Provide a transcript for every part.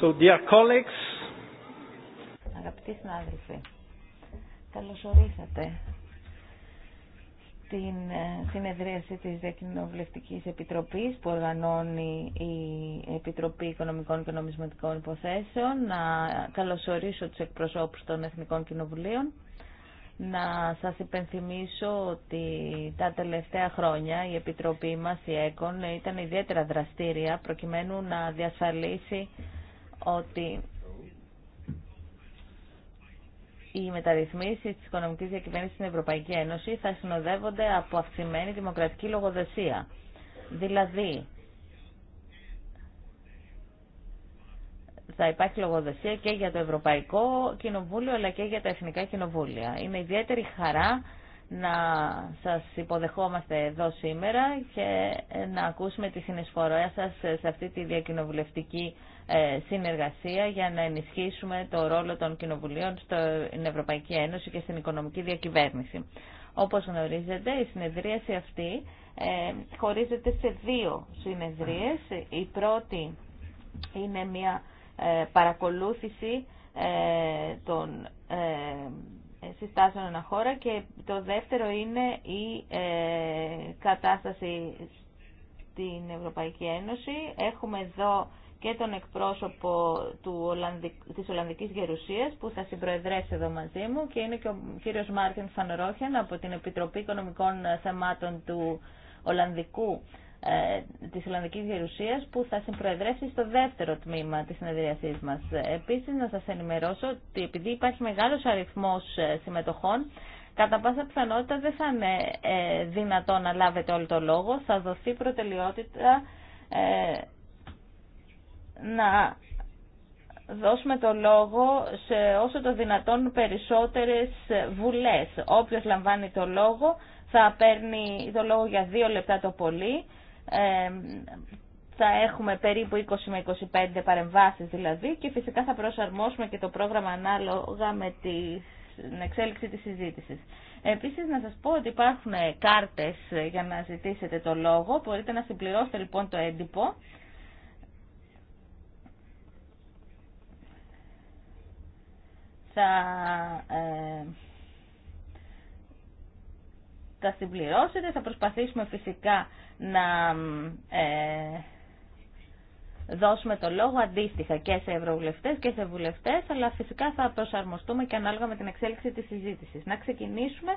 So, dear colleagues. Αγαπητοί συνάδελφοι, καλωσορίσατε στην ε, συνεδρίαση της Διακοινοβουλευτικής Επιτροπής που οργανώνει η Επιτροπή Οικονομικών και Νομισματικών Υποθέσεων. Να καλωσορίσω τους εκπροσώπους των Εθνικών Κοινοβουλίων. Να σας υπενθυμίσω ότι τα τελευταία χρόνια η Επιτροπή μας, η ΕΚΟΝ, ήταν ιδιαίτερα δραστήρια προκειμένου να διασφαλίσει ότι οι μεταρρυθμίσεις της οικονομικής διακυβέρνησης στην Ευρωπαϊκή Ένωση θα συνοδεύονται από αυξημένη δημοκρατική λογοδεσία. Δηλαδή, θα υπάρχει λογοδεσία και για το Ευρωπαϊκό Κοινοβούλιο αλλά και για τα Εθνικά Κοινοβούλια. Είναι ιδιαίτερη χαρά να σας υποδεχόμαστε εδώ σήμερα και να ακούσουμε τη συνεισφορά σας σε αυτή τη διακοινοβουλευτική ε, συνεργασία για να ενισχύσουμε το ρόλο των κοινοβουλίων στην Ευρωπαϊκή Ένωση και στην οικονομική διακυβέρνηση. Όπως γνωρίζετε, η συνεδρίαση αυτή ε, χωρίζεται σε δύο συνεδρίες. Η πρώτη είναι μια ε, παρακολούθηση των συστάσεων χώρα και το δεύτερο είναι η κατάσταση στην Ευρωπαϊκή Ένωση. Έχουμε εδώ και τον εκπρόσωπο του Ολλανδικ... της Ολλανδικής Γερουσίας που θα συμπροεδρέσει εδώ μαζί μου και είναι και ο κύριος Μάρτιν Φανροχέν... από την Επιτροπή Οικονομικών Θεμάτων του Ολλανδικού ε, της Ολλανδικής Γερουσίας που θα συμπροεδρεύσει στο δεύτερο τμήμα της συνεδριασής μας. Επίσης να σας ενημερώσω ότι επειδή υπάρχει μεγάλος αριθμός ε, συμμετοχών κατά πάσα πιθανότητα δεν θα είναι ε, δυνατό να λάβετε όλο το λόγο, θα δοθεί προτελειότητα να δώσουμε το λόγο σε όσο το δυνατόν περισσότερες βουλές. Όποιος λαμβάνει το λόγο θα παίρνει το λόγο για δύο λεπτά το πολύ. Ε, θα έχουμε περίπου 20 με 25 παρεμβάσεις δηλαδή και φυσικά θα προσαρμόσουμε και το πρόγραμμα ανάλογα με την εξέλιξη της συζήτησης. Επίσης να σας πω ότι υπάρχουν κάρτες για να ζητήσετε το λόγο. Μπορείτε να συμπληρώσετε λοιπόν το έντυπο. θα ε, τα συμπληρώσετε. Θα προσπαθήσουμε φυσικά να ε, δώσουμε το λόγο αντίστοιχα και σε ευρωβουλευτές και σε βουλευτές, αλλά φυσικά θα προσαρμοστούμε και ανάλογα με την εξέλιξη της συζήτησης. Να ξεκινήσουμε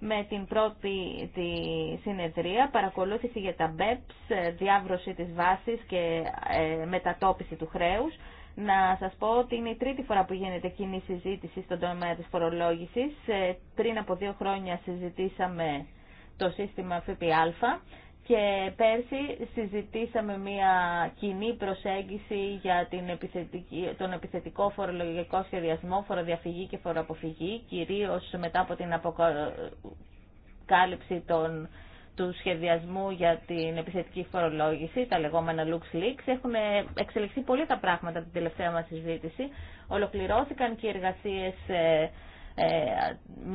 με την πρώτη τη συνεδρία, παρακολούθηση για τα BEPS, διάβρωση της βάσης και ε, μετατόπιση του χρέους να σας πω ότι είναι η τρίτη φορά που γίνεται κοινή συζήτηση στον τομέα της φορολόγησης. Ε, πριν από δύο χρόνια συζητήσαμε το σύστημα ΦΠΑ και πέρσι συζητήσαμε μια κοινή προσέγγιση για την τον επιθετικό φορολογικό σχεδιασμό, φοροδιαφυγή και φοροαποφυγή, κυρίως μετά από την αποκάλυψη των του σχεδιασμού για την επιθετική φορολόγηση, τα λεγόμενα Leaks. Έχουν εξελιχθεί πολύ τα πράγματα την τελευταία μας συζήτηση. Ολοκληρώθηκαν και οι εργασίες ε, ε,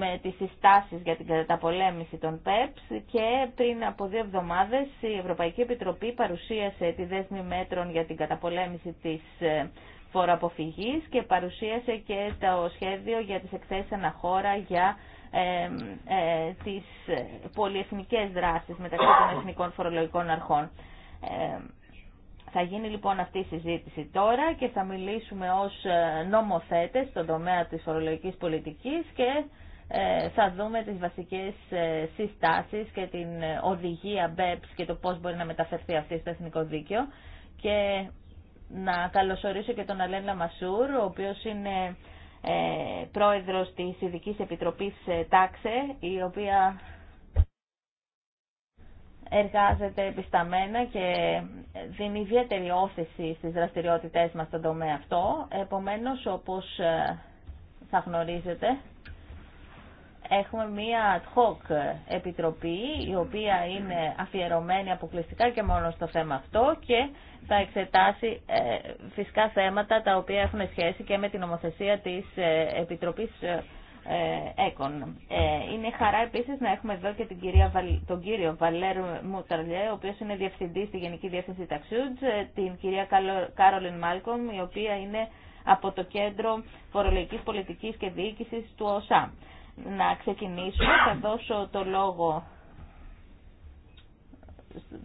με τις συστάσεις για την καταπολέμηση των ΠΕΠΣ e και πριν από δύο εβδομάδες η Ευρωπαϊκή Επιτροπή παρουσίασε τη δέσμη μέτρων για την καταπολέμηση της ε, φοροαποφυγής και παρουσίασε και το σχέδιο για τις εκθέσεις αναχώρα για ε, τις ε, πολυεθνικές δράσεις μεταξύ των εθνικών φορολογικών αρχών. Θα γίνει λοιπόν αυτή η συζήτηση τώρα και θα μιλήσουμε ως ε, νομοθέτες στον τομέα της φορολογικής πολιτικής και θα δούμε τις βασικές συστάσεις και την οδηγία BEPS και το πώς μπορεί να μεταφερθεί αυτή στο εθνικό δίκαιο και να καλωσορίσω και τον Αλένα Μασούρ, ο οποίος είναι ε, πρόεδρος της ειδική Επιτροπής ε, Τάξε, η οποία εργάζεται επισταμένα και δίνει ιδιαίτερη όθεση στις δραστηριότητές μας στον τομέα αυτό. Επομένως, όπως ε, θα γνωρίζετε, έχουμε μία ad hoc επιτροπή, η οποία είναι αφιερωμένη αποκλειστικά και μόνο στο θέμα αυτό και θα εξετάσει ε, φυσικά θέματα τα οποία έχουν σχέση και με την ομοθεσία της ε, Επιτροπής ε, ΕΚΟΝ. είναι χαρά επίσης να έχουμε εδώ και την κυρία, τον κύριο Βαλέρ Μουταρλιέ, ο οποίος είναι διευθυντής στη Γενική Διεύθυνση Ταξιούτζ, την κυρία Κάρολιν Μάλκομ, η οποία είναι από το Κέντρο Φορολογικής Πολιτικής και Διοίκησης του ΟΣΑ. Να ξεκινήσουμε, θα δώσω το λόγο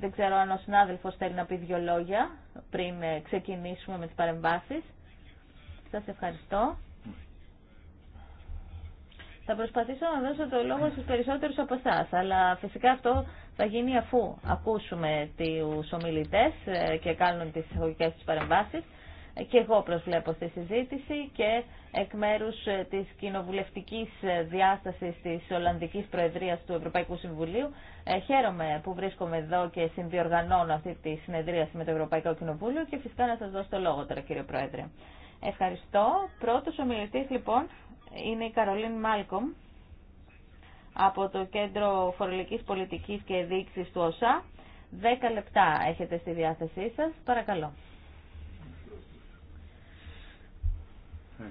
δεν ξέρω αν ο συνάδελφος θέλει να πει δύο λόγια πριν ε, ξεκινήσουμε με τις παρεμβάσεις. Σας ευχαριστώ. Θα προσπαθήσω να δώσω το λόγο στους περισσότερους από εσά, αλλά φυσικά αυτό θα γίνει αφού ακούσουμε τους ομιλητές ε, και κάνουν τις εισαγωγικές τους παρεμβάσεις. Και εγώ προσβλέπω στη συζήτηση και εκ μέρου ε, τη κοινοβουλευτική ε, διάσταση τη Ολλανδική Προεδρία του Ευρωπαϊκού Συμβουλίου. Ε, χαίρομαι που βρίσκομαι εδώ και συνδιοργανώνω αυτή τη συνεδρίαση με το Ευρωπαϊκό Κοινοβούλιο και φυσικά να σα δώσω το λόγο τώρα, κύριε Πρόεδρε. Ευχαριστώ. Πρώτο ομιλητή λοιπόν είναι η Καρολίν Μάλκομ από το Κέντρο Φορολογική Πολιτική και Διοίκησης του ΟΣΑ. Δέκα λεπτά έχετε στη διάθεσή σα, Παρακαλώ.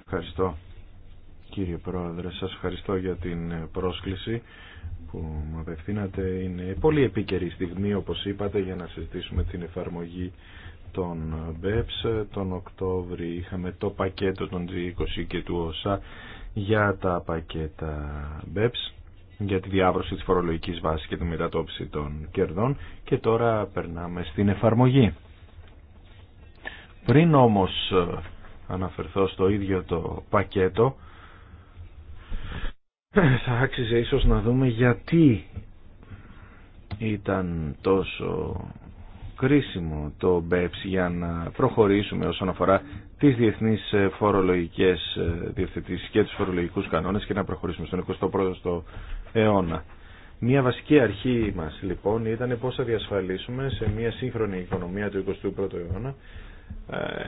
Ευχαριστώ κύριε Πρόεδρε. Σας ευχαριστώ για την πρόσκληση που με απευθύνατε. Είναι πολύ επίκαιρη στιγμή όπως είπατε για να συζητήσουμε την εφαρμογή των BEPS. Τον Οκτώβριο είχαμε το πακέτο των G20 και του ΩΣΑ για τα πακέτα BEPS για τη διάβρωση της φορολογικής βάσης και τη μετατόπιση των κερδών και τώρα περνάμε στην εφαρμογή. Πριν όμως αναφερθώ στο ίδιο το πακέτο θα άξιζε ίσως να δούμε γιατί ήταν τόσο κρίσιμο το BEPS για να προχωρήσουμε όσον αφορά τις διεθνείς ε, φορολογικές ε, διευθετήσεις και τους φορολογικούς κανόνες και να προχωρήσουμε στον 21ο αιώνα. Μία βασική αρχή μας λοιπόν ήταν πώς θα διασφαλίσουμε σε μία σύγχρονη οικονομία του 21ου αιώνα ε,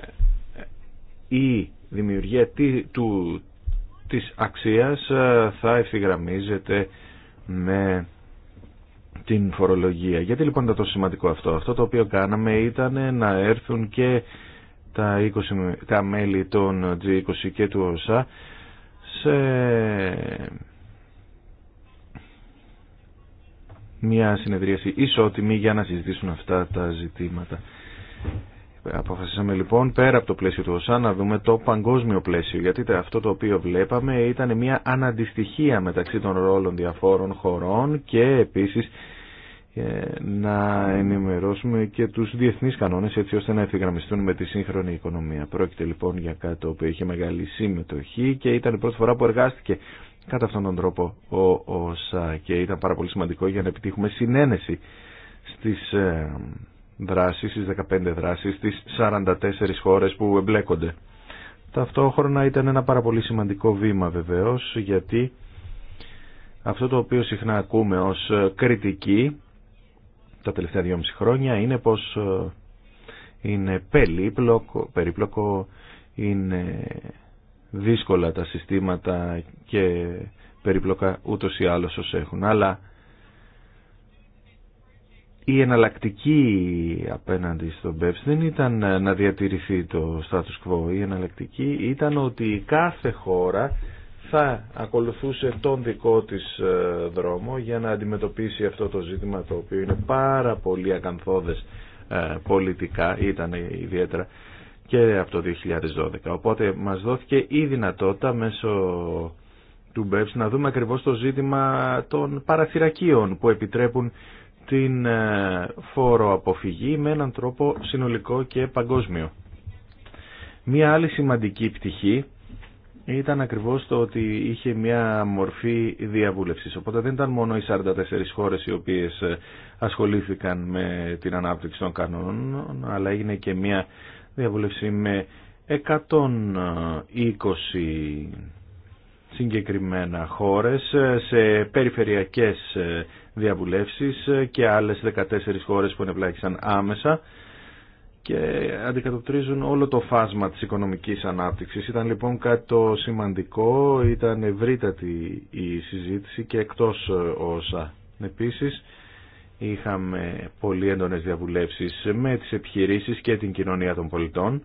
η δημιουργία του, της αξίας ε, θα ευθυγραμμίζεται με την φορολογία. Γιατί λοιπόν ήταν το σημαντικό αυτό. Αυτό το οποίο κάναμε ήταν να έρθουν και τα, 20, τα μέλη των G20 και του ΩΣΑ σε μια συνεδρίαση ισότιμη για να συζητήσουν αυτά τα ζητήματα. Αποφασίσαμε λοιπόν πέρα από το πλαίσιο του ΩΣΑ να δούμε το παγκόσμιο πλαίσιο γιατί αυτό το οποίο βλέπαμε ήταν μια αναντιστοιχία μεταξύ των ρόλων διαφόρων χωρών και επίσης ε, να ενημερώσουμε και τους διεθνείς κανόνες έτσι ώστε να ευθυγραμμιστούν με τη σύγχρονη οικονομία. Πρόκειται λοιπόν για κάτι το οποίο είχε μεγάλη συμμετοχή και ήταν η πρώτη φορά που εργάστηκε κατά αυτόν τον τρόπο ο ΩΣΑ και ήταν πάρα πολύ σημαντικό για να επιτύχουμε συνένεση στις ε, δράσεις, 15 δράσεις, στις 44 χώρες που εμπλέκονται. Ταυτόχρονα ήταν ένα πάρα πολύ σημαντικό βήμα βεβαίως, γιατί αυτό το οποίο συχνά ακούμε ως κριτική τα τελευταία 2,5 χρόνια είναι πως ε, είναι περίπλοκο, περίπλοκο είναι δύσκολα τα συστήματα και περίπλοκα ούτως ή άλλως όσο έχουν. Αλλά η εναλλακτική απέναντι στον ΠΕΠΣ e δεν ήταν να διατηρηθεί το status quo. Η εναλλακτική ήταν ότι κάθε χώρα θα ακολουθούσε τον δικό της ε, δρόμο για να αντιμετωπίσει αυτό το ζήτημα το οποίο είναι πάρα πολύ ακαθόδες ε, πολιτικά, ήταν ιδιαίτερα και από το 2012. Οπότε μας δόθηκε η δυνατότητα μέσω του BEPS να δούμε ακριβώς το ζήτημα των παραθυρακίων που επιτρέπουν την ε, φόρο αποφυγή με έναν τρόπο συνολικό και παγκόσμιο. Μία άλλη σημαντική πτυχή ήταν ακριβώς το ότι είχε μια μορφή διαβούλευσης. Οπότε δεν ήταν μόνο οι 44 χώρες οι οποίες ε, ασχολήθηκαν με την ανάπτυξη των κανόνων, αλλά έγινε και μια διαβούλευση με 120 συγκεκριμένα χώρες ε, σε περιφερειακές ε, διαβουλεύσεις ε, και άλλες 14 χώρες που ενεπλάχισαν άμεσα και αντικατοπτρίζουν όλο το φάσμα της οικονομικής ανάπτυξης. Ήταν λοιπόν κάτι το σημαντικό, ήταν ευρύτατη η συζήτηση και εκτός όσα. Επίσης είχαμε πολύ έντονες διαβουλεύσεις με τις επιχειρήσεις και την κοινωνία των πολιτών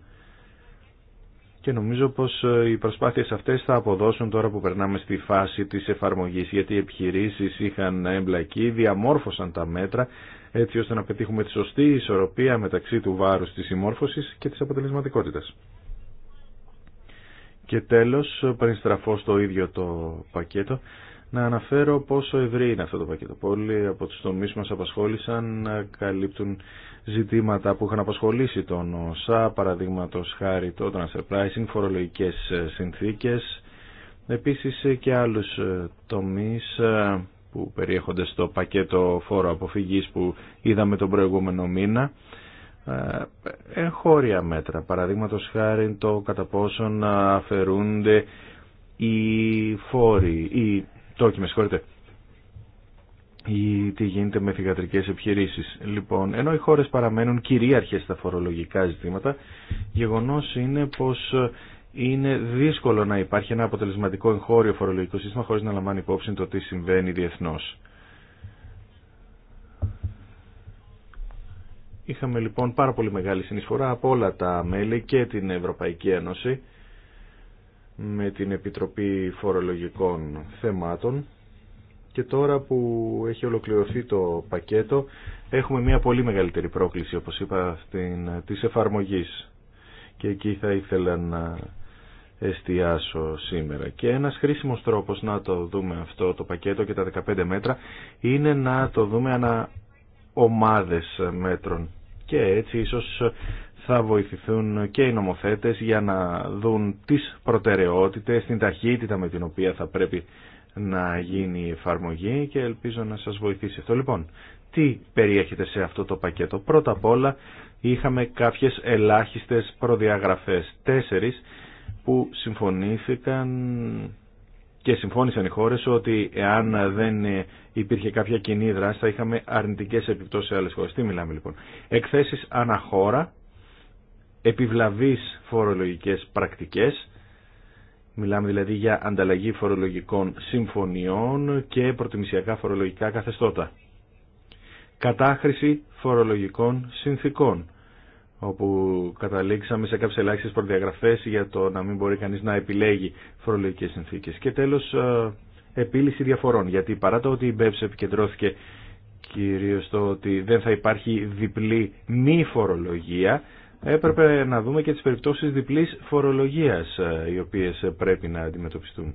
και νομίζω πως ε, οι προσπάθειες αυτές θα αποδώσουν τώρα που περνάμε στη φάση της εφαρμογής γιατί οι επιχειρήσεις είχαν εμπλακεί, διαμόρφωσαν τα μέτρα έτσι ώστε να πετύχουμε τη σωστή ισορροπία μεταξύ του βάρους της συμμόρφωσης και της αποτελεσματικότητας. Και τέλος, πριν στραφώ στο ίδιο το πακέτο, να αναφέρω πόσο ευρύ είναι αυτό το πακέτο. Πολλοί από τους τομείς που μας απασχόλησαν ε, καλύπτουν ζητήματα που είχαν απασχολήσει τον ΩΣΑ, παραδείγματος χάρη το transfer pricing, φορολογικές ε, συνθήκες, επίσης ε, και άλλους τομείς που περιέχονται στο πακέτο φόρο αποφυγής που είδαμε τον προηγούμενο μήνα εγχώρια μέτρα, παραδείγματος χάρη το κατά πόσον αφαιρούνται οι φόροι, οι Τόκι, με συγχωρείτε. Ή τι γίνεται με θηγατρικές επιχειρήσεις. Λοιπόν, ενώ οι χώρες παραμένουν κυρίαρχες στα φορολογικά ζητήματα, γεγονός είναι πως είναι δύσκολο να υπάρχει ένα αποτελεσματικό εγχώριο φορολογικό σύστημα χωρίς να λαμβάνει υπόψη το τι συμβαίνει διεθνώς. Είχαμε λοιπόν πάρα πολύ μεγάλη συνεισφορά από όλα τα μέλη και την Ευρωπαϊκή Ένωση με την Επιτροπή Φορολογικών Θεμάτων και τώρα που έχει ολοκληρωθεί το πακέτο έχουμε μια πολύ μεγαλύτερη πρόκληση όπως είπα στην, της εφαρμογής και εκεί θα ήθελα να εστιάσω σήμερα. Και ένας χρήσιμος τρόπος να το δούμε αυτό το πακέτο και τα 15 μέτρα είναι να το δούμε ανα ομάδες μέτρων και έτσι ίσως θα βοηθηθούν και οι νομοθέτες για να δουν τις προτεραιότητες, την ταχύτητα με την οποία θα πρέπει να γίνει η εφαρμογή και ελπίζω να σας βοηθήσει αυτό. Λοιπόν, τι περιέχεται σε αυτό το πακέτο. Πρώτα απ' όλα είχαμε κάποιες ελάχιστες προδιαγραφές, τέσσερις που συμφωνήθηκαν και συμφώνησαν οι χώρες ότι εάν δεν υπήρχε κάποια κοινή δράση θα είχαμε αρνητικές επιπτώσεις σε άλλες χώρες. Τι μιλάμε λοιπόν. Εκθέσεις αναχώρα επιβλαβείς φορολογικές πρακτικές. Μιλάμε δηλαδή για ανταλλαγή φορολογικών συμφωνιών και προτιμησιακά φορολογικά καθεστώτα. Κατάχρηση φορολογικών συνθήκων όπου καταλήξαμε σε κάποιες ελάχιστες προδιαγραφές για το να μην μπορεί κανείς να επιλέγει φορολογικές συνθήκες. Και τέλος, ε, επίλυση διαφορών, γιατί παρά το ότι η BEPS επικεντρώθηκε κυρίως στο ότι δεν θα υπάρχει διπλή μη φορολογία, έπρεπε να δούμε και τις περιπτώσεις διπλής φορολογίας ε, οι οποίες ε, πρέπει να αντιμετωπιστούν.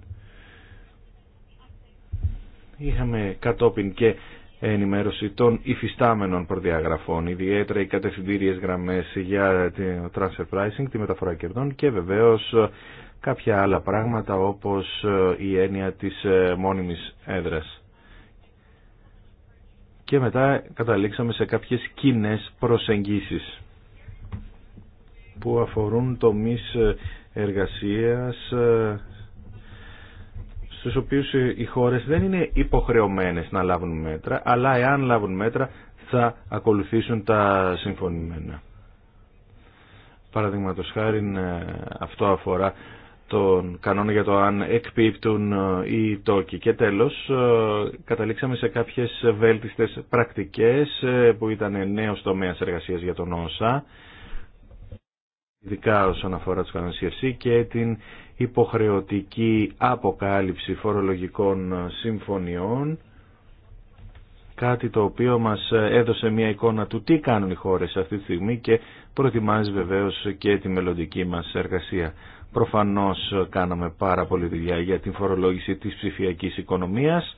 Είχαμε κατόπιν και ενημέρωση των υφιστάμενων προδιαγραφών, ιδιαίτερα οι κατευθυντήριες γραμμές για το transfer pricing, τη μεταφορά κερδών και βεβαίως ε, κάποια άλλα πράγματα όπως η έννοια της μόνιμης έδρας. Και μετά καταλήξαμε σε κάποιες κοινέ προσεγγίσεις που αφορούν τομείς ε, εργασίας ε, στους οποίους οι χώρες δεν είναι υποχρεωμένες να λάβουν μέτρα, αλλά εάν λάβουν μέτρα θα ακολουθήσουν τα συμφωνημένα. Παραδείγματος χάρη ε, αυτό αφορά τον κανόνα για το αν εκπίπτουν οι τόκοι. Και τέλος, καταλήξαμε σε κάποιες βέλτιστες πρακτικές που ήταν νέος τομέας εργασίας για τον ΩΣΑ ειδικά όσον αφορά τους κανόνες και την υποχρεωτική αποκάλυψη φορολογικών συμφωνιών κάτι το οποίο μας έδωσε μια εικόνα του τι κάνουν οι χώρες αυτή τη στιγμή και προετοιμάζει βεβαίως και τη μελλοντική μας εργασία. Προφανώς κάναμε πάρα πολύ δουλειά για την φορολόγηση της ψηφιακής οικονομίας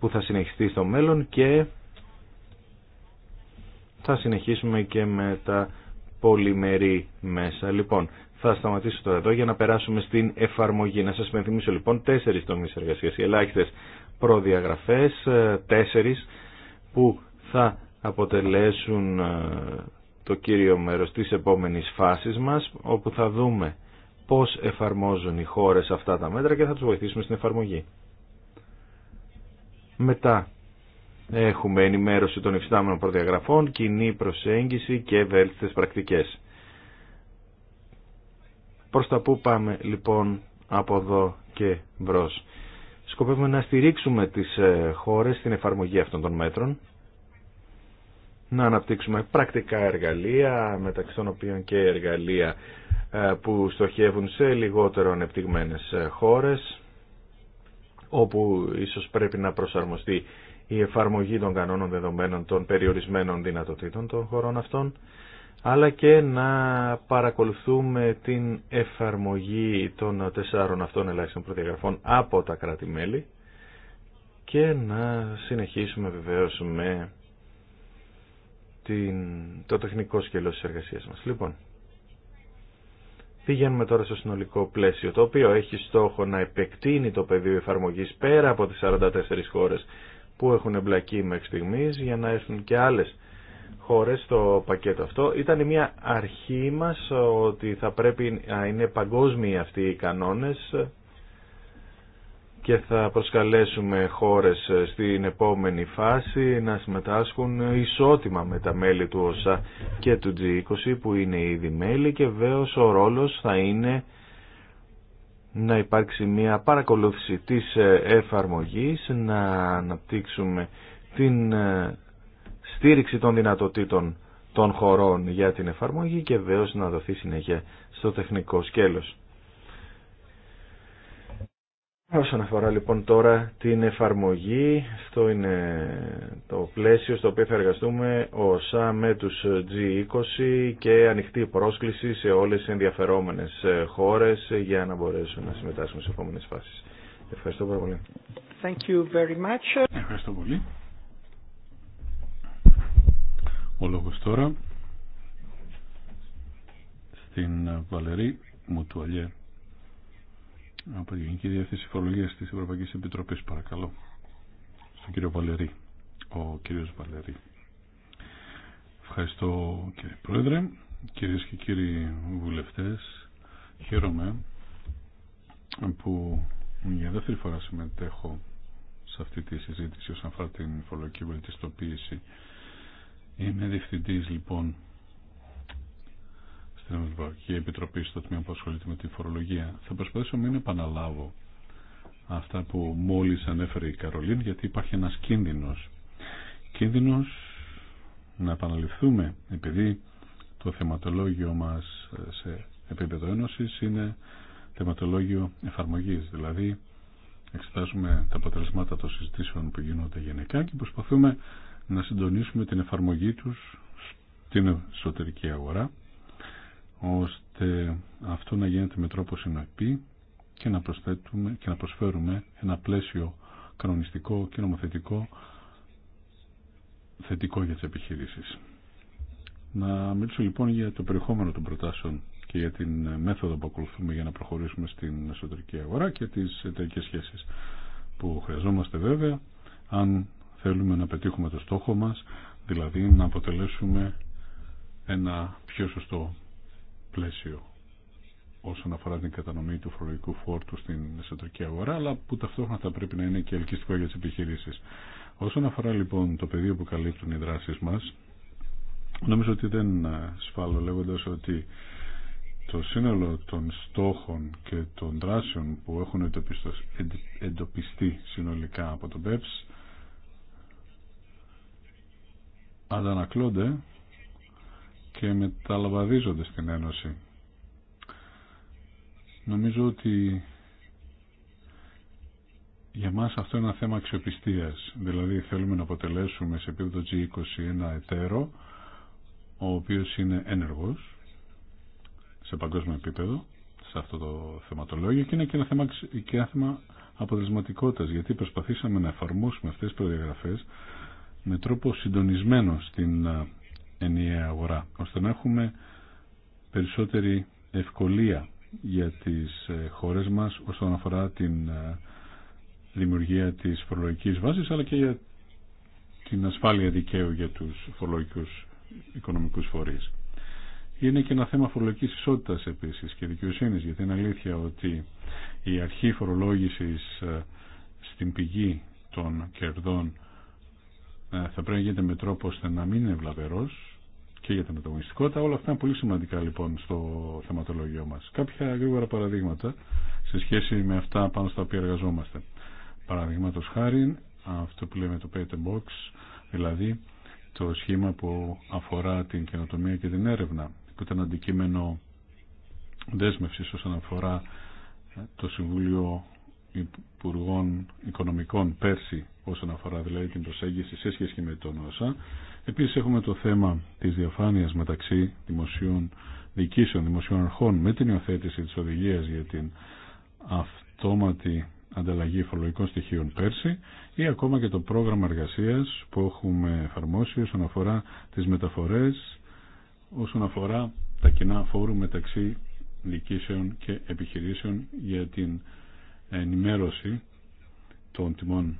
που θα συνεχιστεί στο μέλλον και θα συνεχίσουμε και με τα πολυμερή μέσα. Λοιπόν, θα σταματήσω τώρα εδώ για να περάσουμε στην εφαρμογή. Να σας πενθυμίσω λοιπόν τέσσερις τομείς εργασίας, οι ελάχιστες προδιαγραφές, ε, τέσσερις που θα αποτελέσουν ε, το κύριο μέρος της επόμενης φάσης μας, όπου θα δούμε πώς εφαρμόζουν οι χώρες αυτά τα μέτρα και θα τους βοηθήσουμε στην εφαρμογή. Μετά, Έχουμε ενημέρωση των υφιστάμενων προδιαγραφών, κοινή προσέγγιση και βέλτιστες πρακτικές. Προς τα που πάμε λοιπόν από εδώ και μπρος. Σκοπεύουμε να στηρίξουμε τις ε, χώρες στην εφαρμογή αυτών των μέτρων, να αναπτύξουμε πρακτικά εργαλεία, μεταξύ των οποίων και εργαλεία ε, που στοχεύουν σε λιγότερο ανεπτυγμένες ε, χώρες, όπου ίσως πρέπει να προσαρμοστεί η εφαρμογή των κανόνων δεδομένων των περιορισμένων δυνατοτήτων των χωρών αυτών, αλλά και να παρακολουθούμε την εφαρμογή των τεσσάρων αυτών ελάχιστων προδιαγραφών από τα κράτη-μέλη και να συνεχίσουμε βεβαίως με την, το τεχνικό σκελό της εργασίας μας. Λοιπόν, πηγαίνουμε τώρα στο συνολικό πλαίσιο, το οποίο έχει στόχο να επεκτείνει το πεδίο εφαρμογής πέρα από τις 44 χώρες που έχουν εμπλακεί μέχρι στιγμή για να έρθουν και άλλες χώρε στο πακέτο αυτό. Ήταν μια αρχή μας ότι θα πρέπει να είναι παγκόσμιοι αυτοί οι κανόνες και θα προσκαλέσουμε χώρες στην επόμενη φάση να συμμετάσχουν ισότιμα με τα μέλη του ΩΣΑ και του G20 που είναι ήδη μέλη και βέως ο ρόλος θα είναι να υπάρξει μια παρακολούθηση της ε, εφαρμογής, να αναπτύξουμε την ε, στήριξη των δυνατοτήτων των χωρών για την εφαρμογή και βεβαίω να δοθεί συνέχεια στο τεχνικό σκέλος. Όσον αφορά λοιπόν τώρα την εφαρμογή, αυτό είναι το πλαίσιο στο οποίο θα εργαστούμε ως με τους G20 και ανοιχτή πρόσκληση σε όλες τις ενδιαφερόμενες χώρες για να μπορέσουν να συμμετάσχουν σε επόμενες φάσεις. Ευχαριστώ πάρα πολύ. Thank you very much. Ευχαριστώ πολύ. Ο λόγος τώρα στην Βαλερή Μουτουαλιέ από τη Γενική Διεύθυνση Φορολογία της Ευρωπαϊκής Επιτροπής παρακαλώ στον κύριο Βαλερή ο κύριος Βαλερή Ευχαριστώ κύριε Πρόεδρε κύριε και κύριοι βουλευτές χαίρομαι που για δεύτερη φορά συμμετέχω σε αυτή τη συζήτηση όσον αφορά την φορολογική βελτιστοποίηση είμαι διευθυντή, λοιπόν στην Ευρωπαϊκή Επιτροπή στο τμήμα που ασχολείται με τη φορολογία. Θα προσπαθήσω μην επαναλάβω αυτά που μόλις ανέφερε η Καρολίν γιατί υπάρχει ένας κίνδυνος. Κίνδυνος να επαναληφθούμε επειδή το θεματολόγιο μας σε επίπεδο ένωσης είναι θεματολόγιο εφαρμογής. Δηλαδή εξετάζουμε τα αποτελεσμάτα των συζητήσεων που γίνονται γενικά και προσπαθούμε να συντονίσουμε την εφαρμογή τους στην εσωτερική αγορά ώστε αυτό να γίνεται με τρόπο συνοπή και να, προσθέτουμε, και να προσφέρουμε ένα πλαίσιο κανονιστικό και νομοθετικό θετικό για τις επιχειρήσεις. Να μιλήσω λοιπόν για το περιεχόμενο των προτάσεων και για την μέθοδο που ακολουθούμε για να προχωρήσουμε στην εσωτερική αγορά και τις εταιρικές σχέσεις που χρειαζόμαστε βέβαια αν θέλουμε να πετύχουμε το στόχο μας δηλαδή να αποτελέσουμε ένα πιο σωστό πλαίσιο όσον αφορά την κατανομή του φορολογικού φόρτου στην εσωτερική αγορά, αλλά που ταυτόχρονα θα πρέπει να είναι και ελκυστικό για τι επιχειρήσει. Όσον αφορά λοιπόν το πεδίο που καλύπτουν οι δράσει μα, νομίζω ότι δεν ε, σφάλω λέγοντα ότι το σύνολο των στόχων και των δράσεων που έχουν εντοπιστεί συνολικά από το BEPS αντανακλώνται και μεταλαβαδίζονται στην Ένωση. Νομίζω ότι για μας αυτό είναι ένα θέμα αξιοπιστίας. Δηλαδή θέλουμε να αποτελέσουμε σε επίπεδο G20 ένα εταίρο ο οποίος είναι ένεργος σε παγκόσμιο επίπεδο σε αυτό το θεματολόγιο και είναι και ένα θέμα, και ένα θέμα αποτελεσματικότητας γιατί προσπαθήσαμε να εφαρμόσουμε αυτές τις προδιαγραφές με τρόπο συντονισμένο στην ενιαία αγορά, ώστε να έχουμε περισσότερη ευκολία για τις ε, χώρες μας όσον αφορά την ε, δημιουργία της φορολογικής βάσης αλλά και για την ασφάλεια δικαίου για τους φορολογικούς οικονομικούς φορείς. Είναι και ένα θέμα φορολογικής ισότητας επίσης και δικαιοσύνης γιατί είναι αλήθεια ότι η αρχή φορολόγησης ε, στην πηγή των κερδών ε, θα πρέπει να γίνεται με τρόπο ώστε να μην είναι ευλαβερός και για την ανταγωνιστικότητα. Όλα αυτά είναι πολύ σημαντικά λοιπόν στο θεματολογιό μας. Κάποια γρήγορα παραδείγματα σε σχέση με αυτά πάνω στα οποία εργαζόμαστε. Παραδείγματο χάρη, αυτό που λέμε το pay box, δηλαδή το σχήμα που αφορά την καινοτομία και την έρευνα, που ήταν αντικείμενο δέσμευση όσον αφορά το Συμβούλιο Υπουργών Οικονομικών πέρσι όσον αφορά δηλαδή την προσέγγιση σε σχέση με τον ΩΣΑ. Επίσης έχουμε το θέμα της διαφάνειας μεταξύ δημοσίων διοικήσεων, δημοσίων αρχών με την υιοθέτηση της οδηγίας για την αυτόματη ανταλλαγή φορολογικών στοιχείων πέρσι ή ακόμα και το πρόγραμμα εργασίας που έχουμε εφαρμόσει όσον αφορά τις μεταφορές, όσον αφορά τα κοινά φόρου μεταξύ διοικήσεων και επιχειρήσεων για την ενημέρωση των τιμών.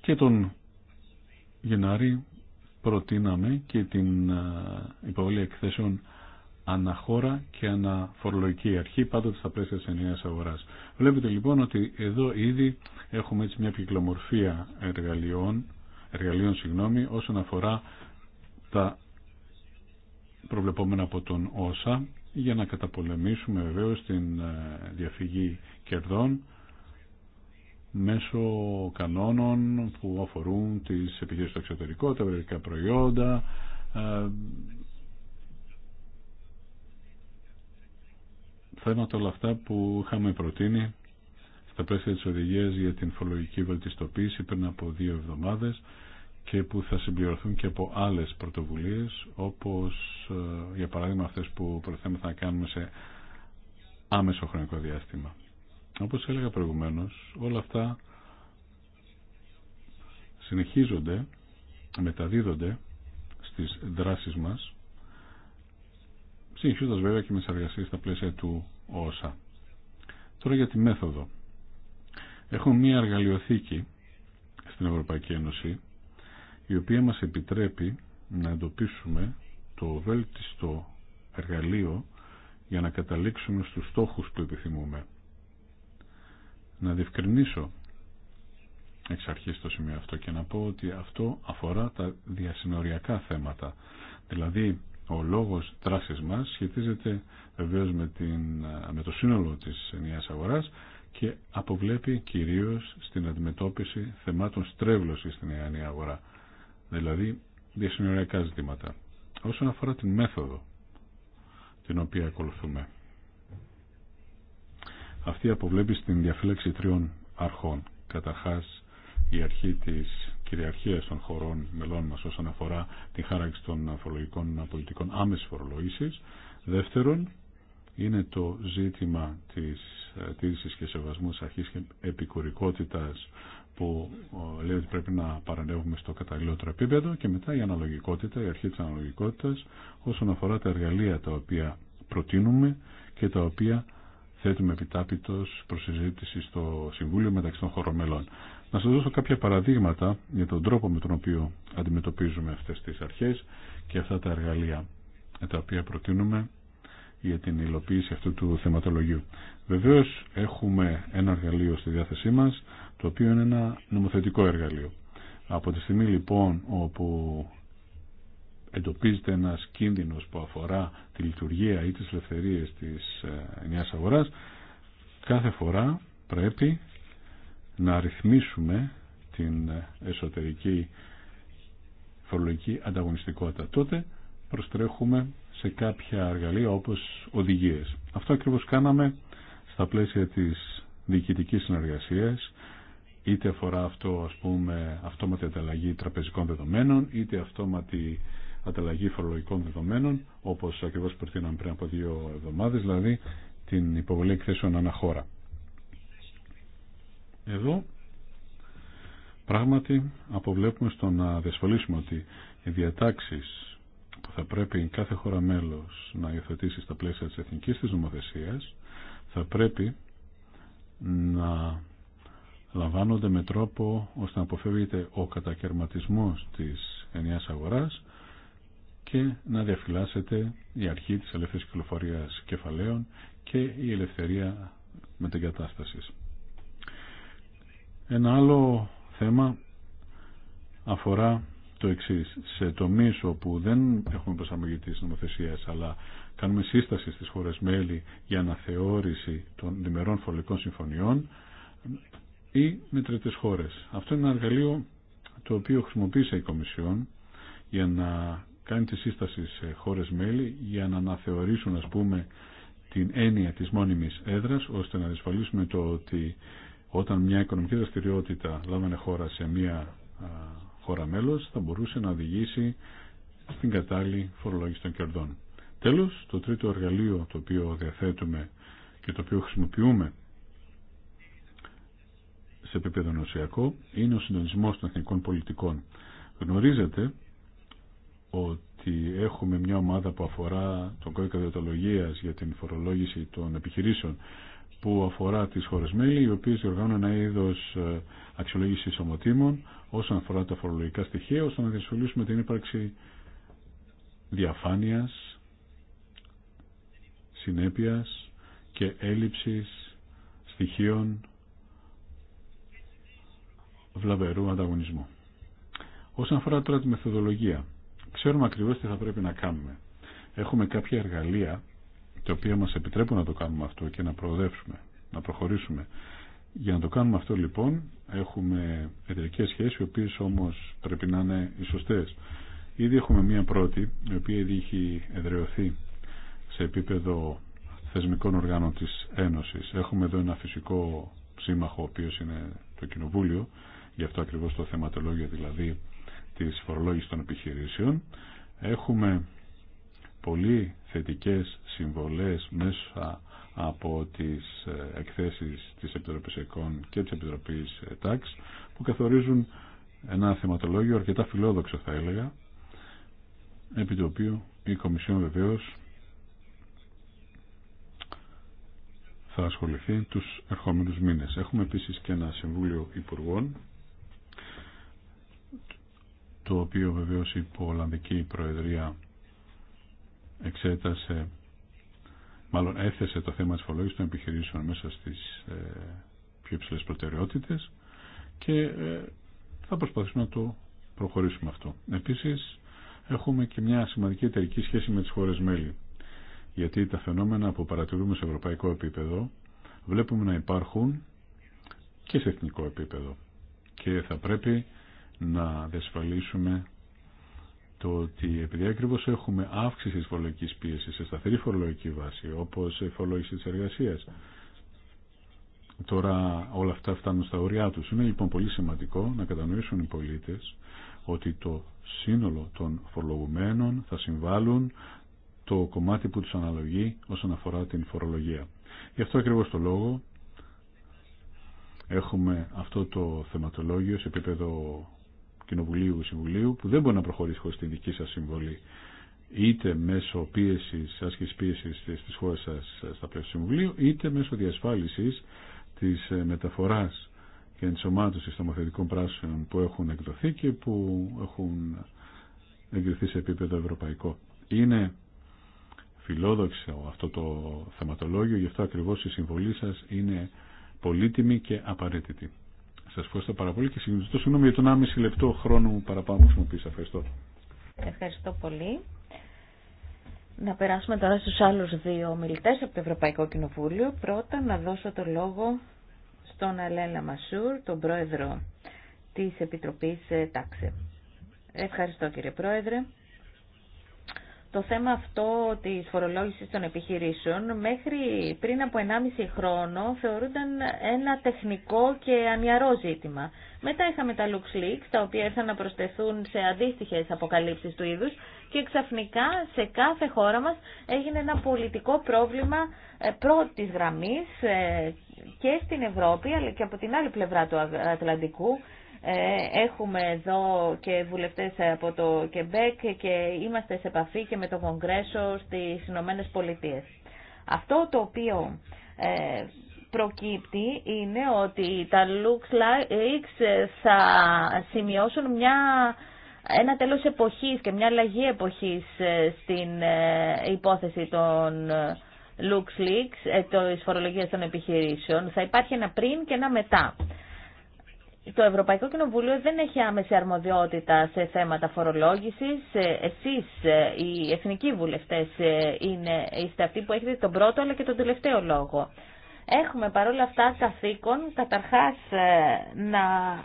Και τον Γενάρη προτείναμε και την ε, υποβολή εκθέσεων αναχώρα και αναφορολογική αρχή πάντοτε στα πλαίσια της ενιαίας αγοράς. Βλέπετε λοιπόν ότι εδώ ήδη έχουμε έτσι μια κυκλομορφία εργαλείων, εργαλείων συγγνώμη, όσον αφορά τα προβλεπόμενα από τον ΩΣΑ για να καταπολεμήσουμε βεβαίως την ε, διαφυγή κερδών μέσω κανόνων που αφορούν τις επιχειρήσεις στο εξωτερικό, τα ευρωπαϊκά προϊόντα, ε, θέματα όλα αυτά που είχαμε προτείνει στα πλαίσια της οδηγίας για την φορολογική βελτιστοποίηση πριν από δύο εβδομάδες και που θα συμπληρωθούν και από άλλες πρωτοβουλίες όπως ε, για παράδειγμα αυτές που προθέμεθα να κάνουμε σε άμεσο χρονικό διάστημα. Όπως έλεγα προηγουμένως, όλα αυτά συνεχίζονται, μεταδίδονται στις δράσεις μας, συνεχίζοντας βέβαια και με τις εργασίες στα πλαίσια του ΩΣΑ. Τώρα για τη μέθοδο. Έχω μία εργαλειοθήκη στην Ευρωπαϊκή Ένωση η οποία μας επιτρέπει να εντοπίσουμε το βέλτιστο εργαλείο για να καταλήξουμε στους στόχους που επιθυμούμε. Να διευκρινίσω εξ αρχής το σημείο αυτό και να πω ότι αυτό αφορά τα διασυνοριακά θέματα. Δηλαδή, ο λόγος δράσης μας σχετίζεται βεβαίω με, με το σύνολο της ενιαίας αγοράς και αποβλέπει κυρίως στην αντιμετώπιση θεμάτων στρέβλωσης στην ενιαία αγορά δηλαδή διασυνοριακά ζητήματα. Όσον αφορά την μέθοδο την οποία ακολουθούμε. Αυτή αποβλέπει στην διαφύλαξη τριών αρχών. Καταρχάς η αρχή της κυριαρχίας των χωρών μελών μας όσον αφορά τη χάραξη των αφορολογικών πολιτικών άμεση φορολογήσεις. Δεύτερον, είναι το ζήτημα της ε, τήρησης και σεβασμού αρχής και επικουρικότητας που ε, λέει ότι πρέπει να παρανεύουμε στο καταλληλότερο επίπεδο και μετά η αναλογικότητα, η αρχή της αναλογικότητας όσον αφορά τα εργαλεία τα οποία προτείνουμε και τα οποία θέτουμε επιτάπητος προς στο Συμβούλιο μεταξύ των χωρών μελών. Να σας δώσω κάποια παραδείγματα για τον τρόπο με τον οποίο αντιμετωπίζουμε αυτές τις αρχές και αυτά τα εργαλεία τα οποία προτείνουμε για την υλοποίηση αυτού του θεματολογίου. Βεβαίως έχουμε ένα εργαλείο στη διάθεσή μας το οποίο είναι ένα νομοθετικό εργαλείο. Από τη στιγμή λοιπόν όπου εντοπίζεται ένα κίνδυνος που αφορά τη λειτουργία ή τις ελευθερίες της ε, νέας αγοράς, κάθε φορά πρέπει να ρυθμίσουμε την εσωτερική φορολογική ανταγωνιστικότητα. Τότε προστρέχουμε σε κάποια εργαλεία όπως οδηγίες. Αυτό ακριβώς κάναμε στα πλαίσια της διοικητικής συνεργασίας είτε αφορά αυτό ας πούμε αυτόματη ανταλλαγή τραπεζικών δεδομένων είτε αυτόματη ανταλλαγή φορολογικών δεδομένων όπως ακριβώς προτείναμε πριν από δύο εβδομάδες δηλαδή την υποβολή εκθέσεων αναχώρα. Εδώ πράγματι αποβλέπουμε στο να διασφαλίσουμε ότι οι διατάξεις που θα πρέπει κάθε χώρα μέλος να υιοθετήσει στα πλαίσια της εθνικής της νομοθεσίας θα πρέπει να λαμβάνονται με τρόπο ώστε να αποφεύγεται ο κατακαιρματισμός της ενιαίας αγοράς και να διαφυλάσσεται η αρχή της ελεύθερης κυκλοφορίας κεφαλαίων και η ελευθερία μετεγκατάστασης. Ένα άλλο θέμα αφορά το εξή. Σε τομεί όπου δεν έχουμε προσαρμογή τη νομοθεσία, αλλά κάνουμε σύσταση στις χώρε μέλη για αναθεώρηση των διμερών φορολογικών συμφωνιών, ή με τρίτες χώρες. Αυτό είναι ένα εργαλείο το οποίο χρησιμοποίησε η με τριτε χωρες αυτο ειναι ενα εργαλειο το οποιο χρησιμοποιησε η κομισιον για να κάνει τη σύσταση σε χώρες μέλη για να αναθεωρήσουν ας πούμε την έννοια τη μόνιμη έδρα, ώστε να δυσφαλίσουμε το ότι όταν μια οικονομική δραστηριότητα λάμβανε χώρα σε μια χώρα μέλος θα μπορούσε να οδηγήσει στην κατάλληλη φορολόγηση των κερδών. Τέλος, το τρίτο εργαλείο το οποίο διαθέτουμε και το οποίο χρησιμοποιούμε σε επίπεδο νοσιακό είναι ο συντονισμός των εθνικών πολιτικών. Γνωρίζετε ότι έχουμε μια ομάδα που αφορά τον κώδικα διατολογία για την φορολόγηση των επιχειρήσεων που αφορά τις χώρε μέλη, οι οποίες διοργάνουν ένα είδο ε, αξιολόγηση ομοτήμων όσον αφορά τα φορολογικά στοιχεία, ώστε να διασφαλίσουμε την ύπαρξη διαφάνεια, συνέπεια και έλλειψη στοιχείων βλαβερού ανταγωνισμού. Όσον αφορά τώρα τη μεθοδολογία, ξέρουμε ακριβώς τι θα πρέπει να κάνουμε. Έχουμε κάποια εργαλεία τα οποία μας επιτρέπουν να το κάνουμε αυτό και να προοδεύσουμε, να προχωρήσουμε. Για να το κάνουμε αυτό λοιπόν έχουμε εταιρικέ σχέσεις οι οποίες όμως πρέπει να είναι οι σωστές. Ήδη έχουμε μία πρώτη η οποία ήδη έχει εδρεωθεί σε επίπεδο θεσμικών οργάνων της Ένωσης. Έχουμε εδώ ένα φυσικό σύμμαχο ο οποίος είναι το Κοινοβούλιο Γι' αυτό ακριβώς το θεματολόγιο δηλαδή της φορολόγησης των επιχειρήσεων. Έχουμε πολύ θετικές συμβολές μέσα από τις ε, εκθέσεις της Επιτροπής ΕΚΟΝ και της Επιτροπής ε, ΤΑΞ που καθορίζουν ένα θεματολόγιο αρκετά φιλόδοξο θα έλεγα επί το οποίο η Κομισιόν βεβαίως θα ασχοληθεί τους ερχόμενους μήνες. Έχουμε επίσης και ένα Συμβούλιο Υπουργών το οποίο βεβαίως η Ολλανδική Προεδρία εξέτασε μάλλον έθεσε το θέμα της φορολόγησης των επιχειρήσεων μέσα στις ε, πιο υψηλέ προτεραιότητες και ε, θα προσπαθήσουμε να το προχωρήσουμε αυτό. Επίσης έχουμε και μια σημαντική εταιρική σχέση με τις χώρες μέλη γιατί τα φαινόμενα που παρατηρούμε σε ευρωπαϊκό επίπεδο βλέπουμε να υπάρχουν και σε εθνικό επίπεδο και θα πρέπει να διασφαλίσουμε το ότι επειδή ακριβώ έχουμε αύξηση τη φορολογική πίεση σε σταθερή φορολογική βάση, όπω η φορολόγηση τη εργασία, τώρα όλα αυτά φτάνουν στα όρια του. Είναι λοιπόν πολύ σημαντικό να κατανοήσουν οι πολίτε ότι το σύνολο των φορολογουμένων θα συμβάλλουν το κομμάτι που τους αναλογεί όσον αφορά την φορολογία. Γι' αυτό ακριβώς το λόγο έχουμε αυτό το θεματολόγιο σε επίπεδο Κοινοβουλίου και Συμβουλίου που δεν μπορεί να προχωρήσει χωρίς τη δική σας συμβολή είτε μέσω πίεσης, άσκηση πίεσης στις χώρες σας στα πλαίσια του Συμβουλίου είτε μέσω διασφάλισης της ε, μεταφοράς και ενσωμάτωσης των μαθητικών πράσεων που έχουν εκδοθεί και που έχουν εγκριθεί σε επίπεδο ευρωπαϊκό. Είναι φιλόδοξο αυτό το θεματολόγιο, γι' αυτό ακριβώς η συμβολή σας είναι πολύτιμη και απαραίτητη. Σα ευχαριστώ πάρα πολύ και συγγνώμη για τον 1,5 λεπτό χρόνο μου παραπάνω που χρησιμοποίησα. Ευχαριστώ. Ευχαριστώ πολύ. Να περάσουμε τώρα στους άλλους δύο ομιλητές από το Ευρωπαϊκό Κοινοβούλιο. Πρώτα να δώσω το λόγο στον Αλέλα Μασούρ, τον πρόεδρο της Επιτροπής ε, Τάξε. Ευχαριστώ κύριε πρόεδρε το θέμα αυτό της φορολόγησης των επιχειρήσεων μέχρι πριν από 1,5 χρόνο θεωρούνταν ένα τεχνικό και ανιαρό ζήτημα. Μετά είχαμε τα LuxLeaks, τα οποία ήρθαν να προσθεθούν σε αντίστοιχες αποκαλύψεις του είδους και ξαφνικά σε κάθε χώρα μας έγινε ένα πολιτικό πρόβλημα ε, πρώτης γραμμής ε, και στην Ευρώπη αλλά και από την άλλη πλευρά του Ατλαντικού ε, έχουμε εδώ και βουλευτές από το Κεμπέκ και είμαστε σε επαφή και με το Κογκρέσο στις Ηνωμένε Πολιτείες. Αυτό το οποίο ε, προκύπτει είναι ότι τα LuxLeaks θα σημειώσουν μια, ένα τέλος εποχής και μια αλλαγή εποχής ε, στην υπόθεση των LuxLeaks, ε, της φορολογίας των επιχειρήσεων. Θα υπάρχει ένα πριν και ένα μετά το Ευρωπαϊκό Κοινοβούλιο δεν έχει άμεση αρμοδιότητα σε θέματα φορολόγησης. Ε, εσείς, ε, οι εθνικοί βουλευτές, ε, είναι, είστε αυτοί που έχετε τον πρώτο αλλά και τον τελευταίο λόγο. Έχουμε παρόλα αυτά καθήκον καταρχάς να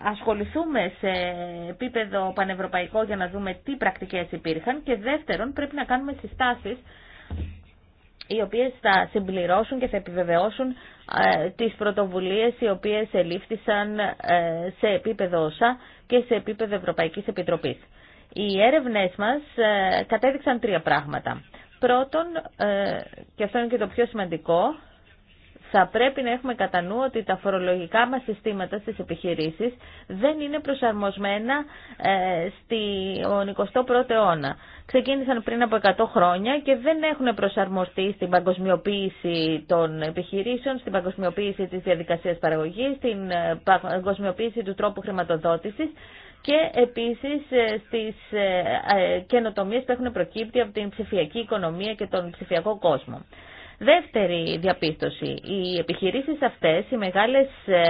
ασχοληθούμε σε επίπεδο πανευρωπαϊκό για να δούμε τι πρακτικές υπήρχαν και δεύτερον πρέπει να κάνουμε συστάσεις οι οποίες θα συμπληρώσουν και θα επιβεβαιώσουν ε, τις πρωτοβουλίες οι οποίες ελήφθησαν ε, σε επίπεδο ΩΣΑ και σε επίπεδο Ευρωπαϊκής Επιτροπής. Οι έρευνές μας ε, κατέδειξαν τρία πράγματα. Πρώτον, και αυτό είναι και το πιο σημαντικό, θα πρέπει να έχουμε κατά νου ότι τα φορολογικά μας συστήματα στις επιχειρήσεις δεν είναι προσαρμοσμένα ε, στον 21ο αιώνα. Ξεκίνησαν πριν από 100 χρόνια και δεν έχουν προσαρμοστεί στην παγκοσμιοποίηση των επιχειρήσεων, στην παγκοσμιοποίηση της διαδικασίας παραγωγής, στην ε, παγκοσμιοποίηση του τρόπου χρηματοδότησης και επίσης ε, στις καινοτομίες που έχουν προκύπτει από την ψηφιακή οικονομία και τον ψηφιακό κόσμο. Δεύτερη διαπίστωση, οι επιχειρήσεις αυτές, οι μεγάλες ε,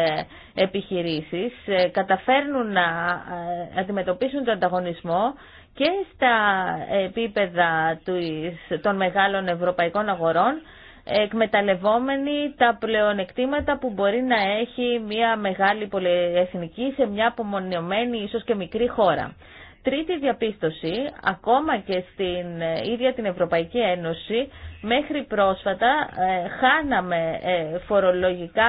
επιχειρήσεις ε, καταφέρνουν να ε, αντιμετωπίσουν τον ανταγωνισμό και στα επίπεδα των μεγάλων ευρωπαϊκών αγορών εκμεταλλευόμενοι τα πλεονεκτήματα που μπορεί να έχει μια μεγάλη πολυεθνική σε μια απομονωμένη ίσως και μικρή χώρα. Τρίτη διαπίστωση, ακόμα και στην ίδια την Ευρωπαϊκή Ένωση, Μέχρι πρόσφατα ε, χάναμε ε, φορολογικά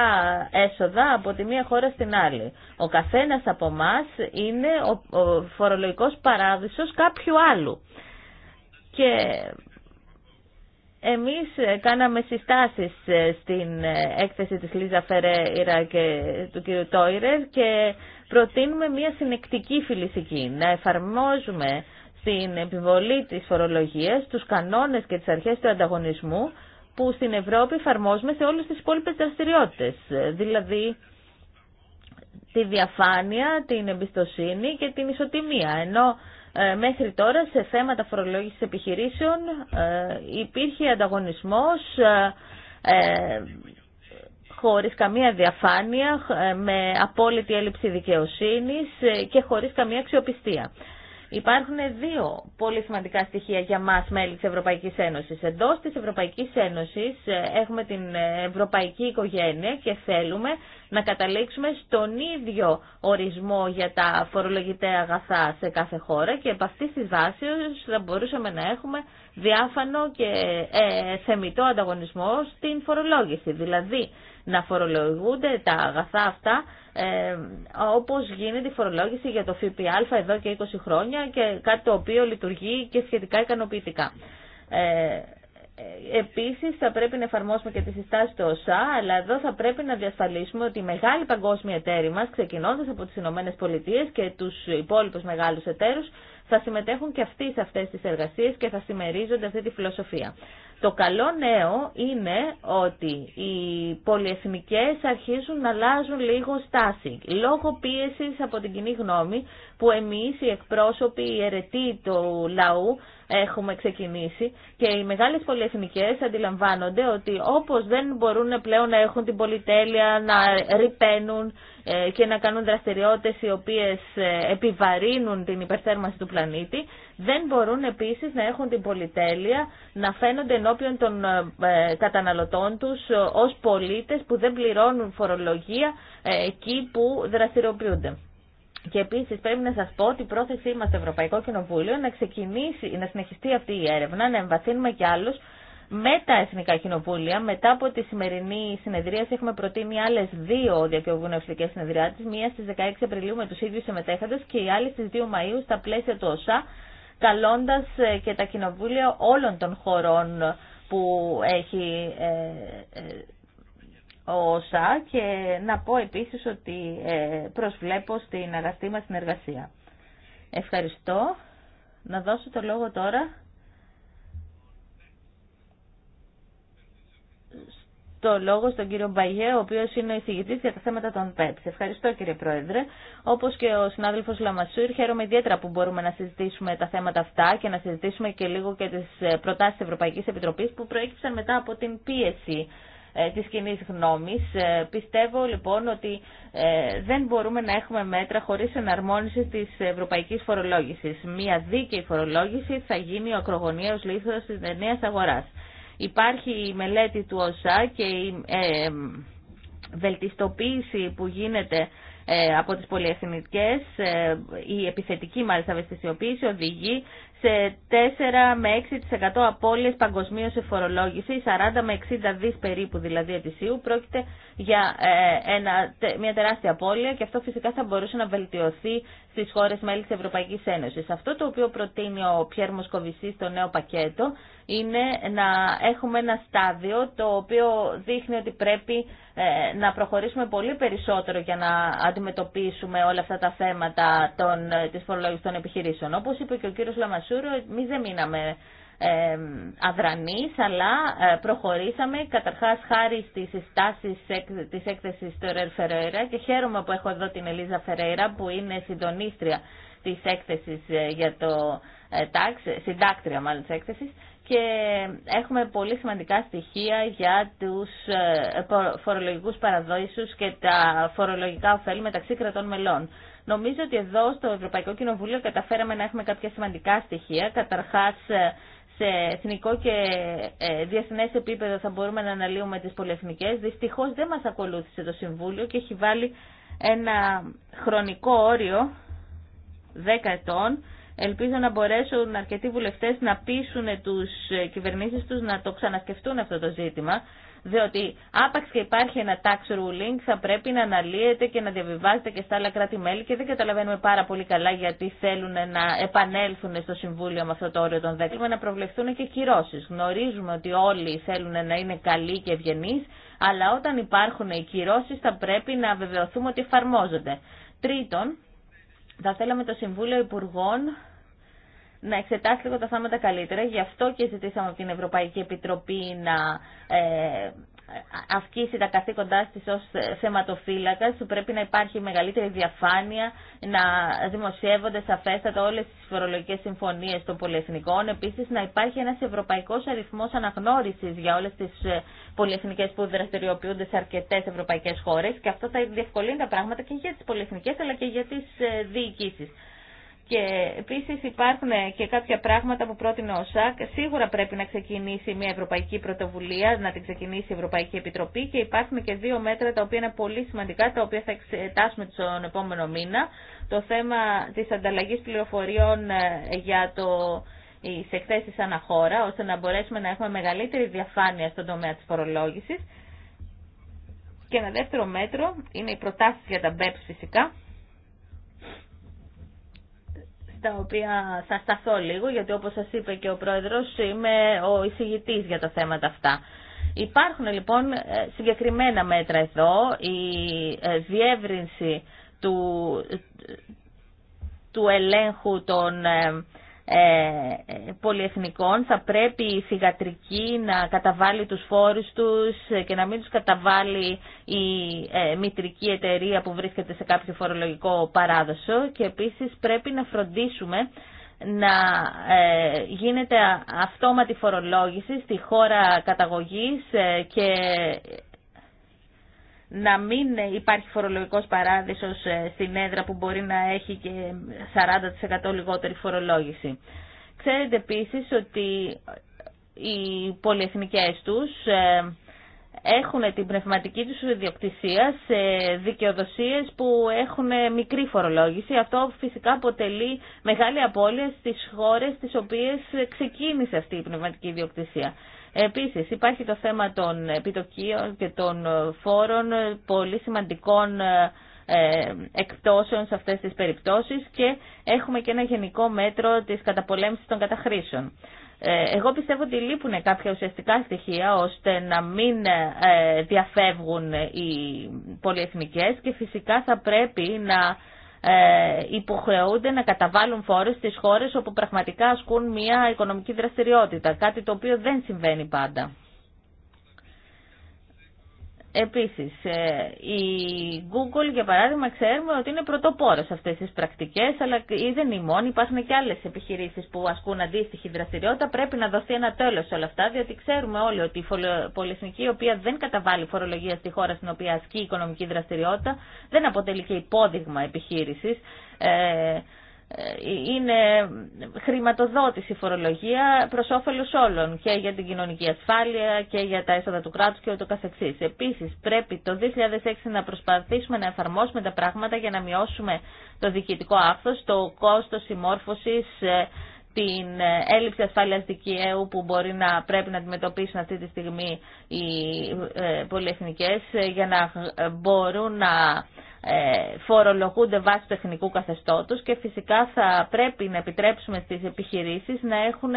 έσοδα από τη μία χώρα στην άλλη. Ο καθένας από εμά είναι ο φορολογικός παράδεισος κάποιου άλλου. Και εμείς ε, κάναμε συστάσεις στην έκθεση της Λίζα Φερέιρα και του κ. Τόιρερ και προτείνουμε μια συνεκτική φιλισική, να εφαρμόζουμε την επιβολή της φορολογίας, τους κανόνες και τις αρχές του ανταγωνισμού που στην Ευρώπη εφαρμόζουμε σε όλες τις υπόλοιπες δραστηριότητε, Δηλαδή τη διαφάνεια, την εμπιστοσύνη και την ισοτιμία. Ενώ ε, μέχρι τώρα σε θέματα φορολόγησης επιχειρήσεων ε, υπήρχε ανταγωνισμός ε, ε, χωρίς καμία διαφάνεια, με απόλυτη έλλειψη δικαιοσύνης και χωρίς καμία αξιοπιστία. Υπάρχουν δύο πολύ σημαντικά στοιχεία για μας μέλη της Ευρωπαϊκής Ένωσης. Εντός της Ευρωπαϊκής Ένωσης ε, έχουμε την ευρωπαϊκή οικογένεια και θέλουμε να καταλήξουμε στον ίδιο ορισμό για τα φορολογητέα αγαθά σε κάθε χώρα και από αυτή τη βάση θα μπορούσαμε να έχουμε διάφανο και ε, θεμητό ανταγωνισμό στην φορολόγηση. Δηλαδή να φορολογούνται τα αγαθά αυτά ε, όπως γίνεται η φορολόγηση για το ΦΠΑ εδώ και 20 χρόνια και κάτι το οποίο λειτουργεί και σχετικά ικανοποιητικά. Ε, Επίσης θα πρέπει να εφαρμόσουμε και τις συστάσεις του ΩΣΑ, αλλά εδώ θα πρέπει να διασφαλίσουμε ότι οι μεγάλοι παγκόσμιοι εταίροι μας, ξεκινώντας από τις Ηνωμένες Πολιτείες και τους υπόλοιπους μεγάλους εταίρους, θα συμμετέχουν και αυτοί σε αυτές τις εργασίες και θα συμμερίζονται αυτή τη φιλοσοφία. Το καλό νέο είναι ότι οι πολυεθνικές αρχίζουν να αλλάζουν λίγο στάση λόγω πίεσης από την κοινή γνώμη που εμείς οι εκπρόσωποι, οι αιρετοί του λαού έχουμε ξεκινήσει και οι μεγάλες πολυεθνικές αντιλαμβάνονται ότι όπως δεν μπορούν πλέον να έχουν την πολυτέλεια, να ρηπαίνουν ε, και να κάνουν δραστηριότητες οι οποίες ε, επιβαρύνουν την υπερθέρμανση του πλανήτη, δεν μπορούν επίσης να έχουν την πολυτέλεια να φαίνονται ενώπιον των ε, καταναλωτών τους ως πολίτες που δεν πληρώνουν φορολογία εκεί που δραστηριοποιούνται. Και επίση πρέπει να σα πω ότι η πρόθεσή μα στο Ευρωπαϊκό Κοινοβούλιο να ξεκινήσει, να συνεχιστεί αυτή η έρευνα, να εμβαθύνουμε κι άλλου με τα Εθνικά Κοινοβούλια. Μετά από τη σημερινή συνεδρία έχουμε προτείνει άλλε δύο διακοινοβουλευτικέ συνεδριάτε, μία στι 16 Απριλίου με του ίδιου συμμετέχοντε και η άλλη στι 2 Μαου στα πλαίσια του ΟΣΑ, καλώντα ε, και τα κοινοβούλια όλων των χωρών που έχει ε, ε, όσα και να πω επίσης ότι ε, προσβλέπω στην αγαστή μας συνεργασία. Ευχαριστώ. Να δώσω το λόγο τώρα το λόγο στον κύριο Μπαγιέ, ο οποίο είναι ο εισηγητή για τα θέματα των ΠΕΠΣ. Ευχαριστώ κύριε Πρόεδρε. Όπω και ο συνάδελφο Λαμασούρ, χαίρομαι ιδιαίτερα που μπορούμε να συζητήσουμε τα θέματα αυτά και να συζητήσουμε και λίγο και τι προτάσει τη Ευρωπαϊκή Επιτροπή που προέκυψαν μετά από την πίεση ε, της κοινή γνώμης. Ε, πιστεύω λοιπόν ότι ε, δεν μπορούμε να έχουμε μέτρα χωρίς εναρμόνιση της ευρωπαϊκής φορολόγησης. Μία δίκαιη φορολόγηση θα γίνει ο ακρογωνιαίος λήθος της νέας αγοράς. Υπάρχει η μελέτη του ΩΣΑ και η βελτιστοποίηση που γίνεται από τις πολυεθνικές, η επιθετική μάλιστα βελτιστοποίηση οδηγεί σε 4 με 6% απώλειες παγκοσμίως σε φορολόγηση, 40 με 60 δις περίπου δηλαδή ετησίου, πρόκειται για ε, ένα, μια τεράστια απώλεια και αυτό φυσικά θα μπορούσε να βελτιωθεί τι χώρε μέλη τη Ευρωπαϊκή Ένωση. Αυτό το οποίο προτείνει ο Πιέρ Μοσκοβισή στο νέο πακέτο είναι να έχουμε ένα στάδιο το οποίο δείχνει ότι πρέπει ε, να προχωρήσουμε πολύ περισσότερο για να αντιμετωπίσουμε όλα αυτά τα θέματα των, ε, της των επιχειρήσεων. Όπως είπε και ο κύριο Λαμασούρο, εμεί δεν μείναμε αδρανής, αλλά ε, προχωρήσαμε καταρχάς χάρη στις συστάσεις της έκθεσης του Ρερ Φερέρα και χαίρομαι που έχω εδώ την Ελίζα Φερέρα που είναι συντονίστρια της έκθεσης ε, για το ε, τάξ, συντάκτρια μάλλον της έκθεσης και έχουμε πολύ σημαντικά στοιχεία για τους φορολογικούς παραδόησους και τα φορολογικά ωφέλη μεταξύ κρατών μελών. Νομίζω ότι εδώ στο Ευρωπαϊκό Κοινοβούλιο καταφέραμε να έχουμε κάποια σημαντικά στοιχεία. Καταρχάς σε εθνικό και ε, διεθνέ επίπεδο θα μπορούμε να αναλύουμε τις πολυεθνικέ. Δυστυχώ δεν μας ακολούθησε το Συμβούλιο και έχει βάλει ένα χρονικό όριο 10 ετών Ελπίζω να μπορέσουν αρκετοί βουλευτές να πείσουν τους ε, κυβερνήσεις τους να το ξανασκεφτούν αυτό το ζήτημα, διότι άπαξ και υπάρχει ένα tax ruling θα πρέπει να αναλύεται και να διαβιβάζεται και στα άλλα κράτη-μέλη και δεν καταλαβαίνουμε πάρα πολύ καλά γιατί θέλουν να επανέλθουν στο Συμβούλιο με αυτό το όριο των 10 να προβλεφθούν και κυρώσεις. Γνωρίζουμε ότι όλοι θέλουν να είναι καλοί και ευγενεί, αλλά όταν υπάρχουν οι κυρώσεις θα πρέπει να βεβαιωθούμε ότι εφαρμόζονται. Τρίτον, θα θέλαμε το Συμβούλιο Υπουργών να εξετάσει λίγο τα θέματα καλύτερα. Γι' αυτό και ζητήσαμε από την Ευρωπαϊκή Επιτροπή να ε, αυξήσει τα καθήκοντά της ως θεματοφύλακας. Πρέπει να υπάρχει μεγαλύτερη διαφάνεια, να δημοσιεύονται σαφέστατα όλες τις φορολογικές συμφωνίες των πολυεθνικών. Επίσης να υπάρχει ένας ευρωπαϊκός αριθμός αναγνώρισης για όλες τις ε, πολυεθνικές που δραστηριοποιούνται σε αρκετές ευρωπαϊκές χώρες και αυτό θα διευκολύνει τα πράγματα και για τις πολυεθνικές αλλά και για τις ε, διοικήσεις. Και επίση υπάρχουν και κάποια πράγματα που πρότεινε ο ΣΑΚ. Σίγουρα πρέπει να ξεκινήσει μια ευρωπαϊκή πρωτοβουλία, να την ξεκινήσει η Ευρωπαϊκή Επιτροπή και υπάρχουν και δύο μέτρα τα οποία είναι πολύ σημαντικά, τα οποία θα εξετάσουμε τον επόμενο μήνα. Το θέμα τη ανταλλαγή πληροφοριών ε, για το τι εκθέσει χώρα, ώστε να μπορέσουμε να έχουμε μεγαλύτερη διαφάνεια στον τομέα τη φορολόγηση. Και ένα δεύτερο μέτρο είναι οι προτάσει για τα BEPS φυσικά, τα οποία θα σταθώ λίγο, γιατί όπως σας είπε και ο Πρόεδρος, είμαι ο εισηγητής για τα θέματα αυτά. Υπάρχουν λοιπόν ε, συγκεκριμένα μέτρα εδώ, η ε, διεύρυνση του, ε, του ελέγχου των ε, πολυεθνικών θα πρέπει η θηγατρική να καταβάλει τους φόρους τους και να μην τους καταβάλει η ε, μητρική εταιρεία που βρίσκεται σε κάποιο φορολογικό παράδοσο και επίσης πρέπει να φροντίσουμε να ε, γίνεται αυτόματη φορολόγηση στη χώρα καταγωγής και να μην υπάρχει φορολογικός παράδεισος ε, στην έδρα που μπορεί να έχει και 40% λιγότερη φορολόγηση. Ξέρετε επίσης ότι οι πολυεθνικές τους ε, έχουν την πνευματική τους ιδιοκτησία σε δικαιοδοσίες που έχουν μικρή φορολόγηση. Αυτό φυσικά αποτελεί μεγάλη απώλεια στις χώρες τις οποίες ξεκίνησε αυτή η πνευματική ιδιοκτησία. Επίσης υπάρχει το θέμα των επιτοκίων και των φόρων πολύ σημαντικών ε, ε, εκπτώσεων σε αυτές τις περιπτώσεις και έχουμε και ένα γενικό μέτρο της καταπολέμησης των καταχρήσεων. Ε, εγώ πιστεύω ότι λείπουν κάποια ουσιαστικά στοιχεία ώστε να μην διαφεύγουν οι πολυεθνικές και φυσικά θα πρέπει να ε, υποχρεούνται να καταβάλουν φόρες στις χώρες όπου πραγματικά ασκούν μια οικονομική δραστηριότητα, κάτι το οποίο δεν συμβαίνει πάντα. Επίσης, ε, η Google, για παράδειγμα, ξέρουμε ότι είναι πρωτοπόρος σε αυτές τις πρακτικές, αλλά δεν είναι η μόνη, υπάρχουν και άλλες επιχειρήσεις που ασκούν αντίστοιχη δραστηριότητα. Πρέπει να δοθεί ένα τέλος σε όλα αυτά, διότι ξέρουμε όλοι ότι η πολυεθνική, η οποία δεν καταβάλει φορολογία στη χώρα στην οποία ασκεί η οικονομική δραστηριότητα, δεν αποτελεί και υπόδειγμα επιχείρησης. Ε, είναι χρηματοδότηση φορολογία προς όφελος όλων και για την κοινωνική ασφάλεια και για τα έσοδα του κράτους και ούτω καθεξής. Επίσης πρέπει το 2006 να προσπαθήσουμε να εφαρμόσουμε τα πράγματα για να μειώσουμε το διοικητικό άφθος, το κόστος συμμόρφωσης, ε, την ε, έλλειψη ασφάλειας δικαίου που μπορεί να πρέπει να αντιμετωπίσουν αυτή τη στιγμή οι ε, πολυεθνικές για να μπορούν να ε, φορολογούνται βάσει τεχνικού καθεστώτος και φυσικά θα πρέπει να επιτρέψουμε στις επιχειρήσεις να έχουν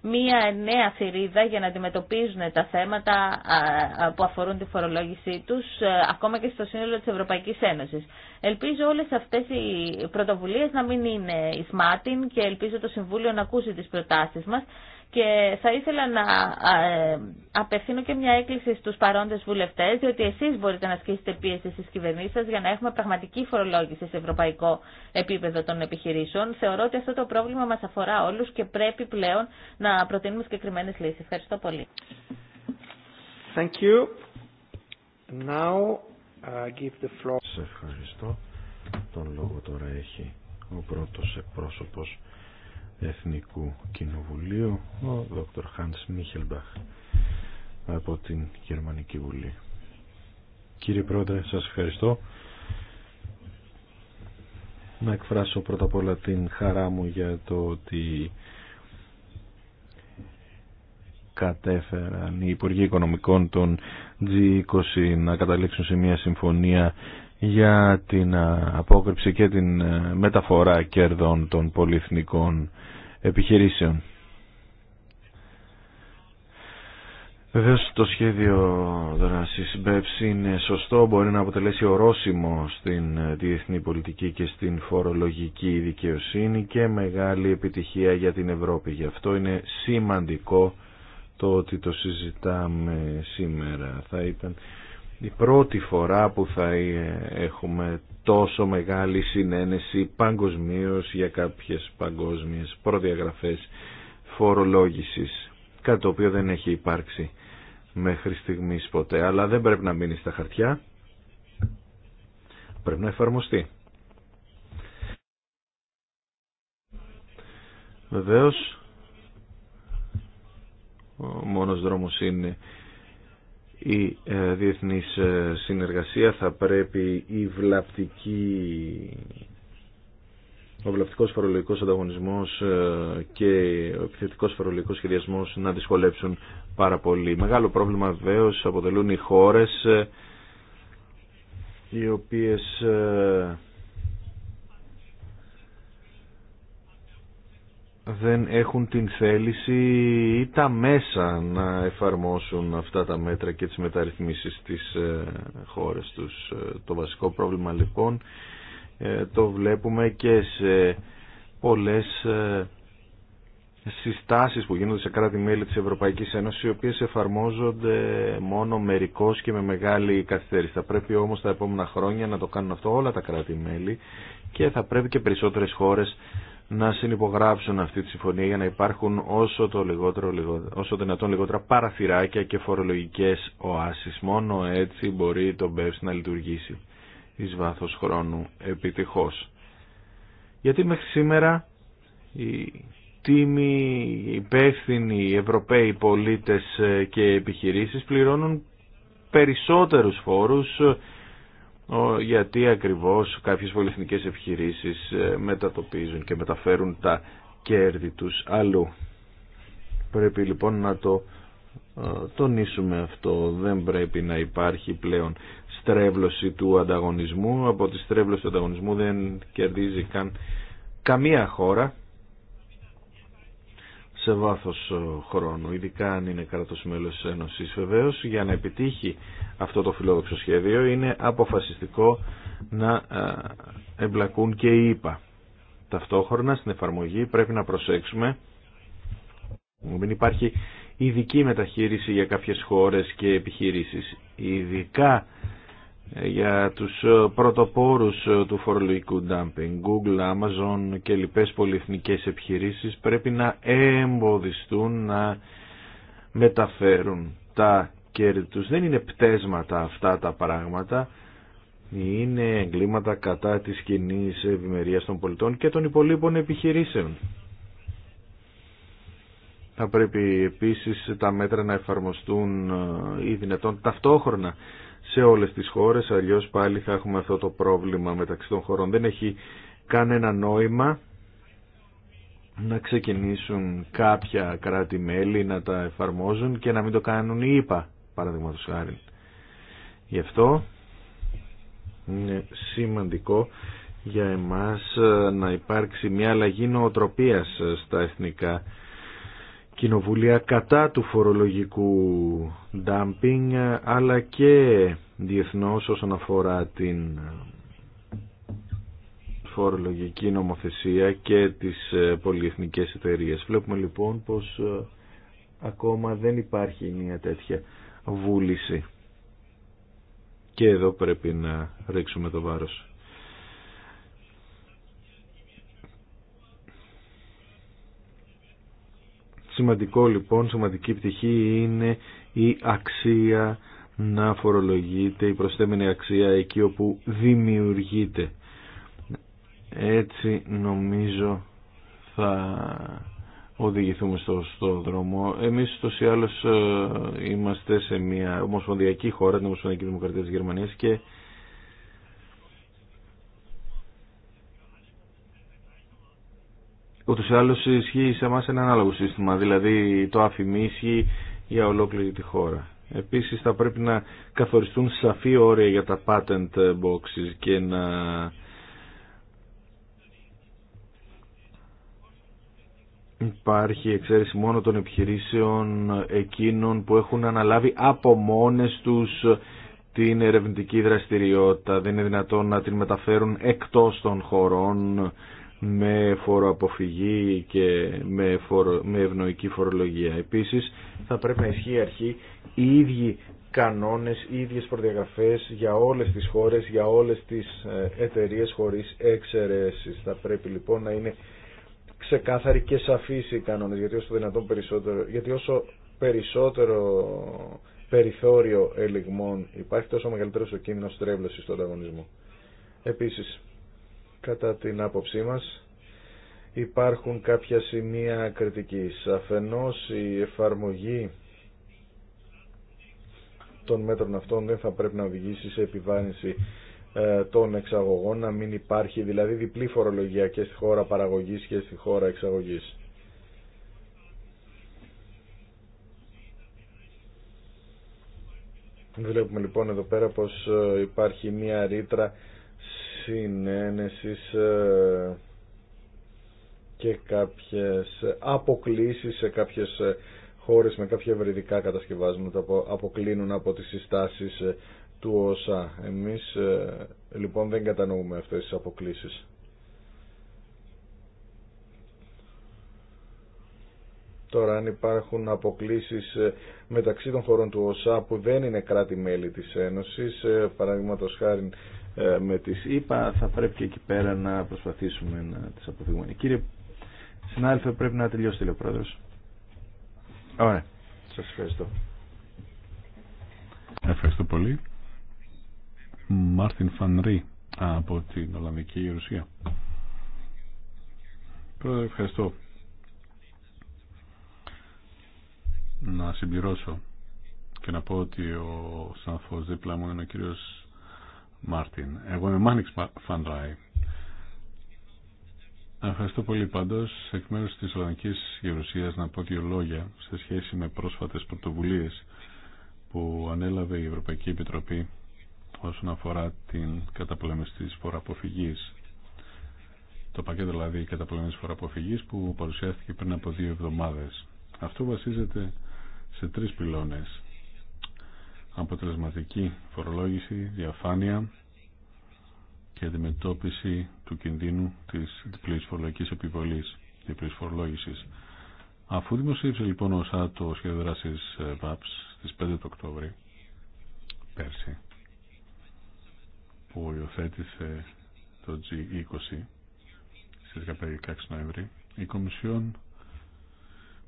μία νέα θηρίδα για να αντιμετωπίζουν τα θέματα που αφορούν τη φορολόγησή τους ε, ακόμα και στο σύνολο της Ευρωπαϊκής Ένωσης. Ελπίζω όλες αυτές οι πρωτοβουλίε να μην είναι ισμάτιν και ελπίζω το Συμβούλιο να ακούσει τι προτάσει μα. Και θα ήθελα να ε, απευθύνω και μια έκκληση στους παρόντες βουλευτές, διότι εσείς μπορείτε να ασκήσετε πίεση στις κυβερνήσεις σας για να έχουμε πραγματική φορολόγηση σε ευρωπαϊκό επίπεδο των επιχειρήσεων. Θεωρώ ότι αυτό το πρόβλημα μας αφορά όλους και πρέπει πλέον να προτείνουμε συγκεκριμένες λύσεις. Ευχαριστώ πολύ. Thank uh, ευχαριστώ. Τον λόγο τώρα έχει ο πρώτος Εθνικού Κοινοβουλίου, ο Δ. Χάνς Μίχελμπαχ από την Γερμανική Βουλή. Κύριε Πρόεδρε, σας ευχαριστώ. Να εκφράσω πρώτα απ' όλα την χαρά μου για το ότι κατέφεραν οι Υπουργοί Οικονομικών των G20 να καταλήξουν σε μια συμφωνία για την απόκρυψη και την μεταφορά κέρδων των πολυεθνικών επιχειρήσεων. Βεβαίω το σχέδιο δράσης BEPS είναι σωστό, μπορεί να αποτελέσει ορόσημο στην ε, διεθνή πολιτική και στην φορολογική δικαιοσύνη και μεγάλη επιτυχία για την Ευρώπη. Γι' αυτό είναι σημαντικό το ότι το συζητάμε σήμερα. Θα ήταν η πρώτη φορά που θα έχουμε τόσο μεγάλη συνένεση παγκοσμίω για κάποιες παγκόσμιες προδιαγραφές φορολόγησης, κάτι το οποίο δεν έχει υπάρξει μέχρι στιγμής ποτέ, αλλά δεν πρέπει να μείνει στα χαρτιά, πρέπει να εφαρμοστεί. Βεβαίως, ο μόνος δρόμος είναι η ε, διεθνής ε, συνεργασία θα πρέπει η βλαπτική ο βλαπτικός φορολογικός ανταγωνισμός ε, και ο επιθετικός φορολογικός σχεδιασμός να δυσκολέψουν πάρα πολύ. Μεγάλο πρόβλημα βεβαίω αποτελούν οι χώρες οι οποίες δεν έχουν την θέληση ή τα μέσα να εφαρμόσουν αυτά τα μέτρα και τις μεταρρυθμίσεις στις ε, χώρες τους. Ε, το βασικό πρόβλημα λοιπόν ε, το βλέπουμε και σε πολλές συστάσεις που γίνονται σε κράτη-μέλη της Ευρωπαϊκής Ένωσης οι οποίες εφαρμόζονται μόνο μερικώς και με μεγάλη καθυστέρηση. Θα πρέπει όμως τα επόμενα χρόνια να το κάνουν αυτό όλα τα κράτη-μέλη και θα πρέπει και περισσότερες χώρες να συνυπογράψουν αυτή τη συμφωνία για να υπάρχουν όσο, το λιγότερο, όσο δυνατόν λιγότερα παραθυράκια και φορολογικές οάσεις. Μόνο έτσι μπορεί το BEPS να λειτουργήσει εις βάθος χρόνου επιτυχώς. Γιατί μέχρι σήμερα οι τίμοι υπεύθυνοι Ευρωπαίοι πολίτες και επιχειρήσεις πληρώνουν περισσότερους φόρους γιατί ακριβώς κάποιες πολυεθνικές επιχειρήσεις ε, μετατοπίζουν και μεταφέρουν τα κέρδη τους αλλού. Πρέπει λοιπόν να το ε, τονίσουμε αυτό. Δεν πρέπει να υπάρχει πλέον στρέβλωση του ανταγωνισμού. Από τη στρέβλωση του ανταγωνισμού δεν κερδίζει καν καμία χώρα σε βάθος ε, χρόνου, ειδικά αν είναι κράτος μέλος της Ένωσης. Βεβαίως, για να επιτύχει αυτό το φιλόδοξο σχέδιο είναι αποφασιστικό να ε, εμπλακούν και οι ΙΠΑ. Ταυτόχρονα στην εφαρμογή πρέπει να προσέξουμε μην υπάρχει ειδική μεταχείριση για κάποιες χώρες και επιχειρήσεις, ειδικά για τους ε, πρωτοπόρους ε, του φορολογικού dumping, Google, Amazon και λοιπές πολυεθνικές επιχειρήσεις πρέπει να εμποδιστούν να μεταφέρουν τα κέρδη τους. Δεν είναι πτέσματα αυτά τα πράγματα, είναι εγκλήματα κατά της κοινή ευημερίας των πολιτών και των υπολείπων επιχειρήσεων. Θα πρέπει επίσης τα μέτρα να εφαρμοστούν ε, ή δυνατόν ταυτόχρονα σε όλες τις χώρες, αλλιώς πάλι θα έχουμε αυτό το πρόβλημα μεταξύ των χωρών. Δεν έχει κανένα νόημα να ξεκινήσουν κάποια κράτη-μέλη να τα εφαρμόζουν και να μην το κάνουν οι ΙΠΑ, παραδείγματος χάρη. Γι' αυτό είναι σημαντικό για εμάς να υπάρξει μια αλλαγή νοοτροπίας στα εθνικά κοινοβουλία κατά του φορολογικού dumping αλλά και διεθνώς όσον αφορά την φορολογική νομοθεσία και τις ε, πολυεθνικές εταιρείες. Βλέπουμε λοιπόν πως ε, ακόμα δεν υπάρχει μια τέτοια βούληση. Και εδώ πρέπει να ρίξουμε το βάρος. Σημαντικό λοιπόν, σημαντική πτυχή είναι η αξία να φορολογείται, η προσθέμενη αξία εκεί όπου δημιουργείται. Έτσι νομίζω θα οδηγηθούμε στο, στο δρόμο. Εμείς ή άλλως ε, είμαστε σε μια ομοσπονδιακή χώρα, την Ομοσπονδιακή Δημοκρατία της Γερμανίας και ούτως ή άλλως ισχύει σε εμάς ένα ανάλογο σύστημα, δηλαδή το αφημί για ολόκληρη τη χώρα. Επίσης θα πρέπει να καθοριστούν σαφή όρια για τα patent boxes και να... Υπάρχει εξαίρεση μόνο των επιχειρήσεων εκείνων που έχουν αναλάβει από μόνες τους την ερευνητική δραστηριότητα. Δεν είναι δυνατόν να την μεταφέρουν εκτός των χωρών με φοροαποφυγή και με, με ευνοϊκή φορολογία. Επίσης θα πρέπει να ισχύει η αρχή οι ίδιοι κανόνες, οι ίδιες προδιαγραφές για όλες τις χώρες, για όλες τις ε, εταιρείε χωρίς εξαιρέσεις. Θα πρέπει λοιπόν να είναι ξεκάθαροι και σαφείς οι κανόνες, γιατί όσο δυνατόν περισσότερο, γιατί όσο περισσότερο περιθώριο ελιγμών υπάρχει, τόσο μεγαλύτερο ο κίνδυνος τρέβλωσης στον Επίσης, Κατά την άποψή μας υπάρχουν κάποια σημεία κριτικής. Αφενός η εφαρμογή των μέτρων αυτών δεν θα πρέπει να οδηγήσει σε επιβάρυνση ε, των εξαγωγών, να μην υπάρχει δηλαδή διπλή φορολογία και στη χώρα παραγωγής και στη χώρα εξαγωγής. Βλέπουμε λοιπόν εδώ πέρα πως ε, υπάρχει μία ρήτρα συνένεσης ε, και κάποιες αποκλήσεις σε κάποιες ε, χώρες με κάποια ευρυδικά κατασκευάσματα που αποκλίνουν από τις συστάσεις ε, του ΩΣΑ. Εμείς λοιπόν δεν κατανοούμε αυτές τις αποκλήσεις. Τώρα αν υπάρχουν αποκλήσεις ε, μεταξύ των χωρών του ΟΣΑ που δεν είναι κράτη-μέλη της Ένωσης, ε, παραδείγματο χάρη ε, με τις ΗΠΑ, θα πρέπει και εκεί πέρα να προσπαθήσουμε να τις αποφύγουμε. Κύριε συνάδελφε, πρέπει να τελειώσει ο πρόεδρος. Ωραία. Σας ευχαριστώ. Ευχαριστώ πολύ. Μάρτιν Φανρή από την Ολλανδική Ρωσία. Πρόεδρε, ευχαριστώ. να συμπληρώσω και να πω ότι ο σανθός δίπλα μου είναι ο κύριος Μάρτιν. Εγώ είμαι Μάνιξ Φανράι. Ευχαριστώ πολύ πάντως εκ μέρους της Ολλανικής Γερουσίας να πω δύο λόγια σε σχέση με πρόσφατες πρωτοβουλίες που ανέλαβε η Ευρωπαϊκή Επιτροπή όσον αφορά την καταπολέμηση της Το πακέτο δηλαδή καταπολέμηση φοραποφυγή που παρουσιάστηκε πριν από δύο εβδομάδες. Αυτό βασίζεται σε τρεις πυλώνες. Αποτελεσματική φορολόγηση, διαφάνεια και αντιμετώπιση του κινδύνου της διπλής φορολογικής επιβολής, διπλής φορολόγησης. Αφού δημοσίευσε λοιπόν ο ΣΑΤΟ σχέδιο δράσης ε, ΒΑΠΣ στις 5 του Οκτώβρη πέρσι που υιοθέτησε το G20 στις 16 Νοεμβρίου η Κομισιόν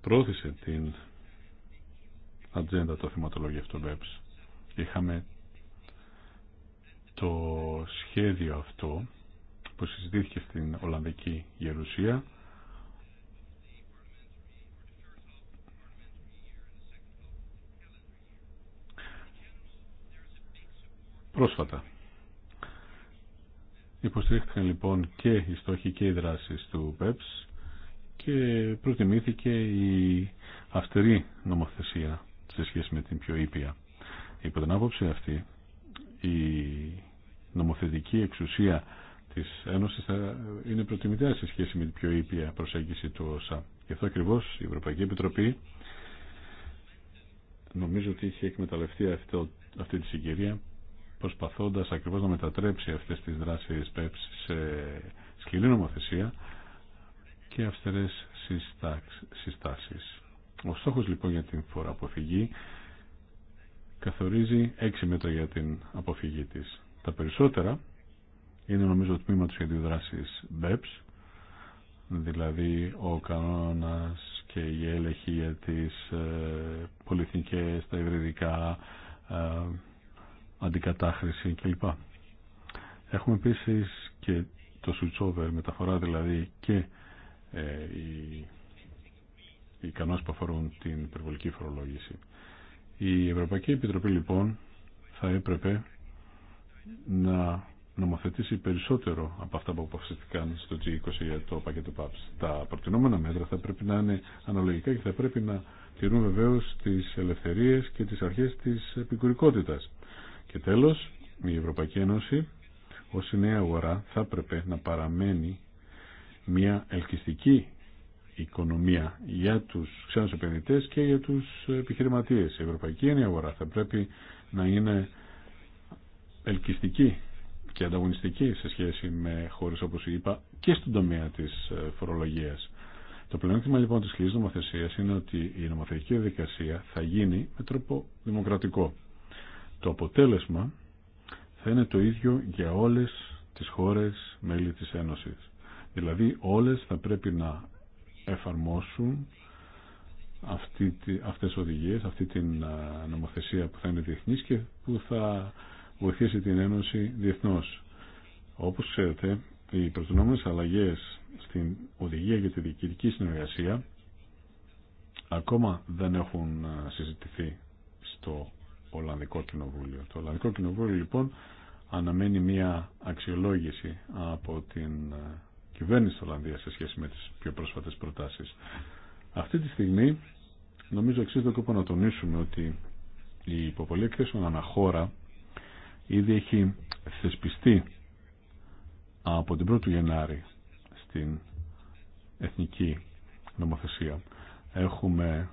πρόθεσε την ατζέντα το θεματολόγιο αυτό Είχαμε το σχέδιο αυτό που συζητήθηκε στην Ολλανδική Γερουσία πρόσφατα. Υποστηρίχθηκαν λοιπόν και οι στόχοι και οι δράσεις του ΠΕΠΣ και προτιμήθηκε η αυστηρή νομοθεσία σε σχέση με την πιο ήπια. Υπό την άποψη αυτή, η νομοθετική εξουσία της Ένωσης θα είναι προτιμητέα σε σχέση με την πιο ήπια προσέγγιση του ΩΣΑ. Γι' αυτό ακριβώς η Ευρωπαϊκή Επιτροπή νομίζω ότι είχε εκμεταλλευτεί αυτό, αυτή τη συγκυρία προσπαθώντας ακριβώς να μετατρέψει αυτές τις δράσεις ΠΕΠΣ σε σκληρή νομοθεσία και αυστερές συστάσεις. Ο στόχος λοιπόν για την φορά αποφυγή καθορίζει έξι μέτρα για την αποφυγή της. Τα περισσότερα είναι νομίζω το τμήμα του σχεδίου δράσης BEPS, δηλαδή ο κανόνας και η έλεγχη για τις ε, τα υβριδικά, ε, αντικατάχρηση κλπ. Έχουμε επίσης και το switchover, μεταφορά δηλαδή και ε, η οι κανόνες που αφορούν την υπερβολική φορολόγηση. Η Ευρωπαϊκή Επιτροπή λοιπόν θα έπρεπε να νομοθετήσει περισσότερο από αυτά που αποφασιστήκαν στο G20 για το πακέτο ΠΑΠΣ. Τα προτινόμενα μέτρα θα πρέπει να είναι αναλογικά και θα πρέπει να τηρούν βεβαίω τι ελευθερίε και τι αρχέ τη επικουρικότητα. Και τέλο, η Ευρωπαϊκή Ένωση ω η νέα αγορά θα έπρεπε να παραμένει μια ελκυστική οικονομία για τους ξένους επενδυτές και για τους επιχειρηματίες. Η Ευρωπαϊκή Ένωση αγορά θα πρέπει να είναι ελκυστική και ανταγωνιστική σε σχέση με χώρες όπως είπα και στον τομέα της ε, φορολογίας. Το πλεονέκτημα λοιπόν της χλής νομοθεσίας είναι ότι η νομοθετική διαδικασία θα γίνει με τρόπο δημοκρατικό. Το αποτέλεσμα θα είναι το ίδιο για όλες τις χώρες μέλη της Ένωσης. Δηλαδή όλες θα πρέπει να εφαρμόσουν αυτή, αυτές τις οδηγίες, αυτή την νομοθεσία που θα είναι διεθνής και που θα βοηθήσει την Ένωση διεθνώς. Όπως ξέρετε, οι προτινόμενες αλλαγές στην οδηγία για τη διοικητική συνεργασία ακόμα δεν έχουν συζητηθεί στο Ολλανδικό Κοινοβούλιο. Το Ολλανδικό Κοινοβούλιο λοιπόν αναμένει μία αξιολόγηση από την κυβέρνηση της Ολλανδίας σε σχέση με τις πιο πρόσφατες προτάσεις. Αυτή τη στιγμή νομίζω αξίζει το να τονίσουμε ότι η υποβολή εκθέσεων αναχώρα ήδη έχει θεσπιστεί από την 1η Γενάρη στην εθνική νομοθεσία. Έχουμε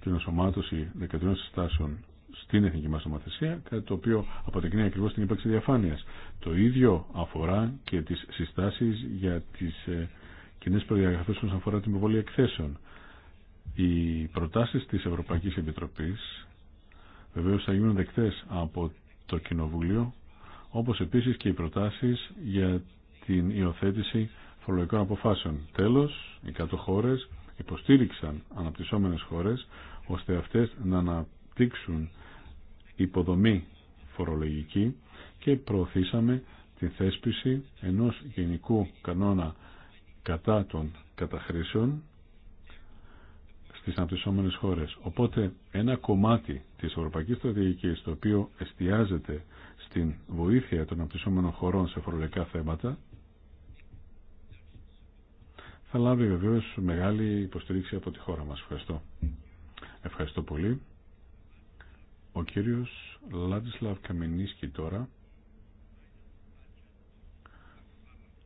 την ενσωμάτωση 13 συστάσεων στην εθνική μας νομοθεσία, κάτι το οποίο αποτεκνύει ακριβώς την ύπαρξη διαφάνειας. Το ίδιο αφορά και τις συστάσεις για τις ε, κοινές προδιαγραφές όσον αφορά την υποβολή εκθέσεων. Οι προτάσεις της Ευρωπαϊκής Επιτροπής βεβαίως θα γίνουν δεκτές από το Κοινοβούλιο, όπως επίσης και οι προτάσεις για την υιοθέτηση φορολογικών αποφάσεων. Τέλος, οι κάτω χώρες υποστήριξαν αναπτυσσόμενες χώρες ώστε αυτές να αναπτύξουν υποδομή φορολογική και προωθήσαμε τη θέσπιση ενός γενικού κανόνα κατά των καταχρήσεων στις αναπτυσσόμενες χώρες. Οπότε ένα κομμάτι της Ευρωπαϊκής Στρατηγικής το οποίο εστιάζεται στην βοήθεια των αναπτυσσόμενων χωρών σε φορολογικά θέματα θα λάβει βεβαίως μεγάλη υποστήριξη από τη χώρα μας. Ευχαριστώ. Ευχαριστώ πολύ. Ο κύριος Λάντισλαβ Καμινίσκι τώρα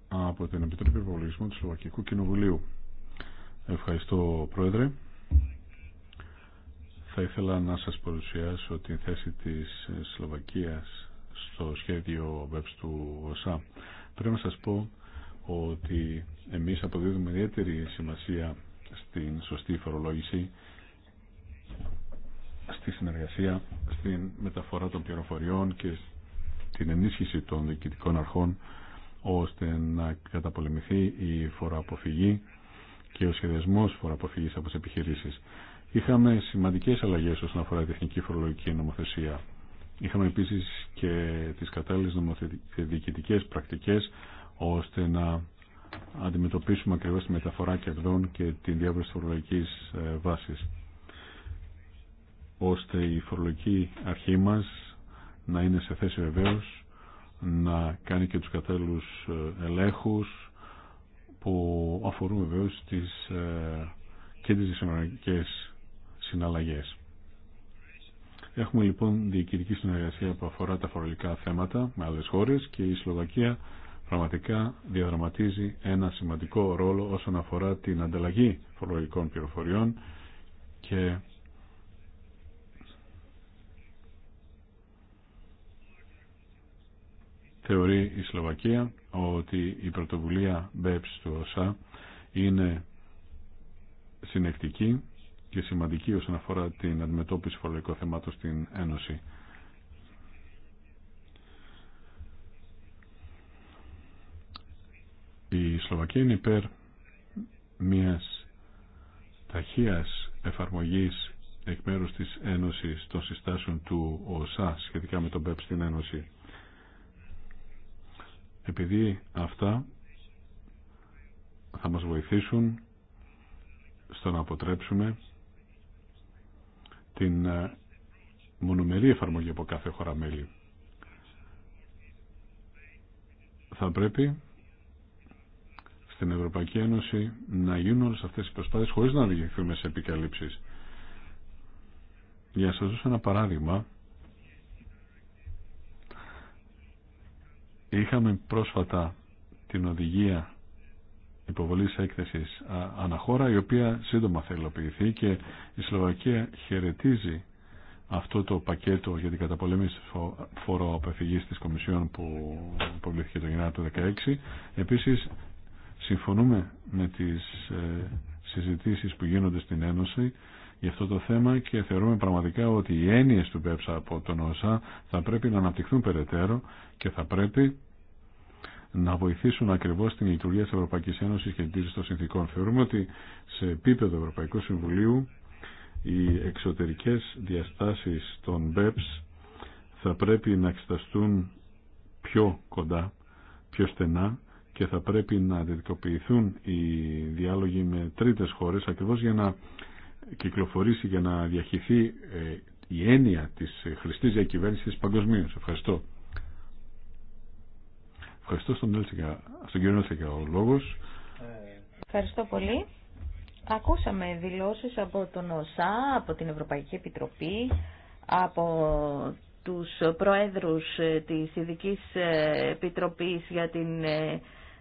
από την Επιτροπή Προπολογισμού του Σλοβακικού Κοινοβουλίου. Ευχαριστώ Πρόεδρε. Θα ήθελα να σας παρουσιάσω την θέση της Σλοβακίας στο σχέδιο ΒΕΠΣ του ωσά Πρέπει να σας πω ότι εμείς αποδίδουμε ιδιαίτερη σημασία στην σωστή φορολόγηση στη συνεργασία, στην μεταφορά των πληροφοριών και την ενίσχυση των διοικητικών αρχών ώστε να καταπολεμηθεί η φοροαποφυγή και ο σχεδιασμός φοροαποφυγής από τις επιχειρήσεις. Είχαμε σημαντικές αλλαγές όσον αφορά την τεχνική φορολογική νομοθεσία. Είχαμε επίσης και τις κατάλληλες νομοθετικές πρακτικές ώστε να αντιμετωπίσουμε ακριβώς τη μεταφορά κερδών και την διάβρωση φορολογική ε, βάσης ώστε η φορολογική αρχή μας να είναι σε θέση βεβαίως να κάνει και τους κατάλληλους ε, ελέγχους που αφορούν βεβαίως τις, ε, και τις δυσυνοριακές συναλλαγές. Έχουμε λοιπόν διοικητική συνεργασία που αφορά τα φορολογικά θέματα με άλλες χώρες και η Σλοβακία πραγματικά διαδραματίζει ένα σημαντικό ρόλο όσον αφορά την ανταλλαγή φορολογικών πληροφοριών και Θεωρεί η Σλοβακία ότι η πρωτοβουλία BEPS του ΩΣΑ είναι συνεκτική και σημαντική όσον αφορά την αντιμετώπιση φορολογικών θεμάτων στην Ένωση. Η Σλοβακία είναι υπέρ μιας ταχείας εφαρμογής εκ μέρους της Ένωσης των συστάσεων του ΟΣΑ σχετικά με τον ΠΕΠ στην Ένωση επειδή αυτά θα μας βοηθήσουν στο να αποτρέψουμε την ε, μονομερή εφαρμογή από κάθε χώρα μέλη. Θα πρέπει στην Ευρωπαϊκή Ένωση να γίνουν όλες αυτές οι προσπάθειες χωρίς να οδηγηθούμε σε επικαλύψεις. Για να σας δώσω ένα παράδειγμα Είχαμε πρόσφατα την οδηγία υποβολής έκθεσης αναχώρα η οποία σύντομα θα υλοποιηθεί και η Σλοβακία χαιρετίζει αυτό το πακέτο για την καταπολέμηση φοροαπεφυγής της Κομισιόν που υποβλήθηκε το Γενάρη του 2016. Επίσης, συμφωνούμε με τις ε, συζητήσεις που γίνονται στην Ένωση για αυτό το θέμα και θεωρούμε πραγματικά ότι οι έννοιες του ΠΕΠΣΑ από τον ΩΣΑ θα πρέπει να αναπτυχθούν περαιτέρω και θα πρέπει να βοηθήσουν ακριβώ την λειτουργία τη Ευρωπαϊκή Ένωση και την τήρηση των συνθήκων. Θεωρούμε ότι σε επίπεδο Ευρωπαϊκού Συμβουλίου οι εξωτερικέ διαστάσει των BEPS θα πρέπει να εξεταστούν πιο κοντά, πιο στενά και θα πρέπει να αντιδικοποιηθούν οι διάλογοι με τρίτε χώρε ακριβώ για να κυκλοφορήσει για να ε, η έννοια της ε, χρηστής διακυβέρνησης παγκοσμίω. Ευχαριστώ. Ευχαριστώ στον, Έλσικα, στον κύριο Νέλσικα ο λόγος. Ευχαριστώ πολύ. Ακούσαμε δηλώσεις από τον ΟΣΑ, από την Ευρωπαϊκή Επιτροπή, από τους προέδρους ε, της Ειδικής ε, Επιτροπής για την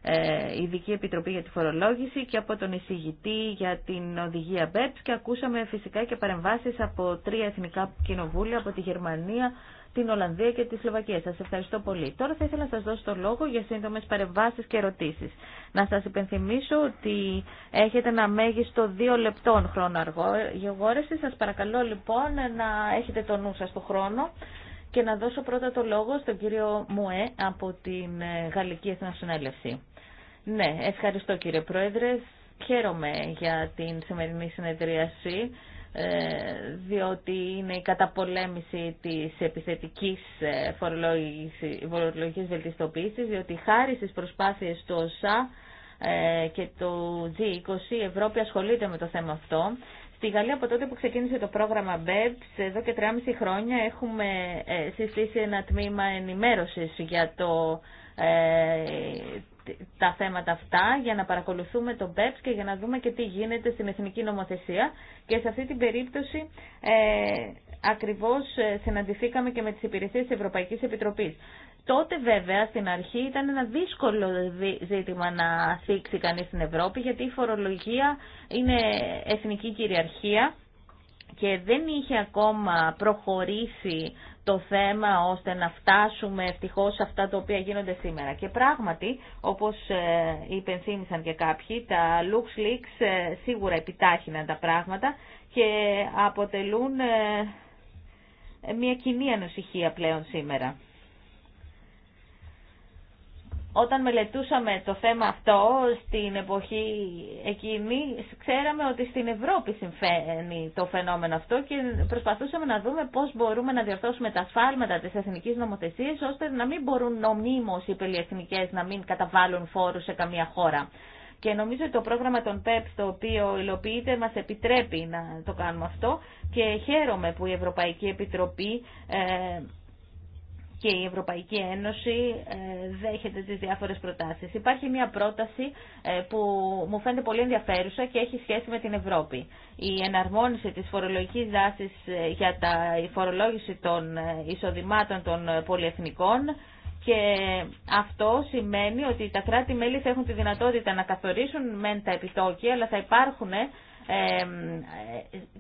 ε, Ειδική Επιτροπή για τη Φορολόγηση και από τον εισηγητή για την οδηγία BEPS και ακούσαμε φυσικά και παρεμβάσεις από τρία εθνικά κοινοβούλια, από τη Γερμανία, την Ολλανδία και τη Σλοβακία. Σας ευχαριστώ πολύ. Τώρα θα ήθελα να σας δώσω το λόγο για σύντομες παρεμβάσεις και ερωτήσεις. Να σας υπενθυμίσω ότι έχετε ένα μέγιστο δύο λεπτών χρόνο αργόγορευση. Σας παρακαλώ λοιπόν να έχετε το νου σας το χρόνο και να δώσω πρώτα το λόγο στον κύριο Μουέ από την ε, Γαλλική Εθνοσυνέλευση. Ναι, ευχαριστώ κύριε Πρόεδρε. Χαίρομαι για την σημερινή συνεδρίαση ε, διότι είναι η καταπολέμηση της επιθετικής ε, φορολογικής βελτιστοποίησης, διότι χάρη στις προσπάθειες του ΩΣΑ ε, και του G20 η Ευρώπη ασχολείται με το θέμα αυτό. Στη Γαλλία από τότε που ξεκίνησε το πρόγραμμα BEPS, εδώ και 3,5 χρόνια έχουμε συστήσει ένα τμήμα ενημέρωσης για το τα θέματα αυτά για να παρακολουθούμε τον ΠΕΠΣ και για να δούμε και τι γίνεται στην εθνική νομοθεσία και σε αυτή την περίπτωση ε, ακριβώς ε, συναντηθήκαμε και με τις υπηρεσίες της Ευρωπαϊκής Επιτροπής. Τότε βέβαια στην αρχή ήταν ένα δύσκολο ζήτημα να θίξει κανείς στην Ευρώπη γιατί η φορολογία είναι εθνική κυριαρχία και δεν είχε ακόμα προχωρήσει το θέμα ώστε να φτάσουμε ευτυχώς σε αυτά τα οποία γίνονται σήμερα. Και πράγματι, όπως ε, υπενθύμησαν και κάποιοι, τα LuxLeaks ε, σίγουρα επιτάχυναν τα πράγματα και αποτελούν ε, μια κοινή ανοσυχία πλέον σήμερα όταν μελετούσαμε το θέμα αυτό στην εποχή εκείνη, ξέραμε ότι στην Ευρώπη συμβαίνει το φαινόμενο αυτό και προσπαθούσαμε να δούμε πώς μπορούμε να διορθώσουμε τα σφάλματα της εθνικής νομοθεσίας, ώστε να μην μπορούν νομίμως οι πολυεθνικές να μην καταβάλουν φόρους σε καμία χώρα. Και νομίζω ότι το πρόγραμμα των ΠΕΠ e το οποίο υλοποιείται μας επιτρέπει να το κάνουμε αυτό και χαίρομαι που η Ευρωπαϊκή Επιτροπή ε, και η Ευρωπαϊκή Ένωση ε, δέχεται τις διάφορες προτάσεις. Υπάρχει μια πρόταση ε, που μου φαίνεται πολύ ενδιαφέρουσα και έχει σχέση με την Ευρώπη. Η εναρμόνιση της φορολογικής δάσης ε, για τα, η φορολόγηση των εισοδημάτων των πολυεθνικών και αυτό σημαίνει ότι τα κράτη-μέλη θα έχουν τη δυνατότητα να καθορίσουν μεν τα επιτόκια, αλλά θα υπάρχουν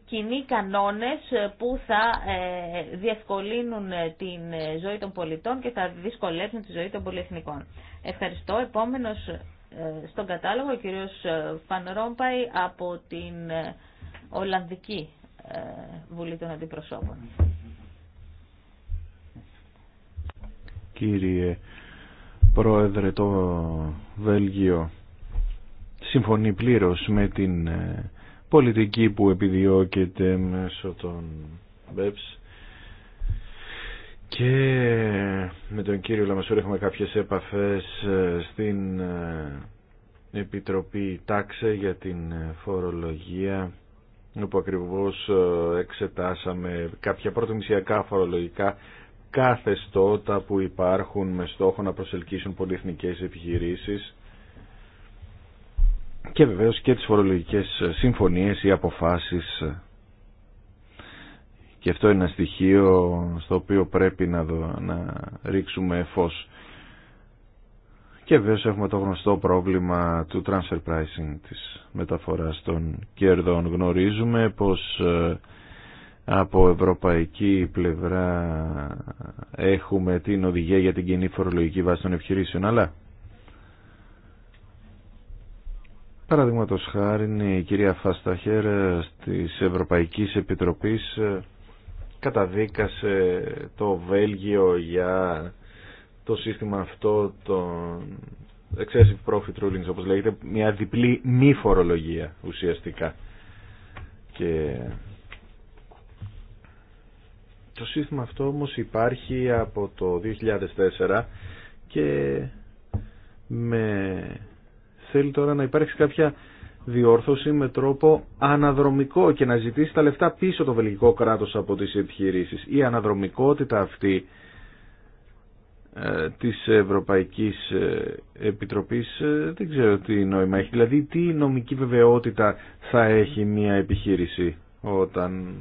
κοινοί κανόνες που θα ε, διευκολύνουν ε, την ε, ζωή των πολιτών και θα δυσκολεύσουν τη ζωή των πολυεθνικών. Ευχαριστώ. Επόμενος στον κατάλογο ο κύριος Φανρόμπαϊ από την Ολλανδική Βουλή των Αντιπροσώπων. Κύριε Πρόεδρε, το Βέλγιο συμφωνεί πλήρως με την πολιτική που επιδιώκεται μέσω των BEPS και με τον κύριο Λαμασούρη έχουμε κάποιες επαφές ε, στην ε, Επιτροπή Τάξε για την φορολογία όπου ακριβώς ε, εξετάσαμε κάποια πρωτομησιακά φορολογικά στότα που υπάρχουν με στόχο να προσελκύσουν πολυεθνικές επιχειρήσεις και βεβαίως και τις φορολογικές συμφωνίες ή αποφάσεις και αυτό είναι ένα στοιχείο στο οποίο πρέπει να, δω, να ρίξουμε φως. Και βέβαια έχουμε το γνωστό πρόβλημα του transfer pricing της μεταφοράς των κέρδων. Γνωρίζουμε πως ε, από ευρωπαϊκή πλευρά έχουμε την οδηγία για την κοινή φορολογική βάση των επιχειρήσεων, αλλά Παραδείγματο χάρη ναι, η κυρία Φασταχέρ ε, της Ευρωπαϊκής Επιτροπής ε, καταδίκασε το Βέλγιο για το σύστημα αυτό των excessive profit rulings όπως λέγεται μια διπλή μη φορολογία ουσιαστικά και το σύστημα αυτό όμως υπάρχει από το 2004 και με θέλει τώρα να υπάρξει κάποια διόρθωση με τρόπο αναδρομικό και να ζητήσει τα λεφτά πίσω το βελγικό κράτος από τις επιχειρήσεις. Η αναδρομικότητα αυτή ε, της Ευρωπαϊκής ε, Επιτροπής ε, δεν ξέρω τι νόημα έχει. Δηλαδή τι νομική βεβαιότητα θα έχει μια επιχείρηση όταν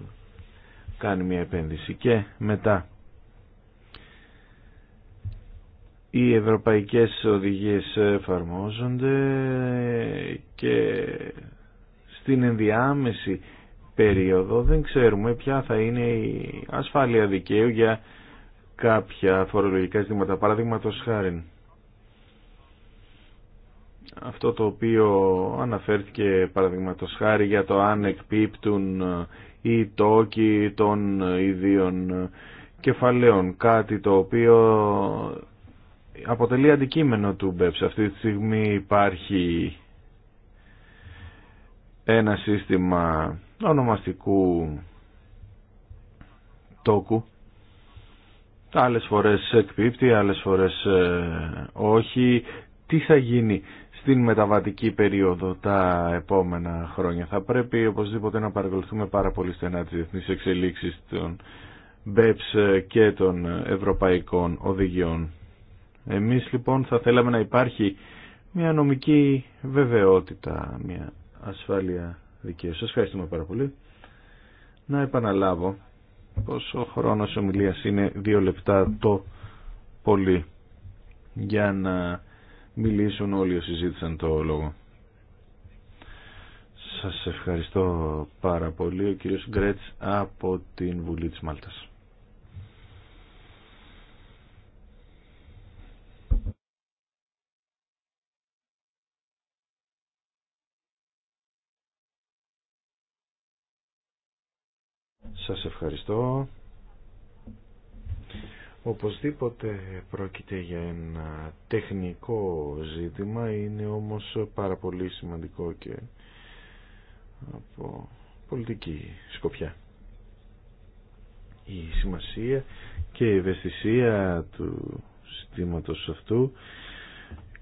κάνει μια επένδυση και μετά οι ευρωπαϊκές οδηγίες εφαρμόζονται και στην ενδιάμεση περίοδο δεν ξέρουμε ποια θα είναι η ασφάλεια δικαίου για κάποια φορολογικά ζητήματα. Παραδείγματος χάρη αυτό το οποίο αναφέρθηκε παραδείγματο χάρη για το αν εκπίπτουν οι τόκοι των ιδίων κεφαλαίων, κάτι το οποίο αποτελεί αντικείμενο του BEPS. Αυτή τη στιγμή υπάρχει ένα σύστημα ονομαστικού τόκου. Άλλες φορές εκπίπτει, άλλες φορές ε, όχι. Τι θα γίνει στην μεταβατική περίοδο τα επόμενα χρόνια. Θα πρέπει οπωσδήποτε να παρακολουθούμε πάρα πολύ στενά τις διεθνείς εξελίξεις των BEPS ε, και των ευρωπαϊκών οδηγιών. Εμείς λοιπόν θα θέλαμε να υπάρχει μια νομική βεβαιότητα, μια ασφάλεια δικαίου. Σας ευχαριστούμε πάρα πολύ. Να επαναλάβω πως ο χρόνος ομιλίας είναι δύο λεπτά το πολύ για να μιλήσουν όλοι όσοι ζήτησαν το λόγο. Σας ευχαριστώ πάρα πολύ ο κύριος Γκρέτς από την Βουλή της Μάλτας. Σας ευχαριστώ. Οπωσδήποτε πρόκειται για ένα τεχνικό ζήτημα, είναι όμως πάρα πολύ σημαντικό και από πολιτική σκοπιά. Η σημασία και η ευαισθησία του συστήματος αυτού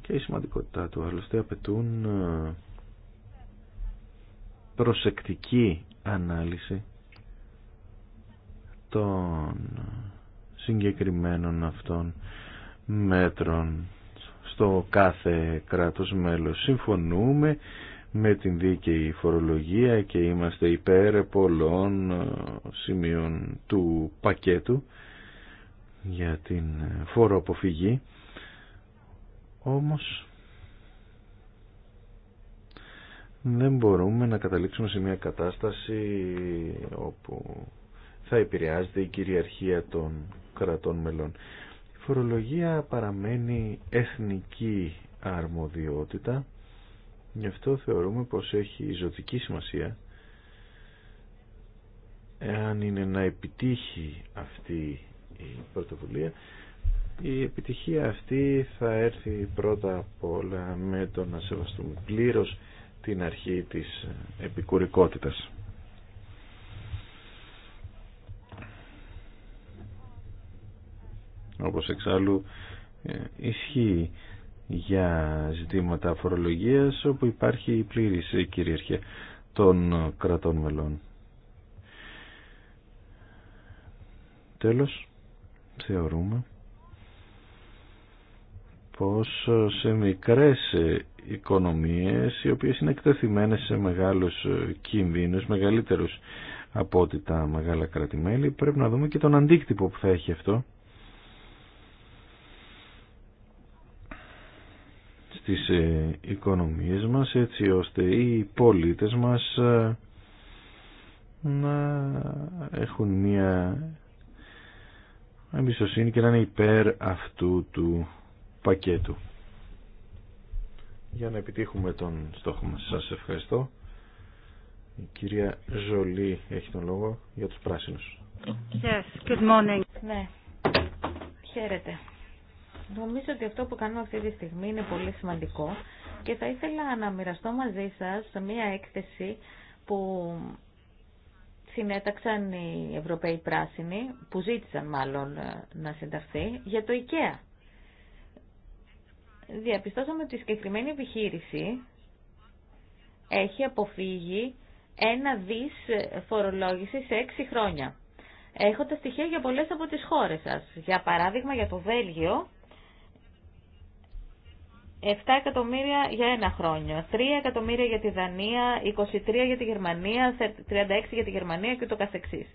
και η σημαντικότητά του άλλωστε απαιτούν ε, προσεκτική ανάλυση των συγκεκριμένων αυτών μέτρων στο κάθε κράτος μέλος. Συμφωνούμε με την δίκαιη φορολογία και είμαστε υπέρ πολλών ε, σημείων του πακέτου για την ε, φοροαποφυγή. Όμως δεν μπορούμε να καταλήξουμε σε μια κατάσταση όπου θα επηρεάζεται η κυριαρχία των κρατών μελών. Η φορολογία παραμένει εθνική αρμοδιότητα, γι' αυτό θεωρούμε πως έχει ζωτική σημασία εάν είναι να επιτύχει αυτή η πρωτοβουλία η επιτυχία αυτή θα έρθει πρώτα απ' όλα με το να σεβαστούμε πλήρως την αρχή της επικουρικότητας. όπως εξάλλου ε, ισχύει για ζητήματα φορολογίας όπου υπάρχει η πλήρης κυριαρχία των κρατών μελών. Τέλος, θεωρούμε πως σε μικρές οικονομίες οι οποίες είναι εκτεθειμένες σε μεγάλους κινδύνους, μεγαλύτερους από ό,τι τα μεγάλα κρατημέλη, πρέπει να δούμε και τον αντίκτυπο που θα έχει αυτό στις ε, οικονομίες μας έτσι ώστε οι πολίτες μας ε, να έχουν μία εμπιστοσύνη και να είναι υπέρ αυτού του πακέτου για να επιτύχουμε τον στόχο μας. Σας ευχαριστώ. Η κυρία Ζολή έχει τον λόγο για τους πράσινους. Yes, good morning. Ναι. Χαίρετε. Νομίζω ότι αυτό που κάνουμε αυτή τη στιγμή είναι πολύ σημαντικό και θα ήθελα να μοιραστώ μαζί σας μία έκθεση που συνέταξαν οι Ευρωπαίοι Πράσινοι, που ζήτησαν μάλλον ε, να συνταχθεί, για το IKEA. Διαπιστώσαμε ότι η συγκεκριμένη επιχείρηση έχει αποφύγει ένα δις φορολόγηση σε έξι χρόνια. Έχω τα στοιχεία για πολλές από τις χώρες σας. Για παράδειγμα, για το Βέλγιο, 7 εκατομμύρια για ένα χρόνιο, 3 εκατομμύρια για τη Δανία, 23 για τη Γερμανία, 36 για τη Γερμανία και το καθεξής.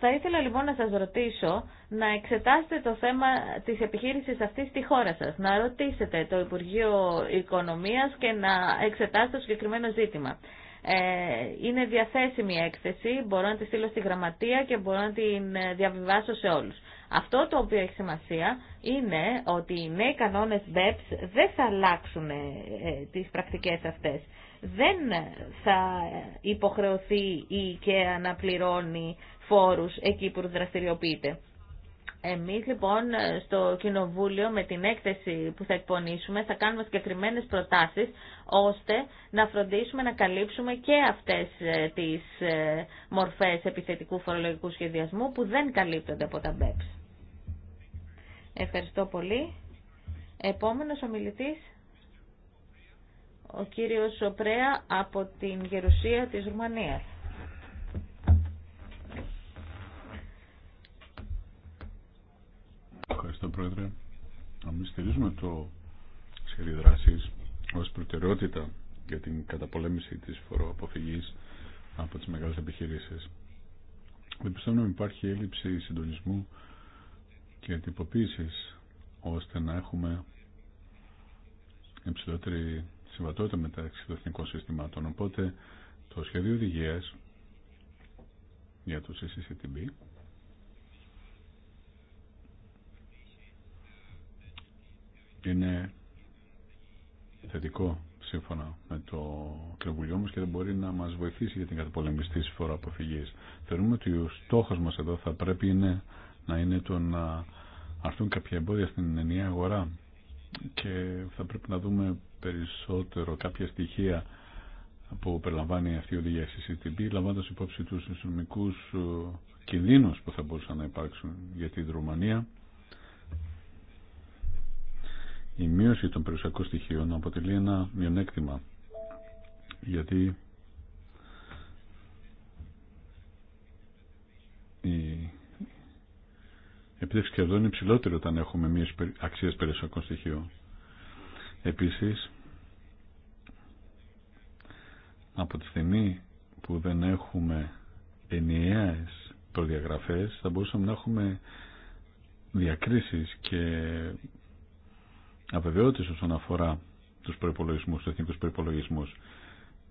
Θα ήθελα λοιπόν να σας ρωτήσω να εξετάσετε το θέμα της επιχείρησης αυτής στη χώρα σας, να ρωτήσετε το Υπουργείο Οικονομίας και να εξετάσετε το συγκεκριμένο ζήτημα. Ε, είναι διαθέσιμη η έκθεση, μπορώ να τη στείλω στη γραμματεία και μπορώ να την διαβιβάσω σε όλους. Αυτό το οποίο έχει σημασία είναι ότι οι νέοι κανόνες BEPS ε δεν θα αλλάξουν ε, ε, τις πρακτικές αυτές. Δεν θα υποχρεωθεί η ΙΚΕΑ να πληρώνει φόρους εκεί που δραστηριοποιείται. Εμείς λοιπόν στο Κοινοβούλιο με την έκθεση που θα εκπονήσουμε θα κάνουμε συγκεκριμένες προτάσεις ώστε να φροντίσουμε να καλύψουμε και αυτές τις μορφές επιθετικού φορολογικού σχεδιασμού που δεν καλύπτονται από τα BEPS. Ευχαριστώ πολύ. Επόμενος ομιλητής, ο κύριος Σοπρέα από την Γερουσία της Ρουμανίας. Ευχαριστώ Πρόεδρε. μην στηρίζουμε το σχέδιο δράση ω προτεραιότητα για την καταπολέμηση τη φοροαποφυγής από τι μεγάλε επιχειρήσει. Δεν πιστεύω να υπάρχει έλλειψη συντονισμού και τυποποίησης ώστε να έχουμε υψηλότερη συμβατότητα μεταξύ των εθνικών συστημάτων. Οπότε το σχέδιο οδηγία για το CCCTB είναι θετικό σύμφωνα με το Κρεβουλίο μας και δεν μπορεί να μας βοηθήσει για την καταπολεμιστή φορά αποφυγής. Θεωρούμε ότι ο στόχος μας εδώ θα πρέπει είναι να είναι το να αρθούν κάποια εμπόδια στην ενιαία αγορά και θα πρέπει να δούμε περισσότερο κάποια στοιχεία που περιλαμβάνει αυτή η οδηγία CCTV, λαμβάνοντα υπόψη του συνομικού ε, κινδύνους που θα μπορούσαν να υπάρξουν για την Ρουμανία. Η μείωση των περιουσιακών στοιχείων αποτελεί ένα μειονέκτημα γιατί η επίτευξη εδώ είναι υψηλότερη όταν έχουμε μια αξία περιουσιακών στοιχείων. Επίσης, από τη στιγμή που δεν έχουμε ενιαίε προδιαγραφές θα μπορούσαμε να έχουμε διακρίσεις και αβεβαιότητε όσον αφορά τους προϋπολογισμούς, του εθνικού προπολογισμού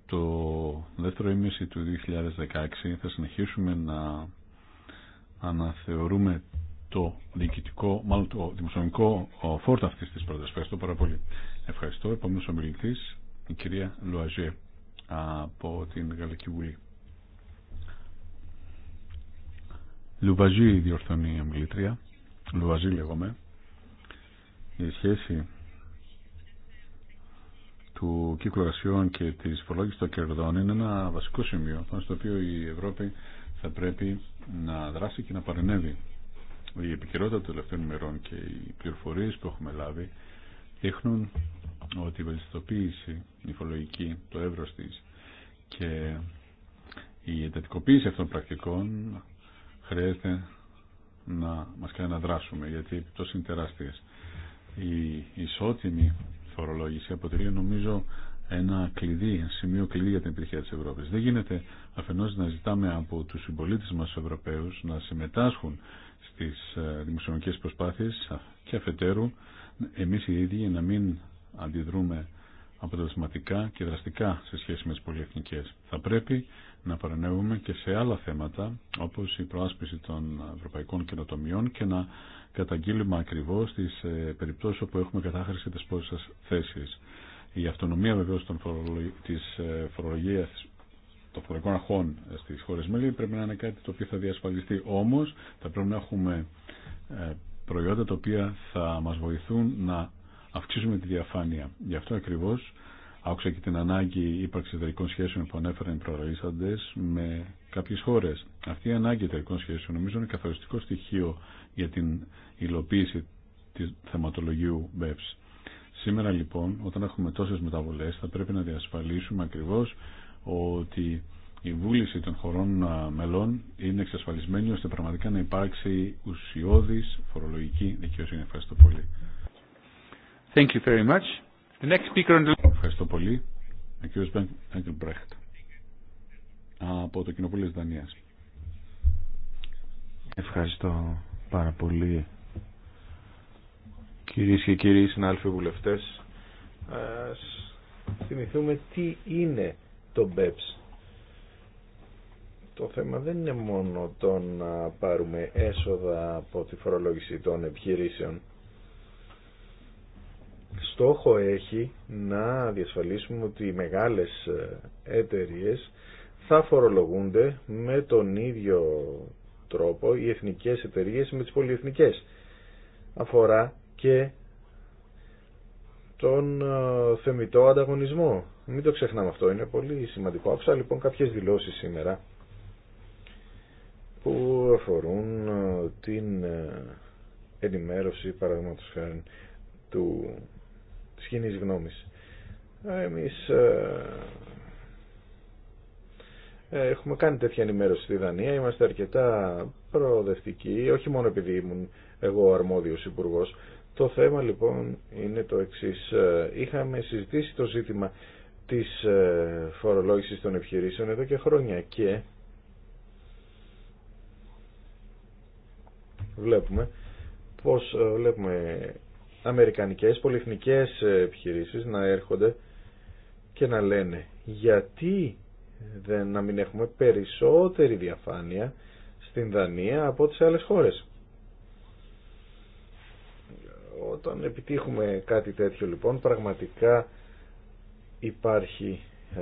Το δεύτερο ήμιση του 2016 θα συνεχίσουμε να αναθεωρούμε το διοικητικό, μάλλον το δημοσιονομικό φόρτο αυτή τη πρόταση. Ευχαριστώ πάρα πολύ. Ευχαριστώ. Επόμενο ομιλητή, η κυρία Λουαζέ από την Γαλλική Βουλή. Λουβαζή διορθώνει η ομιλητρία. Λουβαζή λέγομαι. Η σχέση του κύκλου εργασιών και τη φορολόγηση των κερδών είναι ένα βασικό σημείο στο οποίο η Ευρώπη θα πρέπει να δράσει και να παρενέβει η επικαιρότητα των τελευταίων ημερών και οι πληροφορίε που έχουμε λάβει δείχνουν ότι η βελτιστοποίηση νυφολογική, το εύρο τη και η εντατικοποίηση αυτών των πρακτικών χρειάζεται να μα κάνει να δράσουμε γιατί οι επιπτώσει είναι τεράστιε. Η ισότιμη φορολόγηση αποτελεί νομίζω ένα κλειδί, ένα σημείο κλειδί για την επιτυχία τη Ευρώπη. Δεν γίνεται αφενό να ζητάμε από του συμπολίτε μα Ευρωπαίου να συμμετάσχουν στις ε, δημοσιονομικές προσπάθειες και αφετέρου εμείς οι ίδιοι να μην αντιδρούμε αποτελεσματικά και δραστικά σε σχέση με τις πολυεθνικές. Θα πρέπει να παρανεύουμε και σε άλλα θέματα όπως η προάσπιση των ευρωπαϊκών καινοτομιών και να καταγγείλουμε ακριβώς τις ε, περιπτώσεις όπου έχουμε κατάχρηση της πόσες θέσης. Η αυτονομία βεβαίως των της ε, φορολογίας φορικών αρχών ε, στι χώρε μέλη πρέπει να είναι κάτι το οποίο θα διασφαλιστεί. όμω θα πρέπει να έχουμε ε, προϊόντα τα οποία θα μα βοηθούν να αυξήσουμε τη διαφάνεια. Γι' αυτό ακριβώ άκουσα και την ανάγκη ύπαρξη εταιρικών σχέσεων που ανέφεραν οι με κάποιε χώρε. Αυτή η ανάγκη εταιρικών σχέσεων νομίζω είναι καθοριστικό στοιχείο για την υλοποίηση τη θεματολογίου BEPS. Σήμερα λοιπόν, όταν έχουμε τόσε μεταβολέ, θα πρέπει να διασφαλίσουμε ακριβώ ότι η βούληση των χωρών μελών είναι εξασφαλισμένη ώστε πραγματικά να υπάρξει ουσιώδης φορολογική δικαιοσύνη. Ευχαριστώ πολύ. Thank you very much. The next speaker on the... Ευχαριστώ πολύ. Ο από το Κοινοβούλιο της Δανίας. Ευχαριστώ πάρα πολύ κυρίες και κύριοι συνάλφοι βουλευτές. Ας θυμηθούμε τι είναι το BEPS. Το θέμα δεν είναι μόνο το να πάρουμε έσοδα από τη φορολόγηση των επιχειρήσεων. Στόχο έχει να διασφαλίσουμε ότι οι μεγάλες ε, εταιρείες θα φορολογούνται με τον ίδιο τρόπο οι εθνικές εταιρείες με τις πολυεθνικές. Αφορά και τον ε, θεμητό ανταγωνισμό μην το ξεχνάμε αυτό, είναι πολύ σημαντικό. Άκουσα λοιπόν κάποιε δηλώσεις σήμερα που αφορούν ε, την ε, ενημέρωση παραδείγματο χάρη του της κοινή γνώμης. Ε, Εμεί έχουμε κάνει τέτοια ενημέρωση στη Δανία, είμαστε αρκετά προοδευτικοί, όχι μόνο επειδή ήμουν εγώ ο αρμόδιος υπουργό. Το θέμα λοιπόν είναι το εξής. Είχαμε συζητήσει το ζήτημα της ε, φορολόγησης των επιχειρήσεων εδώ και χρόνια και βλέπουμε πως ε, βλέπουμε αμερικανικές πολυεθνικές ε, επιχειρήσεις να έρχονται και να λένε γιατί δεν, να μην έχουμε περισσότερη διαφάνεια στην Δανία από τις άλλες χώρες. Όταν επιτύχουμε κάτι τέτοιο λοιπόν πραγματικά υπάρχει ε,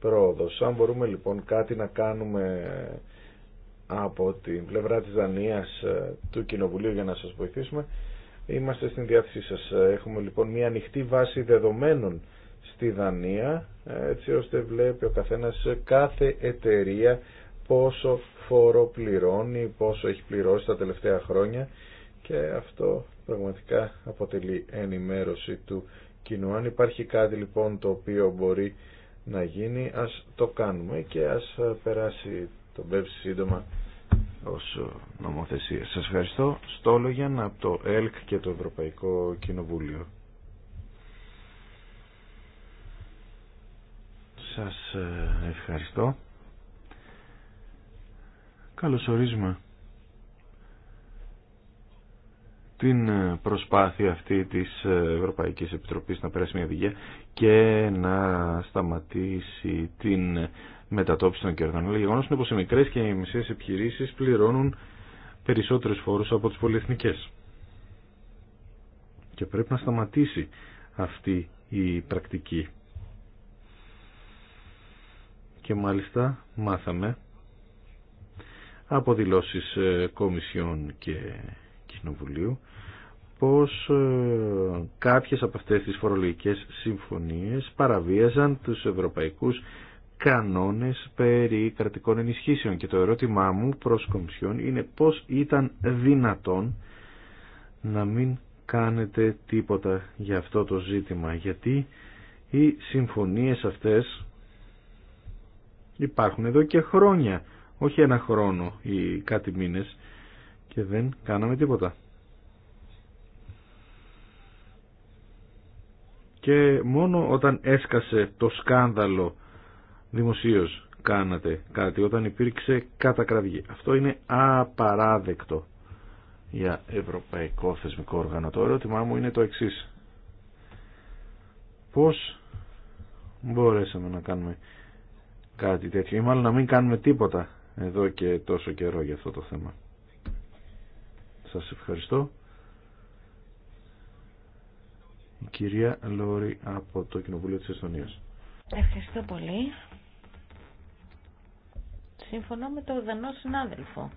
πρόοδος. Αν μπορούμε λοιπόν κάτι να κάνουμε από την πλευρά της Δανίας ε, του Κοινοβουλίου για να σας βοηθήσουμε, είμαστε στην διάθεσή σας. Ε, έχουμε λοιπόν μια ανοιχτή βάση δεδομένων στη Δανία, έτσι ώστε βλέπει ο καθένας κάθε εταιρεία πόσο φόρο πληρώνει, πόσο έχει πληρώσει τα τελευταία χρόνια και αυτό πραγματικά αποτελεί ενημέρωση του κοινού. Αν υπάρχει κάτι λοιπόν το οποίο μπορεί να γίνει, ας το κάνουμε και ας περάσει το ΜΠΕΒΣ σύντομα ως νομοθεσία. Σας ευχαριστώ. Στόλογιαν από το ΕΛΚ και το Ευρωπαϊκό Κοινοβούλιο. Σας ε, ευχαριστώ. Καλωσορίζουμε την ε, προσπάθεια αυτή της ε, Ευρωπαϊκής Επιτροπής να περάσει μια και να σταματήσει την ε, μετατόπιση των κερδών. Λέει γεγονός είναι πως οι μικρές και οι μισές επιχειρήσεις πληρώνουν περισσότερους φόρους από τις πολυεθνικές. Και πρέπει να σταματήσει αυτή η πρακτική. Και μάλιστα μάθαμε από δηλώσεις κομισιών και Κοινοβουλίου πως ε, κάποιες από αυτές τις φορολογικές συμφωνίες παραβίαζαν τους ευρωπαϊκούς κανόνες περί κρατικών ενισχύσεων και το ερώτημά μου προς Κομισιόν είναι πως ήταν δυνατόν να μην κάνετε τίποτα για αυτό το ζήτημα γιατί οι συμφωνίες αυτές υπάρχουν εδώ και χρόνια όχι ένα χρόνο ή κάτι μήνες και δεν κάναμε τίποτα. Και μόνο όταν έσκασε το σκάνδαλο δημοσίως κάνατε κάτι, όταν υπήρξε κατακραυγή. Αυτό είναι απαράδεκτο για Ευρωπαϊκό Θεσμικό Όργανο. Το ερώτημά μου είναι το εξή. Πώς μπορέσαμε να κάνουμε κάτι τέτοιο ή μάλλον να μην κάνουμε τίποτα εδώ και τόσο καιρό για αυτό το θέμα. Σας ευχαριστώ. Η κυρία Λόρη από το Κοινοβούλιο της Εστονίας. Ευχαριστώ πολύ. Συμφωνώ με τον Δανό συνάδελφο.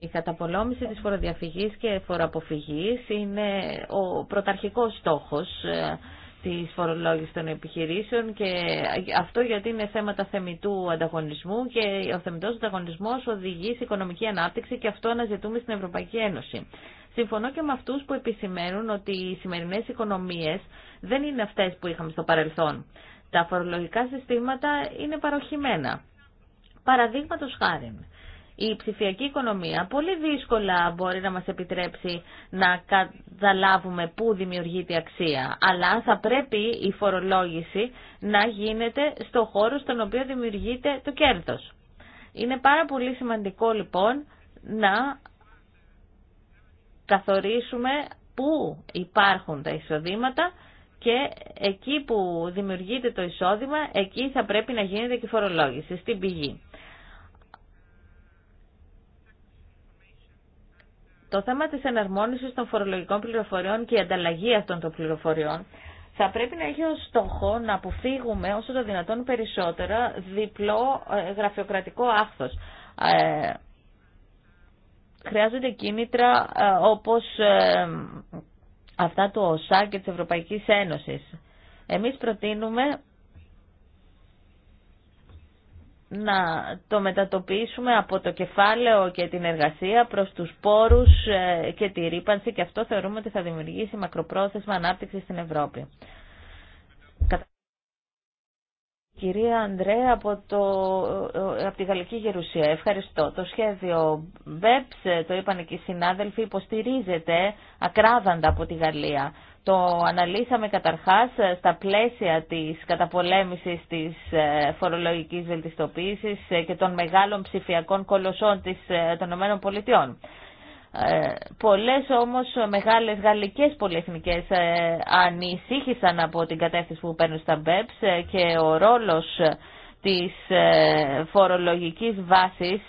Η καταπολόμηση της φοροδιαφυγής και φοροαποφυγής είναι ο πρωταρχικός στόχος ε, της φορολόγηση των επιχειρήσεων και αυτό γιατί είναι θέματα θεμητού ανταγωνισμού και ο θεμητός ανταγωνισμός οδηγεί σε οικονομική ανάπτυξη και αυτό αναζητούμε στην Ευρωπαϊκή Ένωση. Συμφωνώ και με αυτούς που επισημαίνουν ότι οι σημερινές οικονομίες δεν είναι αυτές που είχαμε στο παρελθόν. Τα φορολογικά συστήματα είναι παροχημένα. Παραδείγματος χάρη, η ψηφιακή οικονομία πολύ δύσκολα μπορεί να μας επιτρέψει να καταλάβουμε πού δημιουργείται η αξία. Αλλά θα πρέπει η φορολόγηση να γίνεται στο χώρο στον οποίο δημιουργείται το κέρδος. Είναι πάρα πολύ σημαντικό λοιπόν να καθορίσουμε πού υπάρχουν τα εισοδήματα και εκεί που δημιουργείται το εισόδημα, εκεί θα πρέπει να γίνεται και η φορολόγηση, στην πηγή. Το θέμα της εναρμόνισης των φορολογικών πληροφοριών και η ανταλλαγή αυτών των πληροφοριών θα πρέπει να έχει ως στόχο να αποφύγουμε όσο το δυνατόν περισσότερα διπλό ε, γραφειοκρατικό άχθος. Ε, χρειάζονται κίνητρα ε, όπως αυτά του ΟΣΑ και της Ευρωπαϊκής Ένωσης. Εμείς προτείνουμε να το μετατοπίσουμε από το κεφάλαιο και την εργασία προς τους πόρους ε, και τη ρήπανση και αυτό θεωρούμε ότι θα δημιουργήσει μακροπρόθεσμα ανάπτυξη στην Ευρώπη. Κυρία Ανδρέα από, το, ε, από τη Γαλλική Γερουσία, ευχαριστώ. Το σχέδιο BEPS, ε το είπαν και οι συνάδελφοι, υποστηρίζεται ακράδαντα από τη Γαλλία. Το αναλύσαμε καταρχάς ε, στα πλαίσια της καταπολέμησης της ε, φορολογικής βελτιστοποίησης ε, και των μεγάλων ψηφιακών κολοσσών των ΗΠΑ. Πολλές όμως μεγάλες γαλλικές πολυεθνικές ανησύχησαν από την κατεύθυνση που παίρνουν στα BEPS και ο ρόλος της φορολογικής βάσης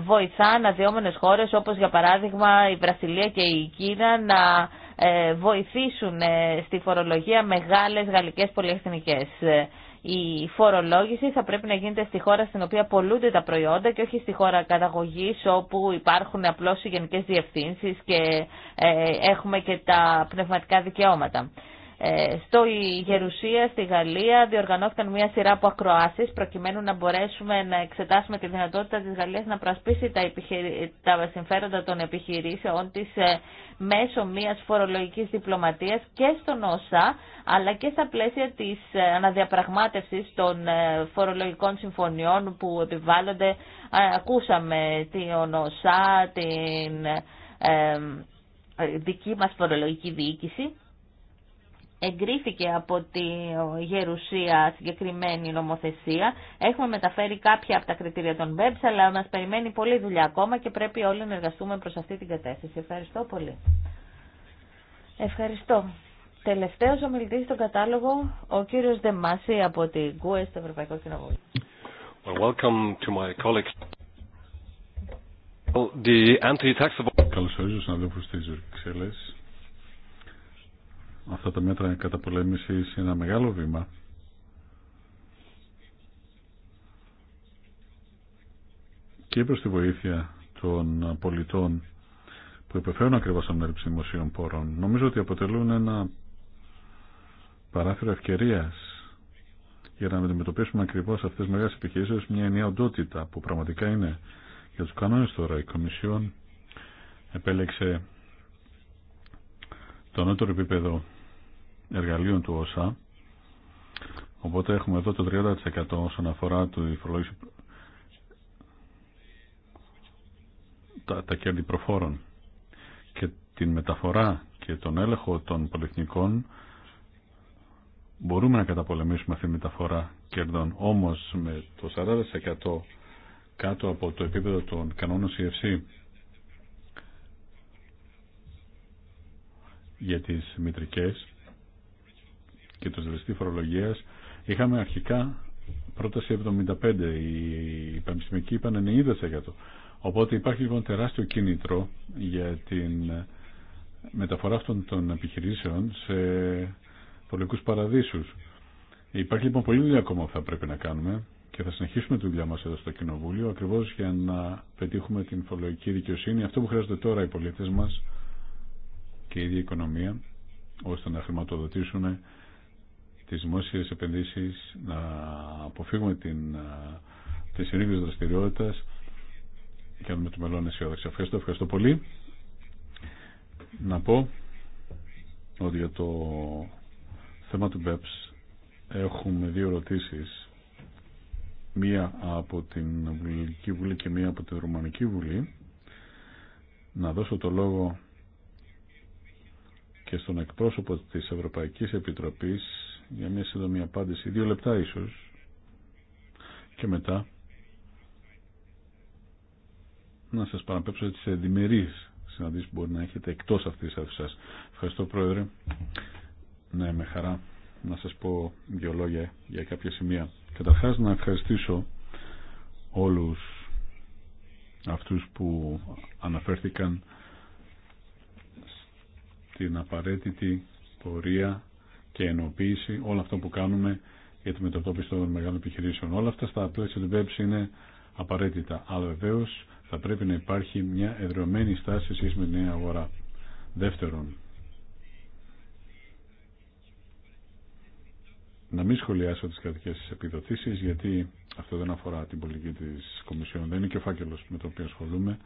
βοηθά αναδυόμενες χώρες όπως για παράδειγμα η Βρασιλία και η Κίνα να ε, βοηθήσουν ε, στη φορολογία μεγάλες γαλλικές πολυεθνικές. Ε, η φορολόγηση θα πρέπει να γίνεται στη χώρα στην οποία πολλούνται τα προϊόντα και όχι στη χώρα καταγωγής όπου υπάρχουν απλώς οι γενικές διευθύνσεις και έχουμε και τα πνευματικά δικαιώματα. Ε, στο Γερουσία, στη Γαλλία, διοργανώθηκαν μια σειρά από ακροασει προκειμένου να μπορέσουμε να εξετάσουμε τη δυνατότητα της Γαλλίας να προασπίσει τα, επιχειρη... τα συμφέροντα των επιχειρήσεων της ε, μέσω μιας φορολογικής διπλωματίας και στον ΩΣΑ αλλά και στα πλαίσια της ε, αναδιαπραγμάτευσης των φορολογικών συμφωνιών που επιβάλλονται. Ακούσαμε την ΩΣΑ, την δική μας φορολογική διοίκηση εγκρίθηκε από τη γερουσία συγκεκριμένη νομοθεσία. Έχουμε μεταφέρει κάποια από τα κριτήρια των BEPS, αλλά μας περιμένει πολλή δουλειά ακόμα και πρέπει όλοι να εργαστούμε προς αυτή την κατεύθυνση. Ευχαριστώ πολύ. Ευχαριστώ. Τελευταίος ομιλητής στον κατάλογο, ο κύριος Δεμάση από την ΚΟΕ στο Ευρωπαϊκό Κοινοβούλιο. welcome ορίζω στους αδέλφους της αυτά τα μέτρα πολέμηση είναι ένα μεγάλο βήμα και προς τη βοήθεια των πολιτών που υπεφέρουν ακριβώς από την δημοσίων πόρων νομίζω ότι αποτελούν ένα παράθυρο ευκαιρίας για να αντιμετωπίσουμε ακριβώς αυτές τις μεγάλες επιχειρήσεις μια ενιαία οντότητα που πραγματικά είναι για τους κανόνες τώρα η Κομισιόν επέλεξε το επίπεδο εργαλείων του ΩΣΑ. Οπότε έχουμε εδώ το 30% όσον αφορά του τα, τα κέρδη προφόρων και την μεταφορά και τον έλεγχο των πολυεθνικών μπορούμε να καταπολεμήσουμε αυτή τη μεταφορά κέρδων. Όμως με το 40% κάτω από το επίπεδο των κανόνων CFC για τις μητρικές και το δραστή φορολογία, είχαμε αρχικά πρόταση 75, οι πανεπιστημιακοί είπαν 90%. Οπότε υπάρχει λοιπόν τεράστιο κίνητρο για την μεταφορά αυτών των επιχειρήσεων σε φορολογικού παραδείσους. Υπάρχει λοιπόν πολύ δουλειά ακόμα που θα πρέπει να κάνουμε και θα συνεχίσουμε τη δουλειά μα εδώ στο Κοινοβούλιο ακριβώς για να πετύχουμε την φορολογική δικαιοσύνη, αυτό που χρειάζονται τώρα οι πολίτε μας και η ίδια η οικονομία, ώστε να χρηματοδοτήσουν τις δημόσιες επενδύσεις, να αποφύγουμε την, τις δραστηριότητα δραστηριότητας και να με το μελώνει αισιόδοξη. Ευχαριστώ, ευχαριστώ πολύ. Να πω ότι για το θέμα του BEPS έχουμε δύο ερωτήσεις. Μία από την Βουλική Βουλή και μία από την Ρουμανική Βουλή. Να δώσω το λόγο και στον εκπρόσωπο της Ευρωπαϊκής Επιτροπής για μια σύντομη απάντηση, δύο λεπτά ίσως και μετά να σας παραπέψω τι διμερείς συναντήσεις που μπορεί να έχετε εκτός αυτής της αίθουσας. Ευχαριστώ Πρόεδρε. Ναι, με χαρά να σας πω δύο λόγια για κάποια σημεία. Καταρχάς να ευχαριστήσω όλους αυτούς που αναφέρθηκαν στην απαραίτητη πορεία και ενοποίηση όλο αυτό που κάνουμε για τη μετατόπιση των μεγάλων επιχειρήσεων. Όλα αυτά στα πλαίσια του BEPS είναι απαραίτητα. Αλλά βεβαίω θα πρέπει να υπάρχει μια εδρεωμένη στάση σχέση με την νέα αγορά. Δεύτερον, να μην σχολιάσω τις κρατικές επιδοτήσεις γιατί αυτό δεν αφορά την πολιτική της Κομισιόν. Δεν είναι και ο φάκελος με το οποίο ασχολούμαι.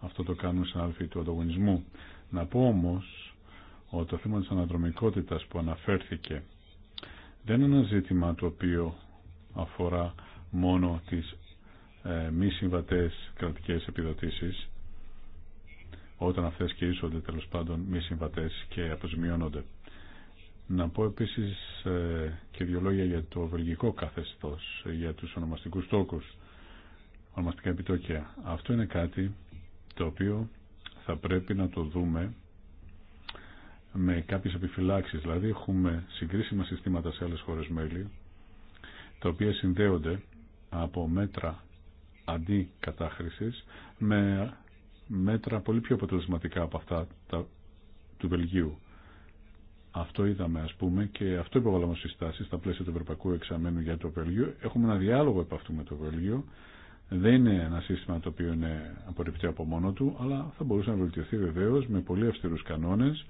Αυτό το κάνουν αλφή του ανταγωνισμού. Να πω όμως ότι το θέμα της αναδρομικότητας που αναφέρθηκε δεν είναι ένα ζήτημα το οποίο αφορά μόνο τις ε, μη συμβατές κρατικές επιδοτήσεις όταν αυτές ίσονται τέλος πάντων μη συμβατές και αποζημιώνονται. Να πω επίσης ε, και δύο λόγια για το βελγικό καθεστώς, για τους ονομαστικούς τόκους, ονομαστικά επιτόκια. Αυτό είναι κάτι το οποίο θα πρέπει να το δούμε με κάποιες επιφυλάξεις. Δηλαδή έχουμε συγκρίσιμα συστήματα σε άλλες χώρες μέλη, τα οποία συνδέονται από μέτρα αντικατάχρησης με μέτρα πολύ πιο αποτελεσματικά από αυτά τα, του Βελγίου. Αυτό είδαμε ας πούμε και αυτό υποβάλαμε στις στάσεις στα πλαίσια του Ευρωπαϊκού Εξαμένου για το Βελγίο. Έχουμε ένα διάλογο επ' αυτού με το Βελγίο. Δεν είναι ένα σύστημα το οποίο είναι απορριπτή από μόνο του, αλλά θα μπορούσε να βελτιωθεί βεβαίω με πολύ αυστηρούς κανόνες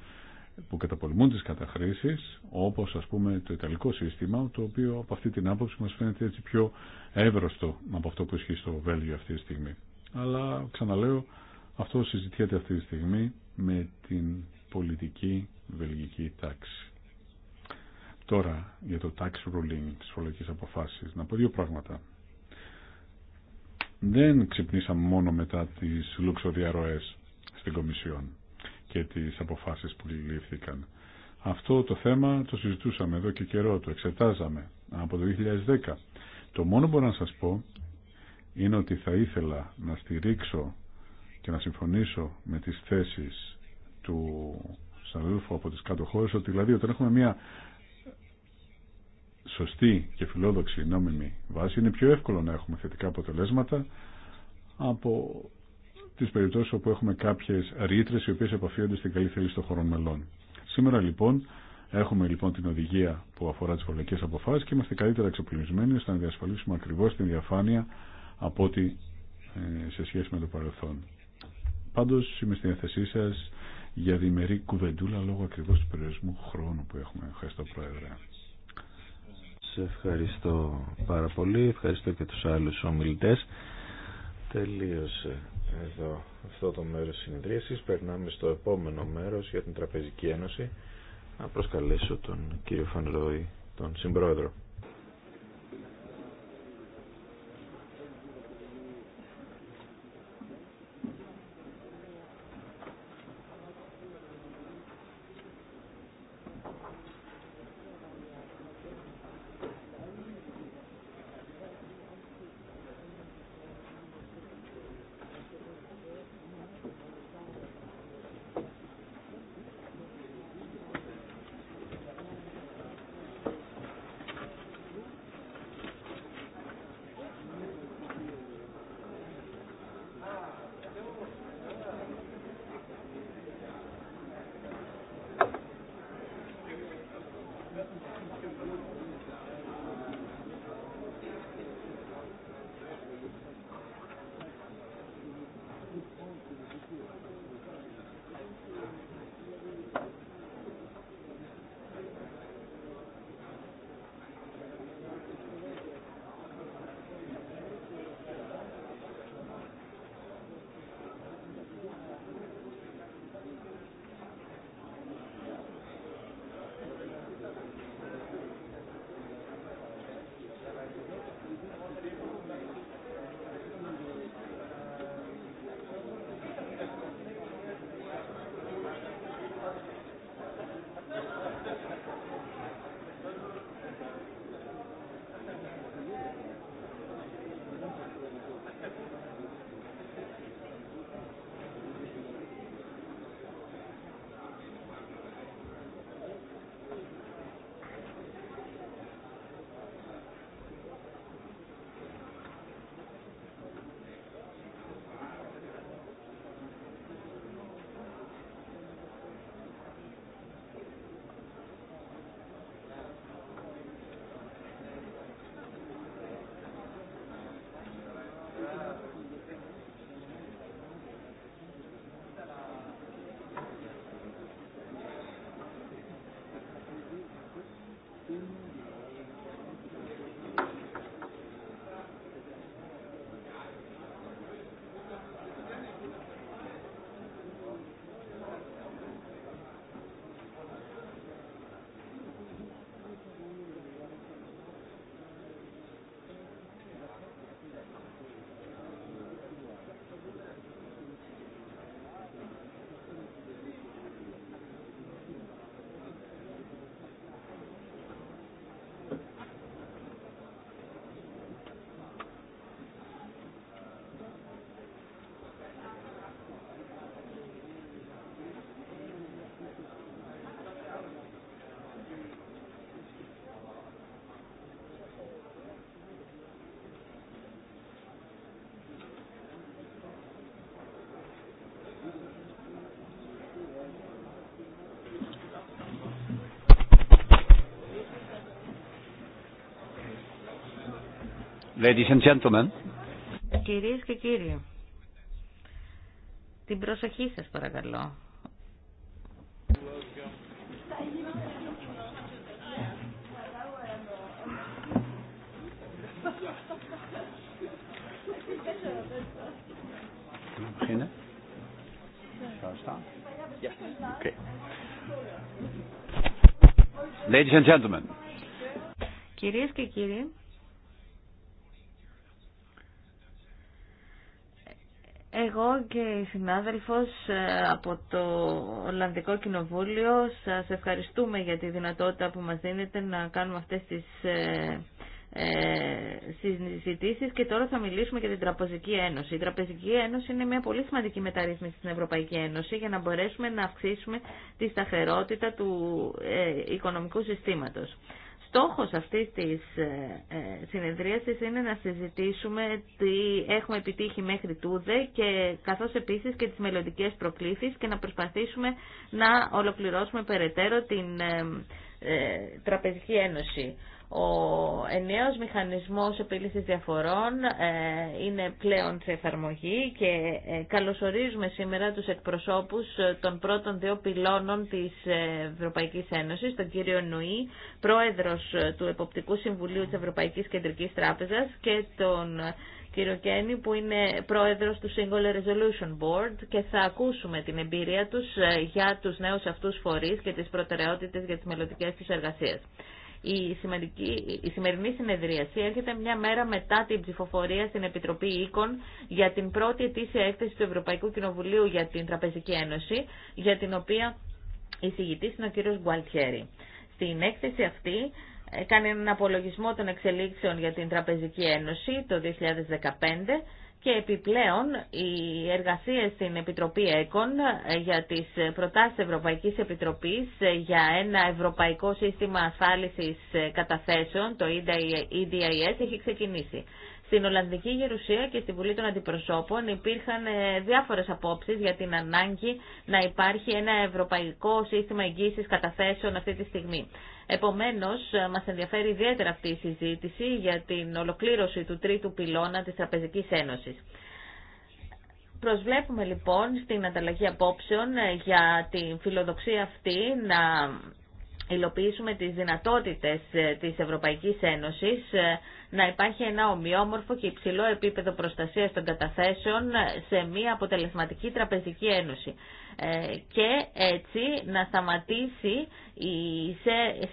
που καταπολεμούν τις καταχρήσεις όπως ας πούμε το Ιταλικό σύστημα το οποίο από αυτή την άποψη μας φαίνεται έτσι πιο εύρωστο από αυτό που ισχύει στο Βέλγιο αυτή τη στιγμή. Αλλά ξαναλέω αυτό συζητιέται αυτή τη στιγμή με την πολιτική βελγική τάξη. Τώρα για το tax ruling της φορολογικές αποφάσεις να πω δύο πράγματα. Δεν ξυπνήσαμε μόνο μετά τις λουξοδιαρροές στην Κομισιόν και τις αποφάσεις που λήφθηκαν. Αυτό το θέμα το συζητούσαμε εδώ και καιρό, το εξετάζαμε από το 2010. Το μόνο που μπορώ να σας πω είναι ότι θα ήθελα να στηρίξω και να συμφωνήσω με τις θέσεις του συναδέλφου από τις κάτω χώρες ότι δηλαδή όταν έχουμε μια σωστή και φιλόδοξη νόμιμη βάση είναι πιο εύκολο να έχουμε θετικά αποτελέσματα από τι περιπτώσει όπου έχουμε κάποιε ρήτρε, οι οποίε επαφίονται στην καλή θέληση των χωρών μελών. Σήμερα λοιπόν έχουμε λοιπόν την οδηγία που αφορά τι φορολογικέ αποφάσει και είμαστε καλύτερα εξοπλισμένοι ώστε να διασφαλίσουμε ακριβώ την διαφάνεια από ό,τι ε, σε σχέση με το παρελθόν. Πάντω είμαι στην έθεσή σα για διμερή κουβεντούλα λόγω ακριβώ του περιορισμού χρόνου που έχουμε. Ευχαριστώ Πρόεδρε. Σε ευχαριστώ πάρα πολύ. Ευχαριστώ και του άλλου ομιλητέ. Τελείωσε εδώ αυτό το μέρος συνεδρίασης. Περνάμε στο επόμενο μέρος για την Τραπεζική Ένωση. Να προσκαλέσω τον κύριο Φανρόη, τον συμπρόεδρο. Ladies and gentlemen. Κυρίες και κύριοι, την προσοχή σας παρακαλώ. Okay. Ladies and gentlemen. Κυρίες και κύριοι, Εγώ και η συνάδελφος ε, από το Ολλανδικό Κοινοβούλιο σας ευχαριστούμε για τη δυνατότητα που μας δίνετε να κάνουμε αυτές τις ε, ε, συζητήσεις και τώρα θα μιλήσουμε για την Τραπεζική Ένωση. Η Τραπεζική Ένωση είναι μια πολύ σημαντική μεταρρύθμιση στην Ευρωπαϊκή Ένωση για να μπορέσουμε να αυξήσουμε τη σταθερότητα του οικονομικού συστήματος στόχος αυτής της ε, ε, συνεδρίασης είναι να συζητήσουμε τι έχουμε επιτύχει μέχρι τούδε και καθώς επίσης και τις μελλοντικές προκλήσεις και να προσπαθήσουμε να ολοκληρώσουμε περαιτέρω την ε, Τραπεζική Ένωση. Ο νέος μηχανισμός επίλυσης διαφορών ε, είναι πλέον σε εφαρμογή και ε, καλωσορίζουμε σήμερα τους εκπροσώπους ε, των πρώτων δύο πυλώνων της Ευρωπαϊκής Ένωσης, τον κύριο Νουή, πρόεδρος του Εποπτικού Συμβουλίου της Ευρωπαϊκής Κεντρικής Τράπεζας και τον κύριο Κένι που είναι πρόεδρος του Single Resolution Board και θα ακούσουμε την εμπειρία τους για τους νέους αυτούς φορείς και τις προτεραιότητες για τις μελλοντικές τους εργασίες η, η σημερινή συνεδρίαση έρχεται μια μέρα μετά την ψηφοφορία στην Επιτροπή Οίκων για την πρώτη ετήσια έκθεση του Ευρωπαϊκού Κοινοβουλίου για την Τραπεζική Ένωση, για την οποία εισηγητής είναι ο κύριος Γκουαλτιέρη. Στην έκθεση αυτή ε, κάνει έναν απολογισμό των εξελίξεων για την Τραπεζική Ένωση το 2015 και επιπλέον οι εργασίες στην Επιτροπή ΕΚΟΝ ε, για τις προτάσεις Ευρωπαϊκής Επιτροπής ε, για ένα ευρωπαϊκό σύστημα ασφάλισης ε, καταθέσεων, το EDIS, έχει ξεκινήσει. Στην Ολλανδική Γερουσία και στη Βουλή των Αντιπροσώπων υπήρχαν ε, διάφορες απόψεις για την ανάγκη να υπάρχει ένα ευρωπαϊκό σύστημα εγγύησης καταθέσεων αυτή τη στιγμή. Επομένως, ε, μας ενδιαφέρει ιδιαίτερα αυτή η συζήτηση για την ολοκλήρωση του τρίτου πυλώνα της Τραπεζικής Ένωσης. Προσβλέπουμε λοιπόν στην ανταλλαγή απόψεων ε, για την φιλοδοξία αυτή να υλοποιήσουμε τις δυνατότητες της Ευρωπαϊκής Ένωσης να υπάρχει ένα ομοιόμορφο και υψηλό επίπεδο προστασίας των καταθέσεων σε μια αποτελεσματική τραπεζική ένωση ε, και έτσι να σταματήσει η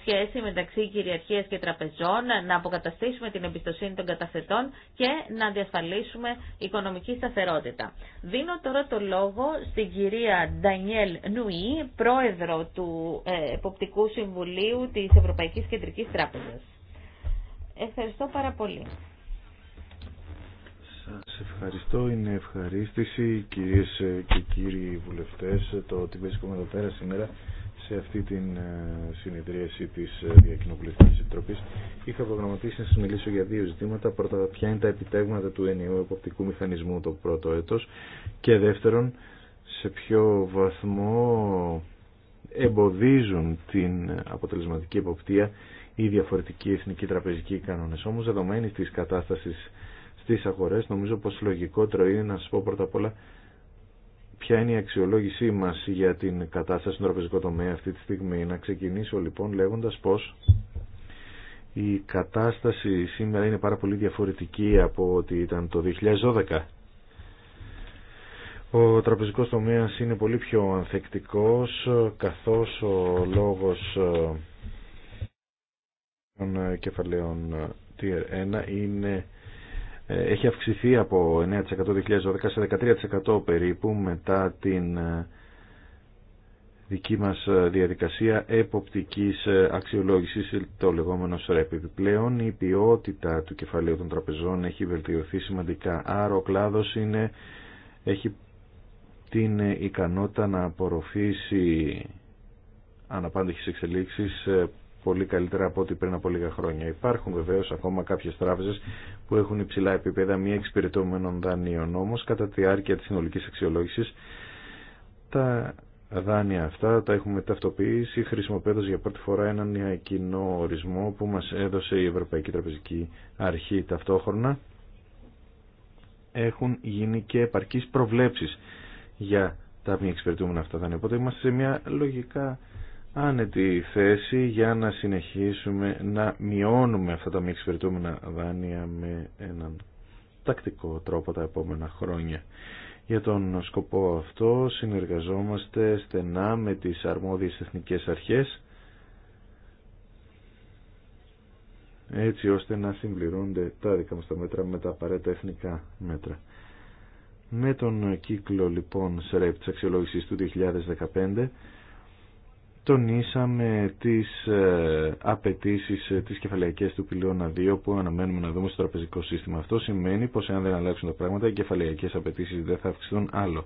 σχέση μεταξύ κυριαρχίας και τραπεζών, να αποκαταστήσουμε την εμπιστοσύνη των καταθετών και να διασφαλίσουμε οικονομική σταθερότητα. Δίνω τώρα το λόγο στην κυρία Ντανιέλ Νουή, πρόεδρο του ε, Εποπτικού Συμβουλίου της Ευρωπαϊκής Κεντρικής Τράπεζας. Ευχαριστώ πάρα πολύ. Σας ευχαριστώ. Είναι ευχαρίστηση κυρίες και κύριοι βουλευτές το ότι βρίσκομαι εδώ πέρα σήμερα σε αυτή την ε, συνεδρίαση της ε, Διακοινοβουλευτικής Επιτροπής. Είχα προγραμματίσει να σας μιλήσω για δύο ζητήματα. Πρώτα, ποια είναι τα επιτέγματα του ενιαίου εποπτικού μηχανισμού το πρώτο έτος και δεύτερον, σε ποιο βαθμό εμποδίζουν την αποτελεσματική εποπτεία οι διαφορετικοί εθνικοί τραπεζικοί κανόνες. Όμως δεδομένη τη κατάσταση στις αγορές νομίζω πως λογικότερο είναι να σα πω πρώτα απ' όλα ποια είναι η αξιολόγησή μας για την κατάσταση στον τραπεζικό τομέα αυτή τη στιγμή. Να ξεκινήσω λοιπόν λέγοντας πως η κατάσταση σήμερα είναι πάρα πολύ διαφορετική από ό,τι ήταν το 2012. Ο τραπεζικός τομέας είναι πολύ πιο ανθεκτικός καθώς ο λόγος ε, των ε, κεφαλαίων ε, Tier 1 είναι, ε, έχει αυξηθεί από 9% 2012 σε 13% περίπου μετά την δική μας διαδικασία εποπτικής αξιολόγησης, το λεγόμενο SREP. Επιπλέον η ποιότητα του κεφαλαίου των τραπεζών έχει βελτιωθεί σημαντικά, άρα ο κλάδος είναι, έχει την ικανότητα να απορροφήσει αναπάντηχες εξελίξεις πολύ καλύτερα από ό,τι πριν από λίγα χρόνια. Υπάρχουν βεβαίω ακόμα κάποιε τράπεζε που έχουν υψηλά επίπεδα μη εξυπηρετούμενων δανείων. Όμω, κατά τη διάρκεια τη συνολική αξιολόγηση, τα δάνεια αυτά τα έχουμε ταυτοποιήσει χρησιμοποιώντα για πρώτη φορά έναν κοινό ορισμό που μα έδωσε η Ευρωπαϊκή Τραπεζική Αρχή ταυτόχρονα. Έχουν γίνει και επαρκεί προβλέψει για τα μη εξυπηρετούμενα αυτά δάνεια. Οπότε είμαστε σε μια λογικά άνετη θέση για να συνεχίσουμε να μειώνουμε αυτά τα μη εξυπηρετούμενα δάνεια με έναν τακτικό τρόπο τα επόμενα χρόνια. Για τον σκοπό αυτό συνεργαζόμαστε στενά με τις αρμόδιες εθνικές αρχές έτσι ώστε να συμπληρώνται τα δικά μας τα μέτρα με τα απαραίτητα εθνικά μέτρα. Με τον κύκλο λοιπόν ΣΡΕΠ της αξιολόγησης του 2015 τονίσαμε τις ε, απαιτήσει ε, τις κεφαλαϊκές του πυλώνα 2 που αναμένουμε να δούμε στο τραπεζικό σύστημα. Αυτό σημαίνει πως αν δεν αλλάξουν τα πράγματα οι κεφαλαϊκές απαιτήσει δεν θα αυξηθούν άλλο.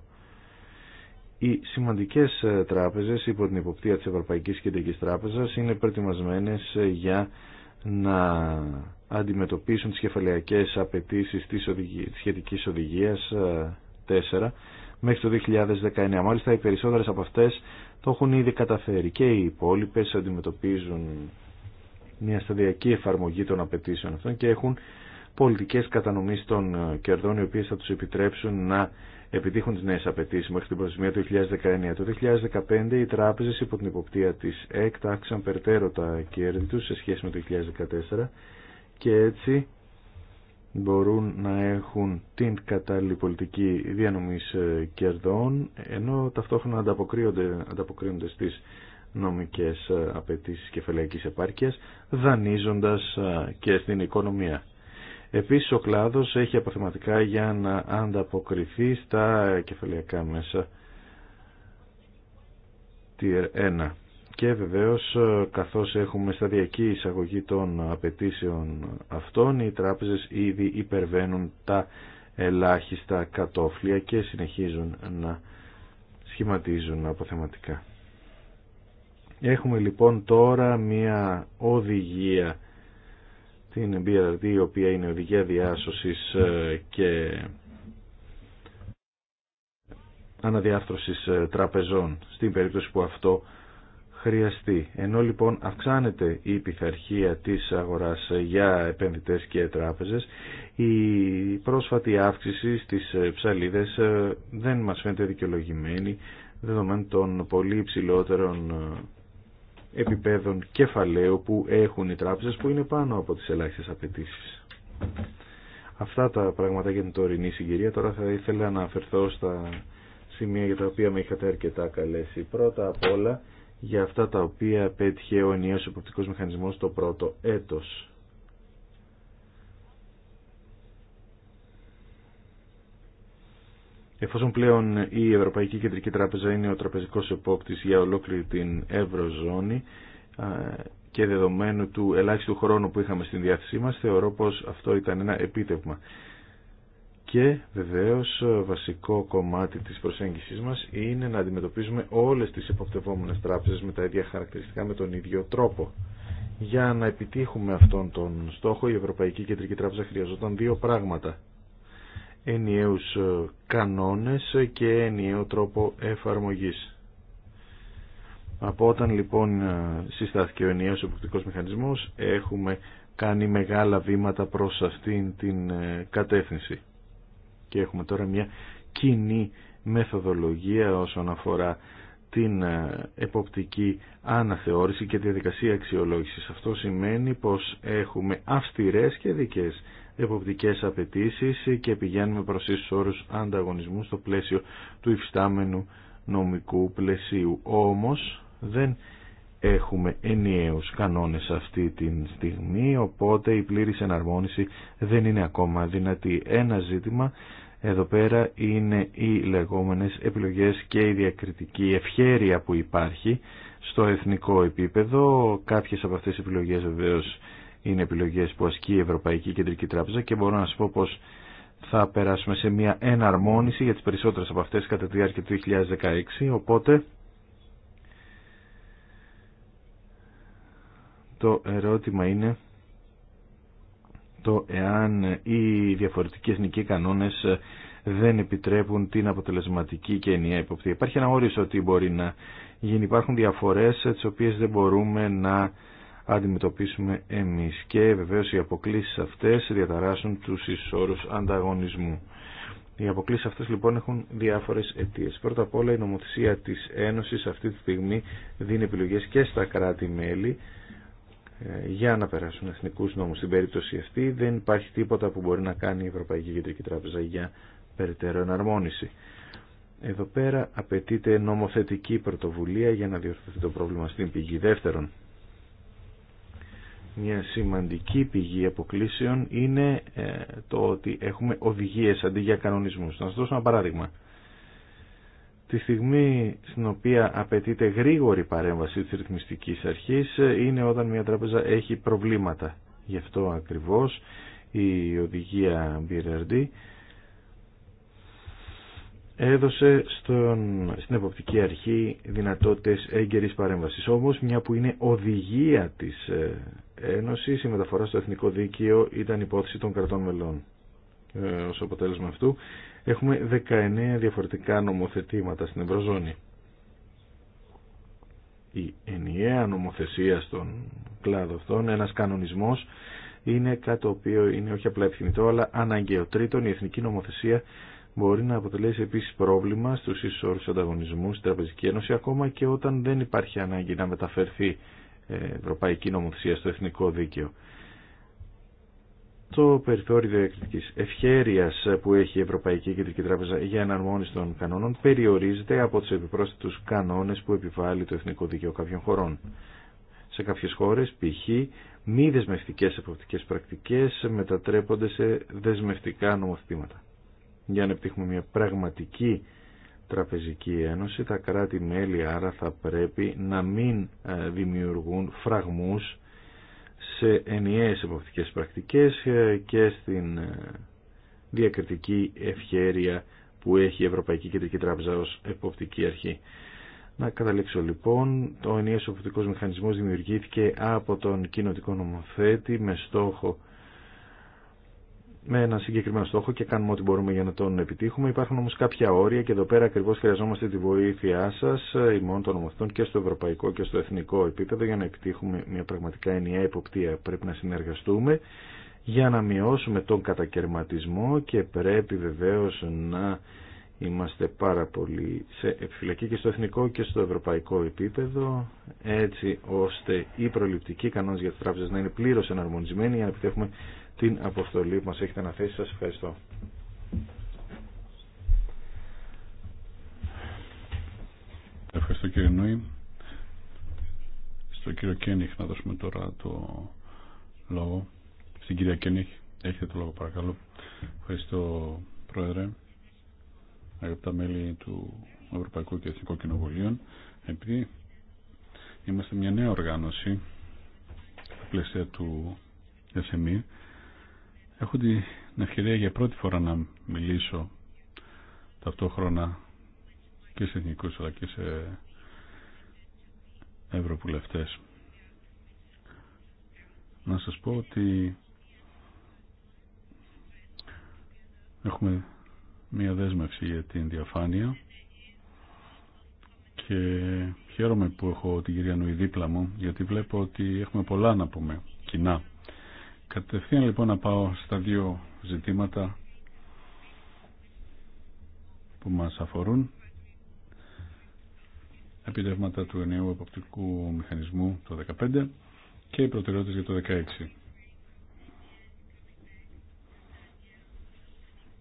Οι σημαντικές ε, τράπεζες υπό την υποπτία της Ευρωπαϊκής Κεντρικής Τράπεζας είναι προετοιμασμένες για να αντιμετωπίσουν τις κεφαλαϊκές απαιτήσεις της, σχετική της σχετικής 4 μέχρι το 2019. Μάλιστα οι περισσότερε από αυτές το έχουν ήδη καταφέρει και οι υπόλοιπε αντιμετωπίζουν μια σταδιακή εφαρμογή των απαιτήσεων αυτών και έχουν πολιτικές κατανομής των κερδών οι οποίες θα τους επιτρέψουν να επιτύχουν τις νέες απαιτήσεις μέχρι την προθεσμία του 2019. Το 2015 οι τράπεζες υπό την υποπτία της ΕΚΤ άξαν περτέρω τα κέρδη τους σε σχέση με το 2014 και έτσι μπορούν να έχουν την κατάλληλη πολιτική διανομής ε, κερδών ενώ ταυτόχρονα ανταποκρίνονται, ανταποκρίνονται στις νομικές ε, απαιτήσεις κεφαλαϊκής επάρκειας δανείζοντας ε, και στην οικονομία. Επίσης ο κλάδος έχει αποθεματικά για να ανταποκριθεί στα κεφαλαϊκά μέσα Tier 1 και βεβαίως ε, καθώς έχουμε σταδιακή εισαγωγή των απαιτήσεων αυτών οι τράπεζες ήδη υπερβαίνουν τα ελάχιστα κατόφλια και συνεχίζουν να σχηματίζουν αποθεματικά. Έχουμε λοιπόν τώρα μία οδηγία την BRD η οποία είναι οδηγία διάσωσης ε, και αναδιάρθρωσης ε, τραπεζών στην περίπτωση που αυτό χρειαστεί. Ενώ λοιπόν αυξάνεται η πειθαρχία της αγοράς για επενδυτές και τράπεζες, η πρόσφατη αύξηση στις ψαλίδες ε, δεν μας φαίνεται δικαιολογημένη δεδομένου των πολύ υψηλότερων ε, επιπέδων κεφαλαίου που έχουν οι τράπεζες που είναι πάνω από τις ελάχιστες απαιτήσει. Αυτά τα πράγματα για την τωρινή συγκυρία. Τώρα θα ήθελα να αφαιρθώ στα σημεία για τα οποία με είχατε αρκετά καλέσει. Πρώτα απ' όλα για αυτά τα οποία πέτυχε ο ενιαίος εποπτικός μηχανισμός το πρώτο έτος. Εφόσον πλέον η Ευρωπαϊκή Κεντρική Τράπεζα είναι ο τραπεζικός επόπτης για ολόκληρη την Ευρωζώνη και δεδομένου του ελάχιστου χρόνου που είχαμε στην διάθεσή μας, θεωρώ πως αυτό ήταν ένα επίτευγμα. Και βεβαίως ε, βασικό κομμάτι της προσέγγισης μας είναι να αντιμετωπίζουμε όλες τις υποπτευόμενες τράπεζες με τα ίδια χαρακτηριστικά με τον ίδιο τρόπο. Για να επιτύχουμε αυτόν τον στόχο η Ευρωπαϊκή Κεντρική Τράπεζα χρειαζόταν δύο πράγματα. Ενιαίους ε, κανόνες και ενιαίο τρόπο εφαρμογής. Από όταν λοιπόν ε, συστάθηκε ο ενιαίος εποπτικός μηχανισμός έχουμε κάνει μεγάλα βήματα προς αυτήν την κατεύθυνση και έχουμε τώρα μια κοινή μεθοδολογία όσον αφορά την ε, εποπτική αναθεώρηση και τη διαδικασία αξιολόγησης. Αυτό σημαίνει πως έχουμε αυστηρές και δικές εποπτικές απαιτήσει και πηγαίνουμε προς ίσους όρους ανταγωνισμού στο πλαίσιο του υφιστάμενου νομικού πλαισίου. Όμως δεν έχουμε ενιαίους κανόνες αυτή τη στιγμή, οπότε η πλήρης εναρμόνιση δεν είναι ακόμα δυνατή. Ένα ζήτημα εδώ πέρα είναι οι λεγόμενες επιλογές και η διακριτική ευχέρεια που υπάρχει στο εθνικό επίπεδο. Κάποιες από αυτές τις επιλογές βεβαίως είναι επιλογές που ασκεί η Ευρωπαϊκή Κεντρική Τράπεζα και μπορώ να σας πω πως θα περάσουμε σε μια εναρμόνιση για τις περισσότερες από αυτές κατά τη διάρκεια του 2016, οπότε το ερώτημα είναι το εάν οι διαφορετικοί εθνικοί κανόνες δεν επιτρέπουν την αποτελεσματική και ενιαία υποπτία. Υπάρχει ένα όριο ότι μπορεί να γίνει. Υπάρχουν διαφορές τις οποίες δεν μπορούμε να αντιμετωπίσουμε εμείς και βεβαίως οι αποκλήσεις αυτές διαταράσσουν τους ισόρους ανταγωνισμού. Οι αποκλήσεις αυτές λοιπόν έχουν διάφορες αιτίες. Πρώτα απ' όλα η νομοθεσία της Ένωσης αυτή τη στιγμή δίνει επιλογές και στα κράτη-μέλη ε, για να περάσουν εθνικούς νόμους. Στην περίπτωση αυτή δεν υπάρχει τίποτα που μπορεί να κάνει η Ευρωπαϊκή Κεντρική Τράπεζα για περαιτέρω εναρμόνιση. Εδώ πέρα απαιτείται νομοθετική πρωτοβουλία για να διορθωθεί το πρόβλημα στην πηγή. Δεύτερον, μια σημαντική πηγή αποκλήσεων είναι ε, το ότι έχουμε οδηγίες αντί για κανονισμούς. Να σας δώσω ένα παράδειγμα. Τη στιγμή στην οποία απαιτείται γρήγορη παρέμβαση της ρυθμιστικής αρχής είναι όταν μια τράπεζα έχει προβλήματα. Γι' αυτό ακριβώς η οδηγία BRD έδωσε στον, στην εποπτική αρχή δυνατότητες έγκαιρης παρέμβασης. Όμως, μια που είναι οδηγία της ε, Ένωσης, η μεταφορά στο Εθνικό Δίκαιο ήταν υπόθεση των κρατών μελών. Ε, ως αποτέλεσμα αυτού, Έχουμε 19 διαφορετικά νομοθετήματα στην Ευρωζώνη. Η ενιαία νομοθεσία στον κλάδο αυτόν, ένας κανονισμός, είναι κάτι το οποίο είναι όχι απλά επιθυμητό, αλλά αναγκαίο. Τρίτον, η εθνική νομοθεσία μπορεί να αποτελέσει επίσης πρόβλημα στους ίσους ανταγωνισμού στην Τραπεζική Ένωση, ακόμα και όταν δεν υπάρχει ανάγκη να μεταφερθεί ε, ευρωπαϊκή νομοθεσία στο εθνικό δίκαιο το περιθώριο διακριτικής ευχέρειας που έχει η Ευρωπαϊκή Κεντρική Τράπεζα για εναρμόνιση των κανόνων περιορίζεται από τους επιπρόσθετους κανόνες που επιβάλλει το Εθνικό Δίκαιο κάποιων χωρών. Σε κάποιες χώρες, π.χ., μη δεσμευτικές εποπτικές πρακτικές μετατρέπονται σε δεσμευτικά νομοθετήματα. Για να επιτύχουμε μια πραγματική τραπεζική ένωση, τα κράτη-μέλη άρα θα πρέπει να μην ε, δημιουργούν φραγμούς σε ενιαίες εποπτικές πρακτικές και στην ε, διακριτική ευχέρεια που έχει η Ευρωπαϊκή Κεντρική Τράπεζα ως εποπτική αρχή. Να καταλήξω λοιπόν, το ενιαίος εποπτικός μηχανισμός δημιουργήθηκε από τον κοινοτικό νομοθέτη με στόχο με ένα συγκεκριμένο στόχο και κάνουμε ό,τι μπορούμε για να τον επιτύχουμε. Υπάρχουν όμως κάποια όρια και εδώ πέρα ακριβώς χρειαζόμαστε τη βοήθειά σας ημών των ομοθετών και στο ευρωπαϊκό και στο εθνικό επίπεδο για να επιτύχουμε μια πραγματικά ενιαία υποπτία. Πρέπει να συνεργαστούμε για να μειώσουμε τον κατακαιρματισμό και πρέπει βεβαίως να είμαστε πάρα πολύ σε επιφυλακή και στο εθνικό και στο ευρωπαϊκό επίπεδο έτσι ώστε οι προληπτικοί κανόνες για τις τράπεζες να είναι πλήρω εναρμονισμένοι για να επιτύχουμε την αποστολή που μας έχετε αναθέσει. Σας ευχαριστώ. Ευχαριστώ κύριε Νόη. Στον κύριο Κένιχ να δώσουμε τώρα το λόγο. Στην κυρία Κένιχ, έχετε το λόγο παρακαλώ. Ευχαριστώ Πρόεδρε, αγαπητά μέλη του Ευρωπαϊκού και Εθνικού Κοινοβουλίου. Επειδή είμαστε μια νέα οργάνωση στα πλαίσια του SME, Έχω την ευκαιρία για πρώτη φορά να μιλήσω ταυτόχρονα και σε εθνικούς αλλά και σε ευρωβουλευτές. Να σας πω ότι έχουμε μία δέσμευση για την διαφάνεια και χαίρομαι που έχω την κυρία Νουή δίπλα μου γιατί βλέπω ότι έχουμε πολλά να πούμε κοινά Κατευθείαν λοιπόν να πάω στα δύο ζητήματα που μας αφορούν επιτεύγματα του ενιαίου αποπτικού μηχανισμού το 2015 και οι προτεραιότητες για το 2016.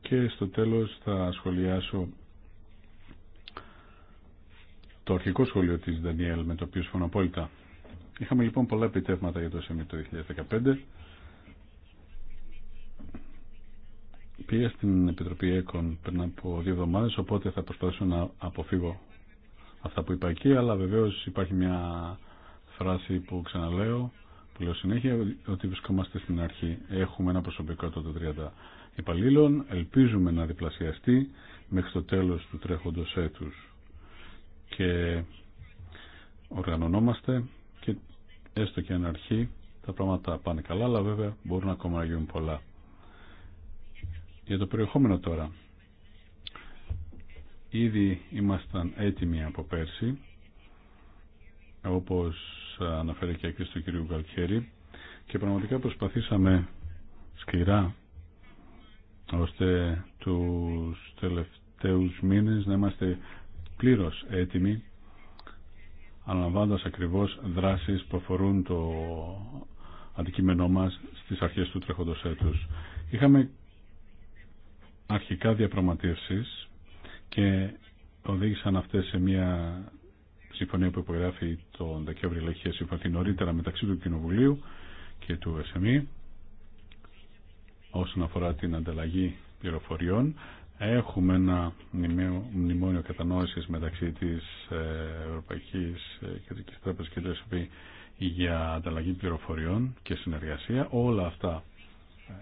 Και στο τέλος θα σχολιάσω το αρχικό σχολείο της Δανιέλ με το οποίο σφωνώ Είχαμε λοιπόν πολλά επιτεύγματα για το ΣΕΜΙ το 2015 Πήγα στην Επιτροπή ΕΚΟΝ πριν από δύο εβδομάδε οπότε θα προσπαθήσω να αποφύγω αυτά που είπα εκεί, αλλά βεβαίω υπάρχει μια φράση που ξαναλέω, που λέω συνέχεια, ότι βρισκόμαστε στην αρχή. Έχουμε ένα προσωπικό τότε 30 υπαλλήλων, ελπίζουμε να διπλασιαστεί μέχρι το τέλο του τρέχοντο έτου Και οργανωνόμαστε και έστω και αν αρχή τα πράγματα πάνε καλά, αλλά βέβαια μπορούν ακόμα να γίνουν πολλά. Για το περιεχόμενο τώρα. Ήδη ήμασταν έτοιμοι από πέρσι, όπως αναφέρει και εκεί έκθεση του και πραγματικά προσπαθήσαμε σκληρά ώστε τους τελευταίους μήνες να είμαστε πλήρως έτοιμοι αναλαμβάνοντας ακριβώς δράσεις που αφορούν το αντικείμενό μας στις αρχές του τρέχοντος έτους. Είχαμε αρχικά διαπραγματεύσεις και οδήγησαν αυτές σε μια συμφωνία που υπογράφει τον Δεκέμβρη Λέχεια συμφωνή νωρίτερα μεταξύ του Κοινοβουλίου και του ΕΣΜΗ e όσον αφορά την ανταλλαγή πληροφοριών. Έχουμε ένα μνημόνιο κατανόησης μεταξύ της ε, Ευρωπαϊκής ε, Κεντρικής Τράπεζας και του ΕΣΜΗ e για ανταλλαγή πληροφοριών και συνεργασία. Όλα αυτά ε,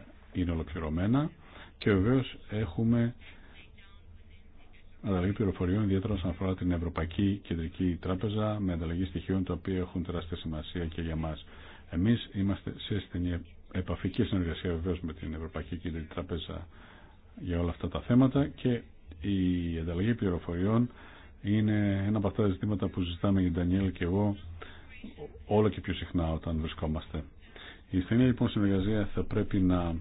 είναι ολοκληρωμένα και βεβαίω έχουμε ανταλλαγή πληροφοριών, ιδιαίτερα όσον αφορά την Ευρωπαϊκή Κεντρική Τράπεζα, με ανταλλαγή στοιχείων τα οποία έχουν τεράστια σημασία και για μα. Εμεί είμαστε σε στενή επαφή και συνεργασία βεβαίω με την Ευρωπαϊκή Κεντρική Τράπεζα για όλα αυτά τα θέματα και η ανταλλαγή πληροφοριών είναι ένα από αυτά τα ζητήματα που ζητάμε η Ντανιέλ και εγώ όλο και πιο συχνά όταν βρισκόμαστε. Η στενή λοιπόν συνεργασία θα πρέπει να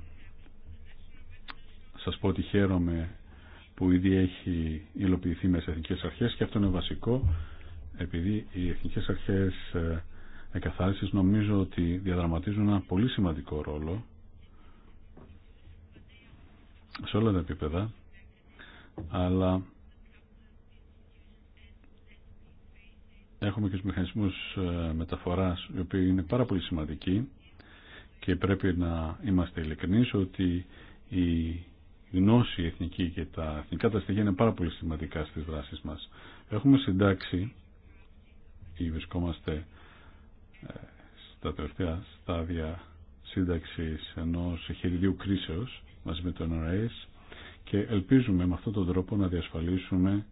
σας πω ότι χαίρομαι που ήδη έχει υλοποιηθεί με τις εθνικές αρχές και αυτό είναι βασικό επειδή οι εθνικές αρχές ε, εκαθάρισης νομίζω ότι διαδραματίζουν ένα πολύ σημαντικό ρόλο σε όλα τα επίπεδα αλλά έχουμε και τους μηχανισμούς ε, μεταφοράς οι οποίοι είναι πάρα πολύ σημαντικοί και πρέπει να είμαστε ειλικρινείς ότι η γνώση εθνική και τα εθνικά τα στοιχεία είναι πάρα πολύ σημαντικά στις δράσει μας. Έχουμε συντάξει ή βρισκόμαστε ε, στα τελευταία στάδια σύνταξη ενό χειριδίου κρίσεως μαζί με τον ΡΑΕΣ και ελπίζουμε με αυτόν τον τρόπο να διασφαλίσουμε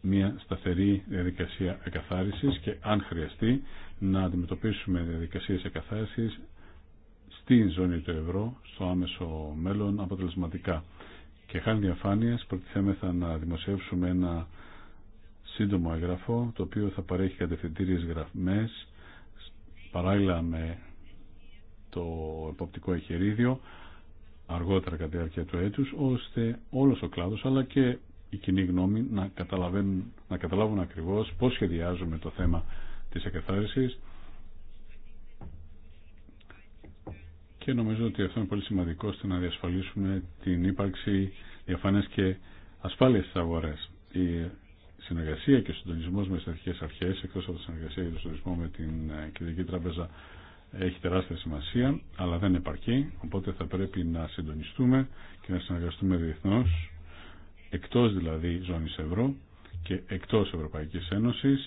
μια σταθερή διαδικασία εκαθάρισης και αν χρειαστεί να αντιμετωπίσουμε διαδικασίες εκαθάρισης στην ζώνη του ευρώ στο άμεσο μέλλον αποτελεσματικά. Και χάνει διαφάνειας προτιθέμεθα να δημοσιεύσουμε ένα σύντομο έγγραφο το οποίο θα παρέχει κατευθυντήριες γραμμές παράλληλα με το εποπτικό εχειρίδιο αργότερα κατά τη διάρκεια του έτους ώστε όλος ο κλάδος αλλά και η κοινή γνώμη να, να καταλάβουν ακριβώς πώς σχεδιάζουμε το θέμα της εκαθάρισης και νομίζω ότι αυτό είναι πολύ σημαντικό στο να διασφαλίσουμε την ύπαρξη διαφανέ και ασφάλεια στι αγορέ. Η συνεργασία και ο συντονισμό με τι αρχές αρχέ, εκτό από τη συνεργασία και το συντονισμό με την ε, Κεντρική Τράπεζα, έχει τεράστια σημασία, αλλά δεν επαρκεί, οπότε θα πρέπει να συντονιστούμε και να συνεργαστούμε διεθνώ, εκτό δηλαδή ζώνη ευρώ και εκτό Ευρωπαϊκή Ένωση,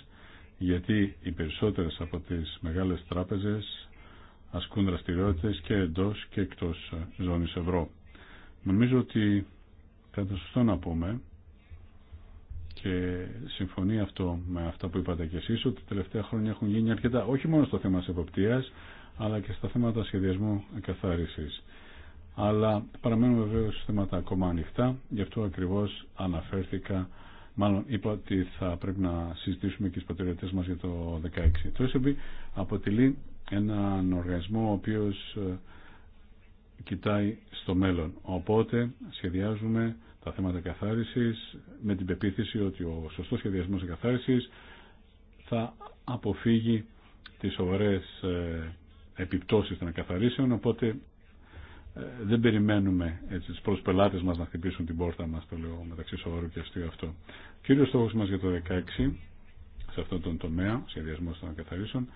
γιατί οι περισσότερες από τις μεγάλες τράπεζες ασκούν δραστηριότητε και εντό και εκτό ζώνη ευρώ. Νομίζω ότι θα ήταν σωστό να πούμε και συμφωνεί αυτό με αυτά που είπατε και εσεί ότι τα τελευταία χρόνια έχουν γίνει αρκετά όχι μόνο στο θέμα τη εποπτεία αλλά και στα θέματα σχεδιασμού εκαθάρισης. Αλλά παραμένουν βεβαίω θέματα ακόμα ανοιχτά, γι' αυτό ακριβώ αναφέρθηκα, μάλλον είπα ότι θα πρέπει να συζητήσουμε και τι πατριωτές μα για το 2016. Το αποτελεί έναν οργανισμό ο οποίος ε, κοιτάει στο μέλλον. Οπότε σχεδιάζουμε τα θέματα καθάρισης με την πεποίθηση ότι ο σωστός σχεδιασμός καθάρισης θα αποφύγει τις σοβαρές ε, επιπτώσεις των καθαρίσεων, οπότε ε, δεν περιμένουμε έτσι, τους πελάτες μας να χτυπήσουν την πόρτα μας, το λέω μεταξύ σοβαρού και αστείου αυτό. Κύριος στόχος μας για το 16 σε αυτόν τον τομέα, σχεδιασμός των καθαρίσεων,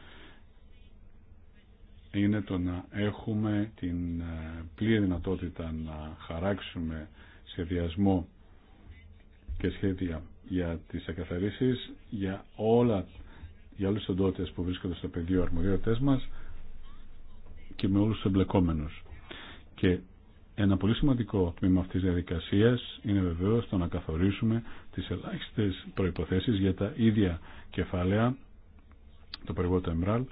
είναι το να έχουμε την ε, πλήρη δυνατότητα να χαράξουμε σχεδιασμό και σχέδια για τις εκαθαρίσεις για όλα για όλες τις οντότητες που βρίσκονται στο πεδίο αρμοδιότητές μας και με όλους τους εμπλεκόμενους. Και ένα πολύ σημαντικό τμήμα αυτής της διαδικασίας είναι βεβαίως το να καθορίσουμε τις ελάχιστες προϋποθέσεις για τα ίδια κεφάλαια, το περιβόητο εμπράλ,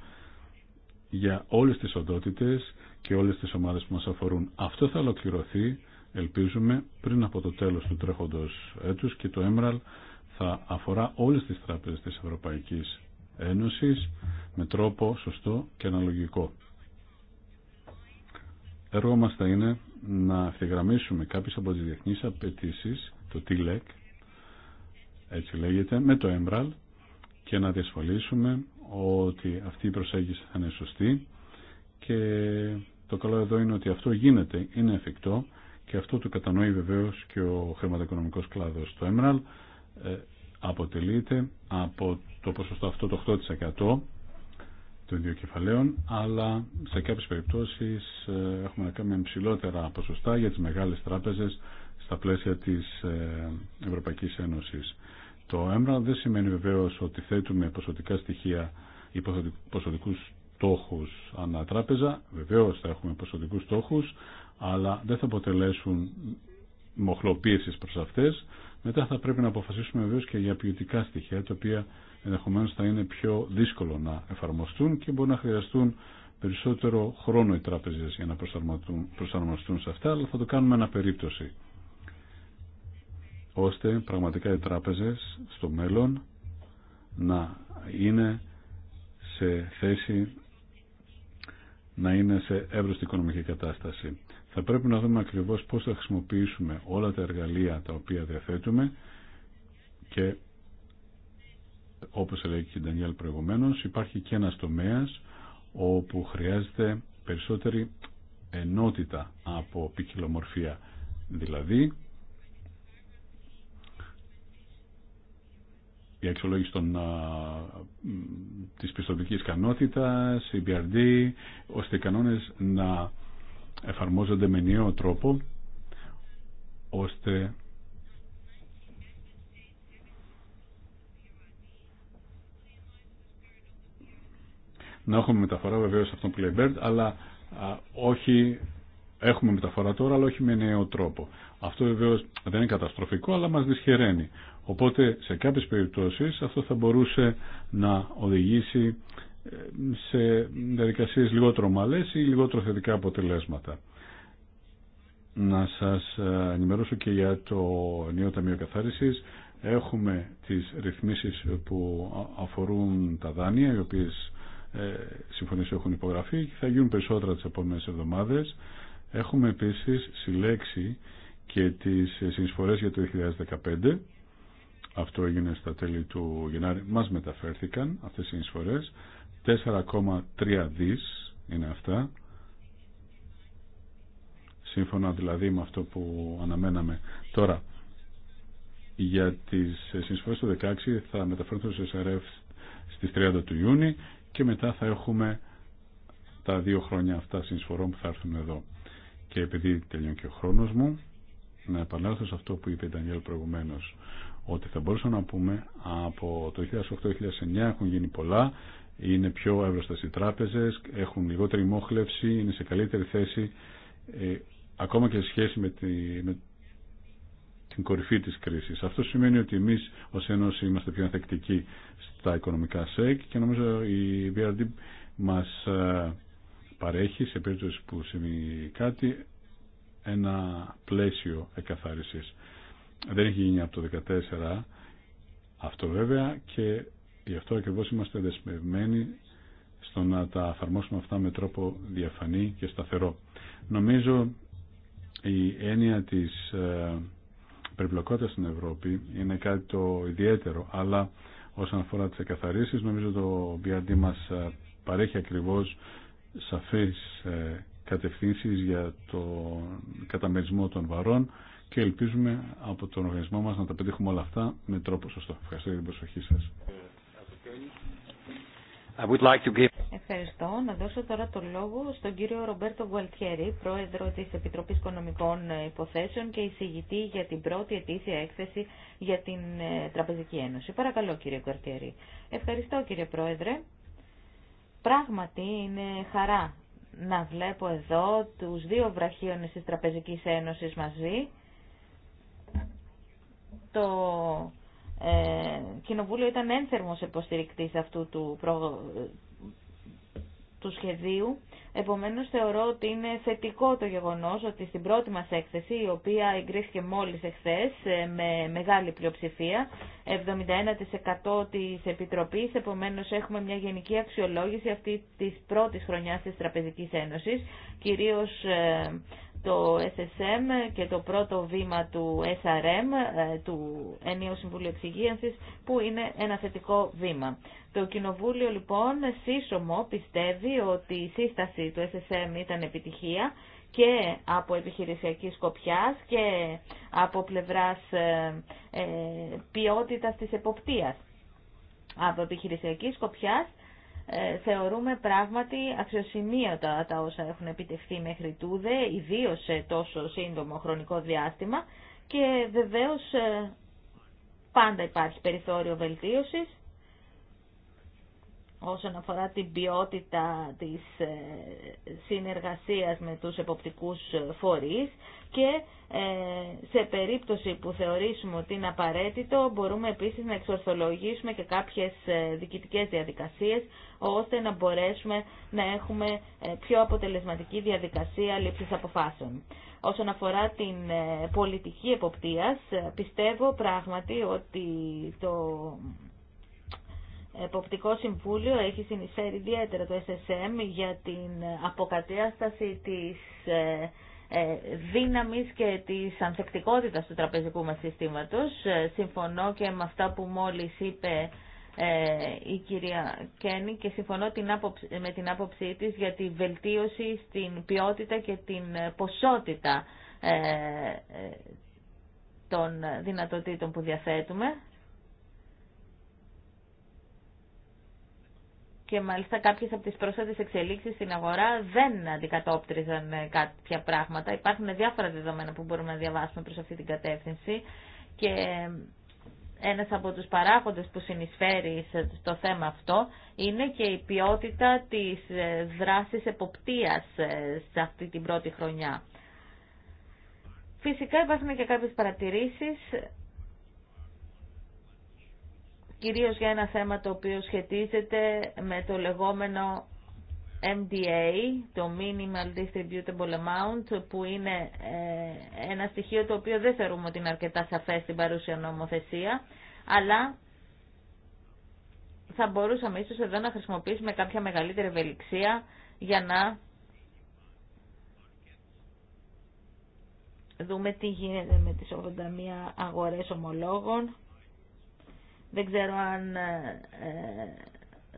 για όλες τις οντότητες και όλες τις ομάδες που μας αφορούν. Αυτό θα ολοκληρωθεί, ελπίζουμε, πριν από το τέλος του τρέχοντος έτους και το ΕΜΡΑΛ θα αφορά όλες τις τράπεζες της Ευρωπαϊκής Ένωσης με τρόπο σωστό και αναλογικό. Έργο μας θα είναι να ευθυγραμμίσουμε κάποιες από τις διεθνείς απαιτήσει, το TLEC, έτσι λέγεται, με το ΕΜΡΑΛ και να διασφαλίσουμε ότι αυτή η προσέγγιση θα είναι σωστή και το καλό εδώ είναι ότι αυτό γίνεται, είναι εφικτό και αυτό το κατανοεί βεβαίως και ο χρηματοοικονομικός κλάδος. Το Emerald ε, αποτελείται από το ποσοστό αυτό το 8% των δύο κεφαλαίων, αλλά σε κάποιες περιπτώσεις ε, έχουμε να κάνουμε ψηλότερα ποσοστά για τις μεγάλες τράπεζες στα πλαίσια της ε, Ευρωπαϊκής Ένωσης. Το έμπρα δεν σημαίνει βεβαίω ότι θέτουμε ποσοτικά στοιχεία ή ποσοτικού στόχου ανά τράπεζα. Βεβαίω θα έχουμε ποσοτικού στόχου, αλλά δεν θα αποτελέσουν μοχλοποίηση προ αυτέ. Μετά θα πρέπει να αποφασίσουμε βεβαίω και για ποιοτικά στοιχεία, τα οποία ενδεχομένω θα είναι πιο δύσκολο να εφαρμοστούν και μπορεί να χρειαστούν περισσότερο χρόνο οι τράπεζε για να προσαρμοστούν σε αυτά, αλλά θα το κάνουμε περίπτωση ώστε πραγματικά οι τράπεζες στο μέλλον να είναι σε θέση να είναι σε εύρωστη οικονομική κατάσταση. Θα πρέπει να δούμε ακριβώς πώς θα χρησιμοποιήσουμε όλα τα εργαλεία τα οποία διαθέτουμε και όπως έλεγε και η Ντανιέλ προηγουμένως υπάρχει και ένας τομέας όπου χρειάζεται περισσότερη ενότητα από ποικιλομορφία δηλαδή η αξιολόγηση των, α, της πιστοτικής η BRD, ώστε οι κανόνες να εφαρμόζονται με νέο τρόπο, ώστε να έχουμε μεταφορά βεβαίως που τον Playbird, αλλά όχι, έχουμε μεταφορά τώρα, αλλά όχι με νέο τρόπο. Αυτό βεβαίω δεν είναι καταστροφικό, αλλά μα δυσχεραίνει. Οπότε σε κάποιε περιπτώσει αυτό θα μπορούσε να οδηγήσει ε, σε διαδικασίε λιγότερο ομαλέ ή λιγότερο θετικά αποτελέσματα. Να σας ε, ενημερώσω και για το νέο Ταμείο Καθάριση. Έχουμε τις ρυθμίσεις που αφορούν τα δάνεια, οι οποίες ε, συμφωνίε έχουν υπογραφεί και θα γίνουν περισσότερα τι επόμενε εβδομάδε. Έχουμε επίση συλλέξει και τις συνεισφορές για το 2015. Αυτό έγινε στα τέλη του Γενάρη. Μας μεταφέρθηκαν αυτές οι συνεισφορές. 4,3 δις είναι αυτά. Σύμφωνα δηλαδή με αυτό που αναμέναμε. Τώρα, για τις συνεισφορές του 16 θα μεταφέρουν στο SRF στις 30 του Ιούνιου και μετά θα έχουμε τα δύο χρόνια αυτά συνεισφορών που θα έρθουν εδώ. Και επειδή τελειώνει και ο χρόνος μου, να επανέλθω σε αυτό που είπε η Ντανιέλ προηγουμένω ότι θα μπορούσαμε να πούμε από το 2008-2009 έχουν γίνει πολλά είναι πιο εύρωστα οι τράπεζες έχουν λιγότερη μόχλευση είναι σε καλύτερη θέση ε, ακόμα και σε σχέση με, τη, με την κορυφή της κρίσης. Αυτό σημαίνει ότι εμείς ως Ένωση είμαστε πιο ανθεκτικοί στα οικονομικά ΣΕΚ και νομίζω η BRD μα ε, παρέχει σε περίπτωση που σημαίνει κάτι ένα πλαίσιο εκαθάρισης. Δεν έχει γίνει από το 2014 αυτό βέβαια και γι' αυτό ακριβώς είμαστε δεσμευμένοι στο να τα αφαρμόσουμε αυτά με τρόπο διαφανή και σταθερό. Νομίζω η έννοια της ε, περιπλοκότητας στην Ευρώπη είναι κάτι το ιδιαίτερο, αλλά όσον αφορά τις εκαθαρίσεις νομίζω το BRD μας ε, παρέχει ακριβώς σαφείς ε, κατευθύνσεις για το καταμερισμό των βαρών και ελπίζουμε από τον οργανισμό μας να τα πετύχουμε όλα αυτά με τρόπο σωστό. Ευχαριστώ για την προσοχή σας. Ευχαριστώ. Να δώσω τώρα το λόγο στον κύριο Ρομπέρτο Γουαλτιέρη, πρόεδρο της Επιτροπής Οικονομικών Υποθέσεων και εισηγητή για την πρώτη ετήσια έκθεση για την ε, Τραπεζική Ένωση. Παρακαλώ κύριε Γουαλτιέρη. Ευχαριστώ κύριε πρόεδρε. Πράγματι είναι χαρά να βλέπω εδώ τους δύο βραχίονες της Τραπεζικής Ένωσης μαζί. Το ε, Κοινοβούλιο ήταν ένθερμος υποστηρικτής αυτού του προ, του σχεδίου. Επομένως θεωρώ ότι είναι θετικό το γεγονός ότι στην πρώτη μας έκθεση, η οποία εγκρίθηκε μόλις εχθές ε, με μεγάλη πλειοψηφία, 71% της Επιτροπής, επομένως έχουμε μια γενική αξιολόγηση αυτή της πρώτης χρονιάς της Τραπεζικής Ένωσης, κυρίως ε, το SSM και το πρώτο βήμα του SRM, ε, του Ενίου Συμβουλίου Εξυγίανσης, που είναι ένα θετικό βήμα. Το Κοινοβούλιο λοιπόν σύσσωμο πιστεύει ότι η σύσταση του SSM ήταν επιτυχία και από επιχειρησιακή σκοπιά και από πλευράς ε, ε, ποιότητας της εποπτείας. Από επιχειρησιακή σκοπιάς ε, θεωρούμε πράγματι αξιοσημείωτα τα όσα έχουν επιτευχθεί μέχρι τούδε, ιδίως σε τόσο σύντομο χρονικό διάστημα και βεβαίως ε, πάντα υπάρχει περιθώριο βελτίωσης όσον αφορά την ποιότητα της ε, συνεργασίας με τους εποπτικούς φορείς και ε, σε περίπτωση που θεωρήσουμε ότι είναι απαραίτητο μπορούμε επίσης να εξορθολογήσουμε και κάποιες ε, διοικητικές διαδικασίες ώστε να μπορέσουμε να έχουμε πιο αποτελεσματική διαδικασία λήψης αποφάσεων. Όσον αφορά την πολιτική εποπτείας, πιστεύω πράγματι ότι το Εποπτικό Συμβούλιο έχει συνεισφέρει ιδιαίτερα το SSM για την αποκατάσταση της ε, ε, δύναμης και της ανθεκτικότητας του τραπεζικού μας συστήματος. Ε, συμφωνώ και με αυτά που μόλις είπε η κυρία Κέννη και συμφωνώ με την άποψή της για τη βελτίωση στην ποιότητα και την ποσότητα των δυνατοτήτων που διαθέτουμε. και μάλιστα κάποιες από τι πρόσφατε εξελίξεις στην αγορά δεν αντικατόπτριζαν ε, κάποια πράγματα. Υπάρχουν διάφορα δεδομένα που μπορούμε να διαβάσουμε προς αυτή την κατεύθυνση και ε, ένας από τους παράγοντε που συνεισφέρει στο θέμα αυτό είναι και η ποιότητα τη ε, δράσης εποπτείας σε αυτή την πρώτη χρονιά. Φυσικά υπάρχουν και κάποιες παρατηρήσεις κυρίως για ένα θέμα το οποίο σχετίζεται με το λεγόμενο MDA, το Minimal Distributable Amount, που είναι ε, ένα στοιχείο το οποίο δεν θεωρούμε ότι είναι αρκετά σαφές στην παρούσια νομοθεσία, αλλά θα μπορούσαμε ίσως εδώ να χρησιμοποιήσουμε κάποια μεγαλύτερη ευελιξία για να δούμε τι γίνεται με τις 81 αγορές ομολόγων. Δεν ξέρω αν ε,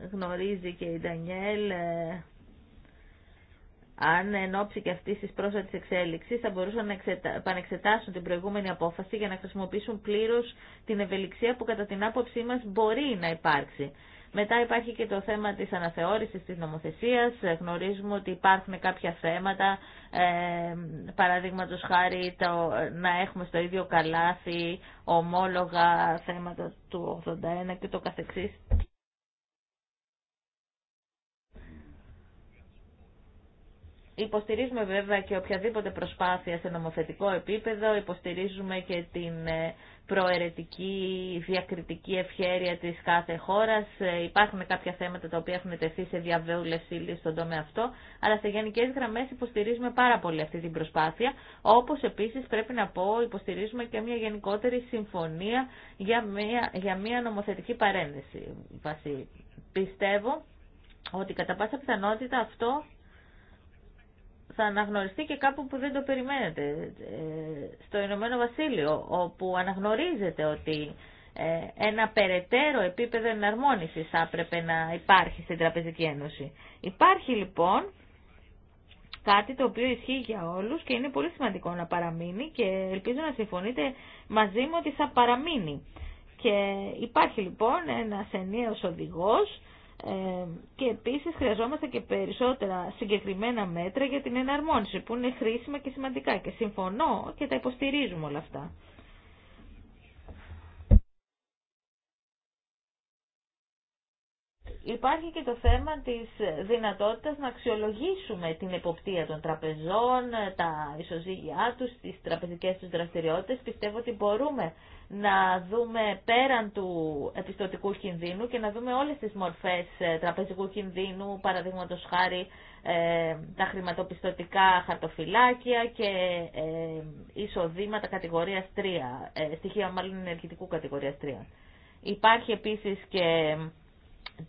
ε, γνωρίζει και η Ντανιέλ ε, αν εν ώψη και αυτή τη πρόσφατη εξέλιξη θα μπορούσαν να εξετα... επανεξετάσουν την προηγούμενη απόφαση για να χρησιμοποιήσουν πλήρω την ευελιξία που κατά την άποψή μα μπορεί να υπάρξει. Μετά υπάρχει και το θέμα της αναθεώρησης της νομοθεσίας. Γνωρίζουμε ότι υπάρχουν κάποια θέματα, ε, παραδείγματος χάρη το, να έχουμε στο ίδιο καλάθι ομόλογα θέματα του 81 και το καθεξής. Υποστηρίζουμε βέβαια και οποιαδήποτε προσπάθεια σε νομοθετικό επίπεδο, υποστηρίζουμε και την ε, προαιρετική διακριτική ευχέρεια της κάθε χώρας. Ε, υπάρχουν κάποια θέματα τα οποία έχουν τεθεί σε διαβέουλευση στον τομέα αυτό, αλλά σε γενικές γραμμές υποστηρίζουμε πάρα πολύ αυτή την προσπάθεια, όπως επίσης πρέπει να πω υποστηρίζουμε και μια γενικότερη συμφωνία για μια, για μια νομοθετική παρένθεση. Πιστεύω ότι κατά πάσα πιθανότητα αυτό θα αναγνωριστεί και κάπου που δεν το περιμένετε. Ε, στο Ηνωμένο Βασίλειο, όπου αναγνωρίζεται ότι ε, ένα περαιτέρω επίπεδο εναρμόνισης θα έπρεπε να υπάρχει στην Τραπεζική Ένωση. Υπάρχει λοιπόν κάτι το οποίο ισχύει για όλους και είναι πολύ σημαντικό να παραμείνει και ελπίζω να συμφωνείτε μαζί μου ότι θα παραμείνει. Και υπάρχει λοιπόν ένας ενιαίος οδηγός ε, και επίσης χρειαζόμαστε και περισσότερα συγκεκριμένα μέτρα για την εναρμόνιση που είναι χρήσιμα και σημαντικά και συμφωνώ και τα υποστηρίζουμε όλα αυτά. Υπάρχει και το θέμα της δυνατότητας να αξιολογήσουμε την εποπτεία των τραπεζών, τα ισοζύγια τους, τις τραπεζικές τους δραστηριότητες. Πιστεύω ότι μπορούμε να δούμε πέραν του επιστοτικού κινδύνου και να δούμε όλες τις μορφές ε, τραπεζικού κινδύνου, παραδείγματο χάρη ε, τα χρηματοπιστωτικά χαρτοφυλάκια και ε, εισοδήματα κατηγορίας 3, στοιχεία μάλλον ενεργητικού κατηγορίας 3. Υπάρχει επίσης και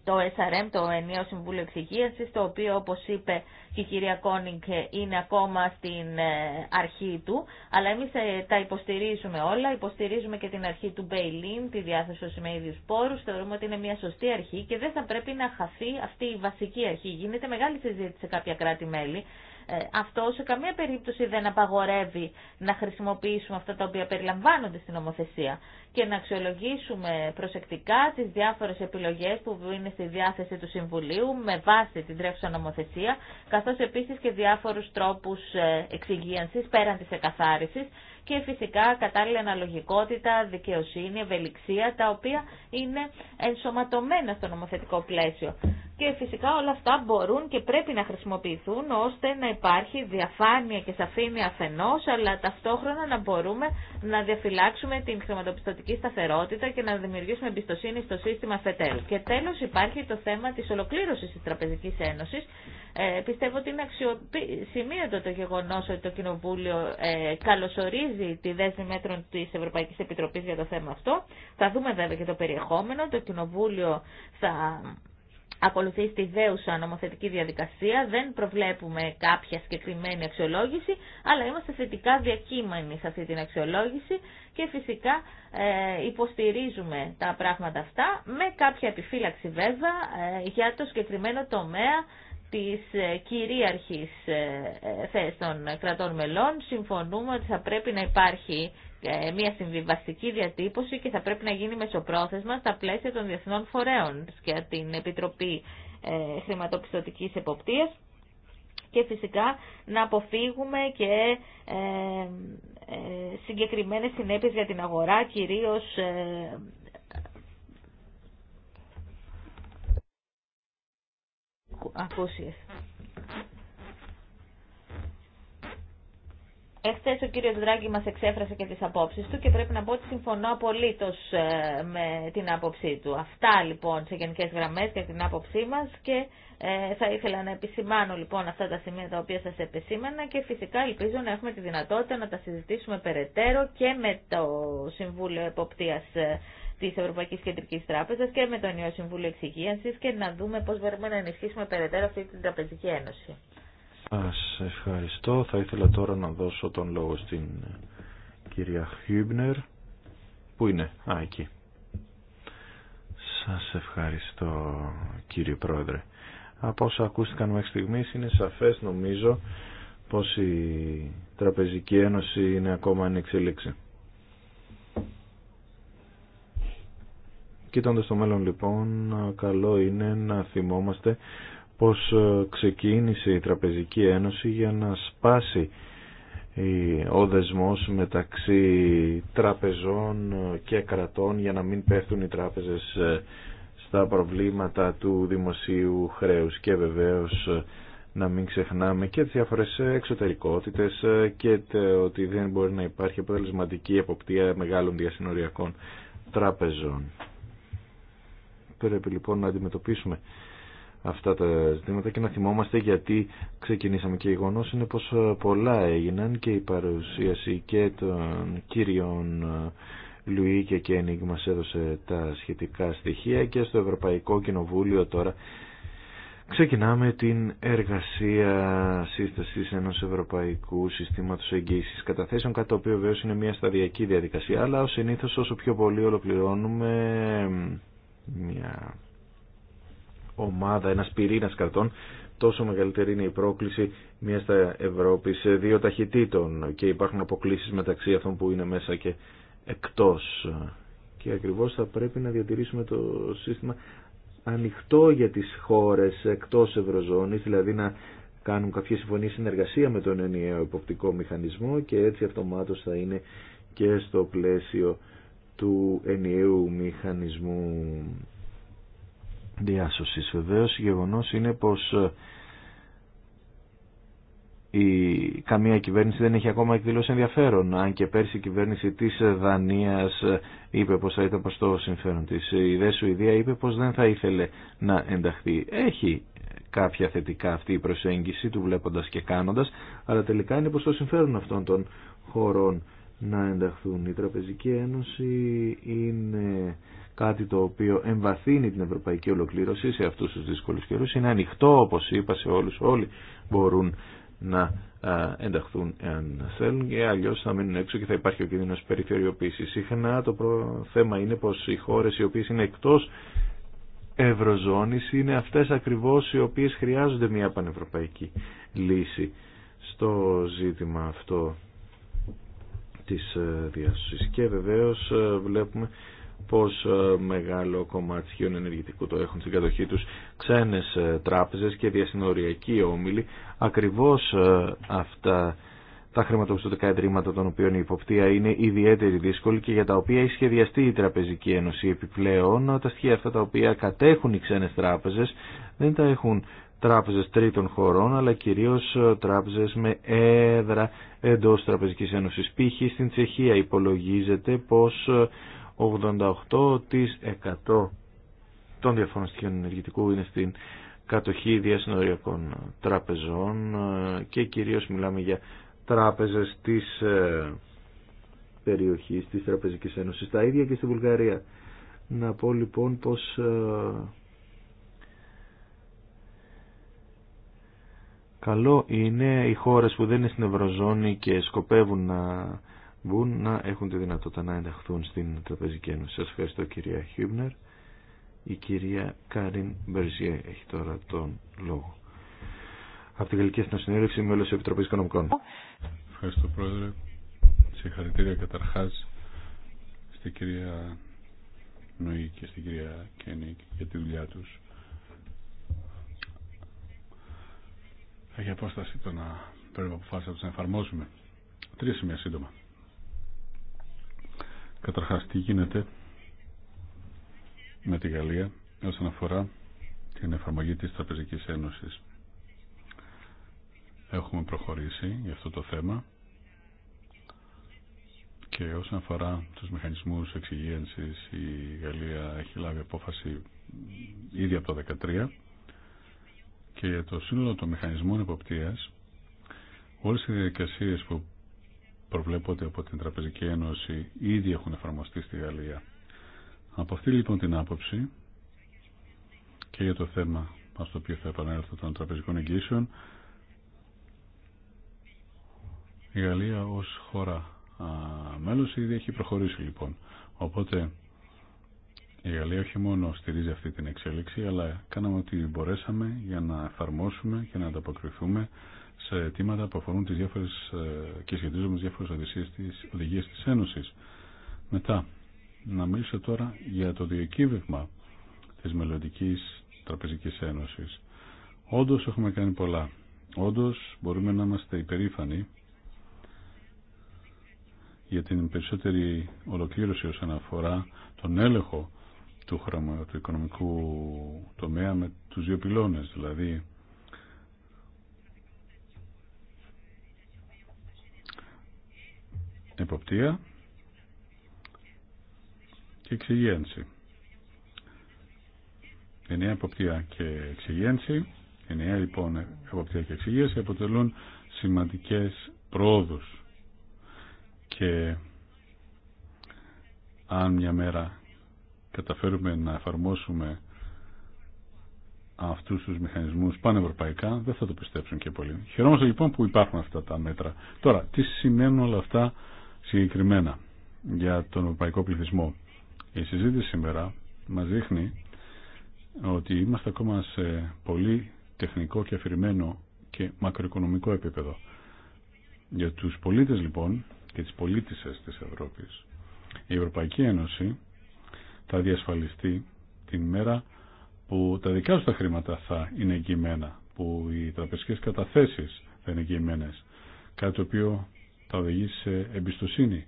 το SRM, το Ενίο Συμβούλιο Εξυγίασης, το οποίο όπως είπε και η κυρία Κόνικ είναι ακόμα στην ε, αρχή του, αλλά εμείς ε, τα υποστηρίζουμε όλα, υποστηρίζουμε και την αρχή του Μπέιλιν, τη διάθεση με ίδιου πόρου. θεωρούμε ότι είναι μια σωστή αρχή και δεν θα πρέπει να χαθεί αυτή η βασική αρχή. Γίνεται μεγάλη συζήτηση σε κάποια κράτη-μέλη ε, αυτό σε καμία περίπτωση δεν απαγορεύει να χρησιμοποιήσουμε αυτά τα οποία περιλαμβάνονται στην νομοθεσία και να αξιολογήσουμε προσεκτικά τις διάφορες επιλογές που είναι στη διάθεση του Συμβουλίου με βάση την τρέχουσα νομοθεσία, καθώς επίσης και διάφορους τρόπους ε, εξυγίανσης πέραν της εκαθάρισης και φυσικά κατάλληλη αναλογικότητα, δικαιοσύνη, ευελιξία, τα οποία είναι ενσωματωμένα στο νομοθετικό πλαίσιο. Και φυσικά όλα αυτά μπορούν και πρέπει να χρησιμοποιηθούν ώστε να υπάρχει διαφάνεια και σαφήνεια αφενός, αλλά ταυτόχρονα να μπορούμε να διαφυλάξουμε την χρηματοπιστωτική σταθερότητα και να δημιουργήσουμε εμπιστοσύνη στο σύστημα ΦΕΤΕΛ. Και τέλο υπάρχει το θέμα της ολοκλήρωσης τη Τραπεζική Ένωση. Ε, πιστεύω ότι είναι αξιοσημείωτο το γεγονός ότι το Κοινοβούλιο ε, καλωσορίζει τη δέσμη μέτρων της Ευρωπαϊκής Επιτροπής για το θέμα αυτό. Θα δούμε βέβαια και το περιεχόμενο. Το Κοινοβούλιο θα ακολουθεί στη δέουσα νομοθετική διαδικασία, δεν προβλέπουμε κάποια συγκεκριμένη αξιολόγηση, αλλά είμαστε θετικά διακείμενοι σε αυτή την αξιολόγηση και φυσικά ε, υποστηρίζουμε τα πράγματα αυτά με κάποια επιφύλαξη βέβαια ε, για το συγκεκριμένο τομέα της ε, κυρίαρχης θέσης των κρατών μελών. Συμφωνούμε ότι θα πρέπει να υπάρχει ε, μια συμβιβαστική διατύπωση και θα πρέπει να γίνει μεσοπρόθεσμα στα πλαίσια των διεθνών φορέων και την Επιτροπή ε, Χρηματοπιστωτικής Εποπτείας και φυσικά να αποφύγουμε και ε, συγκεκριμένες συνέπειες για την αγορά, κυρίως ακούσιες. Εχθέ ο κύριο Δράγκη μα εξέφρασε και τι απόψει του και πρέπει να πω ότι συμφωνώ απολύτω ε, με την άποψή του. Αυτά λοιπόν σε γενικέ γραμμέ για την άποψή μα και ε, θα ήθελα να επισημάνω λοιπόν αυτά τα σημεία τα οποία σας επισήμανα και φυσικά ελπίζω να έχουμε τη δυνατότητα να τα συζητήσουμε περαιτέρω και με το Συμβούλιο Εποπτείας ε, τη Ευρωπαϊκή Κεντρική Τράπεζα και με το Νέο Συμβούλιο Εξυγίανση και να δούμε πώ μπορούμε να ενισχύσουμε περαιτέρω αυτή την Τραπεζική Ένωση. Σας ευχαριστώ. Θα ήθελα τώρα να δώσω τον λόγο στην ε, κυρία Χιούμπνερ. Πού είναι? Α, εκεί. Σας ευχαριστώ κύριε Πρόεδρε. Από όσα ακούστηκαν μέχρι στιγμής είναι σαφές νομίζω πως η Τραπεζική Ένωση είναι ακόμα ανεξελίξη. Κοίτοντας το μέλλον λοιπόν, καλό είναι να θυμόμαστε πως ε, ξεκίνησε η Τραπεζική Ένωση για να σπάσει ε, ο δεσμός μεταξύ τραπεζών ε, και κρατών για να μην πέφτουν οι τράπεζες στα προβλήματα του δημοσίου χρέους και βεβαίως να μην ξεχνάμε και τις διάφορες εξωτερικότητες και ότι δεν μπορεί να υπάρχει αποτελεσματική εποπτεία μεγάλων διασυνοριακών τραπεζών. Πρέπει λοιπόν να αντιμετωπίσουμε αυτά τα ζητήματα και να θυμόμαστε γιατί ξεκινήσαμε και η γνώση είναι πως ε, πολλά έγιναν και η παρουσίαση και των κύριων ε, Λουί και Κένιγκ μας έδωσε τα σχετικά στοιχεία και στο Ευρωπαϊκό Κοινοβούλιο τώρα ξεκινάμε την εργασία σύστασης ενός Ευρωπαϊκού Συστήματος Εγγύησης Καταθέσεων κατά το οποίο βέβαια είναι μια σταδιακή διαδικασία αλλά ως συνήθως όσο πιο πολύ ολοκληρώνουμε μια ομάδα, ένα πυρήνα καρτών, τόσο μεγαλύτερη είναι η πρόκληση μια Ευρώπη σε δύο ταχυτήτων και υπάρχουν αποκλήσει μεταξύ αυτών που είναι μέσα και εκτός. Και ακριβώς θα πρέπει να διατηρήσουμε το σύστημα ανοιχτό για τις χώρες εκτός ευρωζώνη, δηλαδή να κάνουν κάποια συμφωνία συνεργασία με τον ενιαίο υποπτικό μηχανισμό και έτσι αυτομάτως θα είναι και στο πλαίσιο του ενιαίου μηχανισμού διάσωσης. Βεβαίως γεγονός είναι πως ε, η καμία κυβέρνηση δεν έχει ακόμα εκδηλώσει ενδιαφέρον. Αν και πέρσι η κυβέρνηση της Δανίας ε, είπε πως θα ήταν προς το συμφέρον της. Η Δε Σουηδία είπε πως δεν θα ήθελε να ενταχθεί. Έχει κάποια θετικά αυτή η προσέγγιση του βλέποντας και κάνοντας, αλλά τελικά είναι προς το συμφέρον αυτών των χωρών να ενταχθούν. Η Τραπεζική Ένωση είναι κάτι το οποίο εμβαθύνει την ευρωπαϊκή ολοκλήρωση σε αυτούς τους δύσκολους καιρούς. Είναι ανοιχτό, όπως είπα, σε όλους. Όλοι μπορούν να ενταχθούν εάν θέλουν και αλλιώς θα μείνουν έξω και θα υπάρχει ο κίνδυνος περιφερειοποίησης. Συχνά το θέμα είναι πως οι χώρες οι οποίες είναι εκτός ευρωζώνης είναι αυτές ακριβώς οι οποίες χρειάζονται μια πανευρωπαϊκή λύση στο ζήτημα αυτό της ε, διάσωσης. Και βεβαίως ε, βλέπουμε πως ε, μεγάλο κομμάτι σχεδόν ενεργητικού το έχουν στην κατοχή τους ξένες ε, τράπεζες και διασυνοριακοί όμιλοι ακριβώς ε, αυτά τα χρηματοπιστωτικά εντρήματα των οποίων η υποπτία είναι ιδιαίτερη δύσκολη και για τα οποία έχει σχεδιαστεί η Τραπεζική Ένωση επιπλέον τα στοιχεία αυτά τα οποία κατέχουν οι ξένες τράπεζες δεν τα έχουν τράπεζες τρίτων χωρών αλλά κυρίως τράπεζες με έδρα εντός Τραπεζικής Ένωσης. Π.χ. στην Τσεχία υπολογίζεται πως 88% των διαφόρων στοιχείων ενεργητικού είναι στην κατοχή διασυνοριακών τραπεζών ε, και κυρίως μιλάμε για τράπεζες της ε, περιοχής της Τραπεζικής Ένωσης, τα ίδια και στη Βουλγαρία. Να πω λοιπόν πως ε, καλό είναι οι χώρες που δεν είναι στην Ευρωζώνη και σκοπεύουν να μπουν να έχουν τη δυνατότητα να ενταχθούν στην Τραπεζική Ένωση. Σας ευχαριστώ κυρία Χίμπνερ. Η κυρία Κάριν Μπερζιέ έχει τώρα τον λόγο. Από τη Γαλλική Εθνοσυνέλευση, μέλος τη Επιτροπής Οικονομικών. Ευχαριστώ πρόεδρε. Συγχαρητήρια καταρχάς στην κυρία Νοή και στην κυρία Κένικ για τη δουλειά τους. Έχει απόσταση το να πρέπει να αποφάσισουμε να εφαρμόσουμε. Τρία σημεία σύντομα. Καταρχάς, τι γίνεται με τη Γαλλία όσον αφορά την εφαρμογή της Τραπεζικής Ένωσης. Έχουμε προχωρήσει για αυτό το θέμα και όσον αφορά τους μηχανισμούς εξυγίανσης η Γαλλία έχει λάβει απόφαση ήδη από το 2013 και για το σύνολο των μηχανισμών εποπτείας όλες οι διαδικασίες που προβλέπονται από την Τραπεζική Ένωση ήδη έχουν εφαρμοστεί στη Γαλλία. Από αυτή λοιπόν την άποψη και για το θέμα στο οποίο θα επανέλθω των τραπεζικών εγγύσεων η Γαλλία ως χώρα α, μέλος ήδη έχει προχωρήσει λοιπόν. Οπότε η Γαλλία όχι μόνο στηρίζει αυτή την εξέλιξη αλλά κάναμε ό,τι μπορέσαμε για να εφαρμόσουμε και να ανταποκριθούμε σε αιτήματα που αφορούν τις διάφορες, ε, και σχετίζονται με τις διάφορες οδηγίες της, οδηγίες της Ένωσης. Μετά, να μιλήσω τώρα για το διακύβευμα της μελλοντική Τραπεζικής Ένωσης. Όντως έχουμε κάνει πολλά. Όντως μπορούμε να είμαστε υπερήφανοι για την περισσότερη ολοκλήρωση όσον αφορά τον έλεγχο του, χρωμα, οικονομικού τομέα με τους δύο πυλώνες, δηλαδή εποπτεία και εξυγένση. Ενιαία εποπτεία και εξυγένση, ενιαία λοιπόν εποπτεία και εξυγένση αποτελούν σημαντικές πρόοδους και αν μια μέρα καταφέρουμε να εφαρμόσουμε αυτούς τους μηχανισμούς πανευρωπαϊκά δεν θα το πιστέψουν και πολύ. Χαιρόμαστε λοιπόν που υπάρχουν αυτά τα μέτρα. Τώρα, τι σημαίνουν όλα αυτά συγκεκριμένα για τον ευρωπαϊκό πληθυσμό. Η συζήτηση σήμερα μας δείχνει ότι είμαστε ακόμα σε πολύ τεχνικό και αφηρημένο και μακροοικονομικό επίπεδο. Για τους πολίτες λοιπόν και τις πολίτησε της Ευρώπης η Ευρωπαϊκή Ένωση θα διασφαλιστεί την μέρα που τα δικά σου τα χρήματα θα είναι εγγυημένα, που οι τραπεζικές καταθέσεις θα είναι εγγυημένες, κάτι το οποίο θα οδηγήσει σε εμπιστοσύνη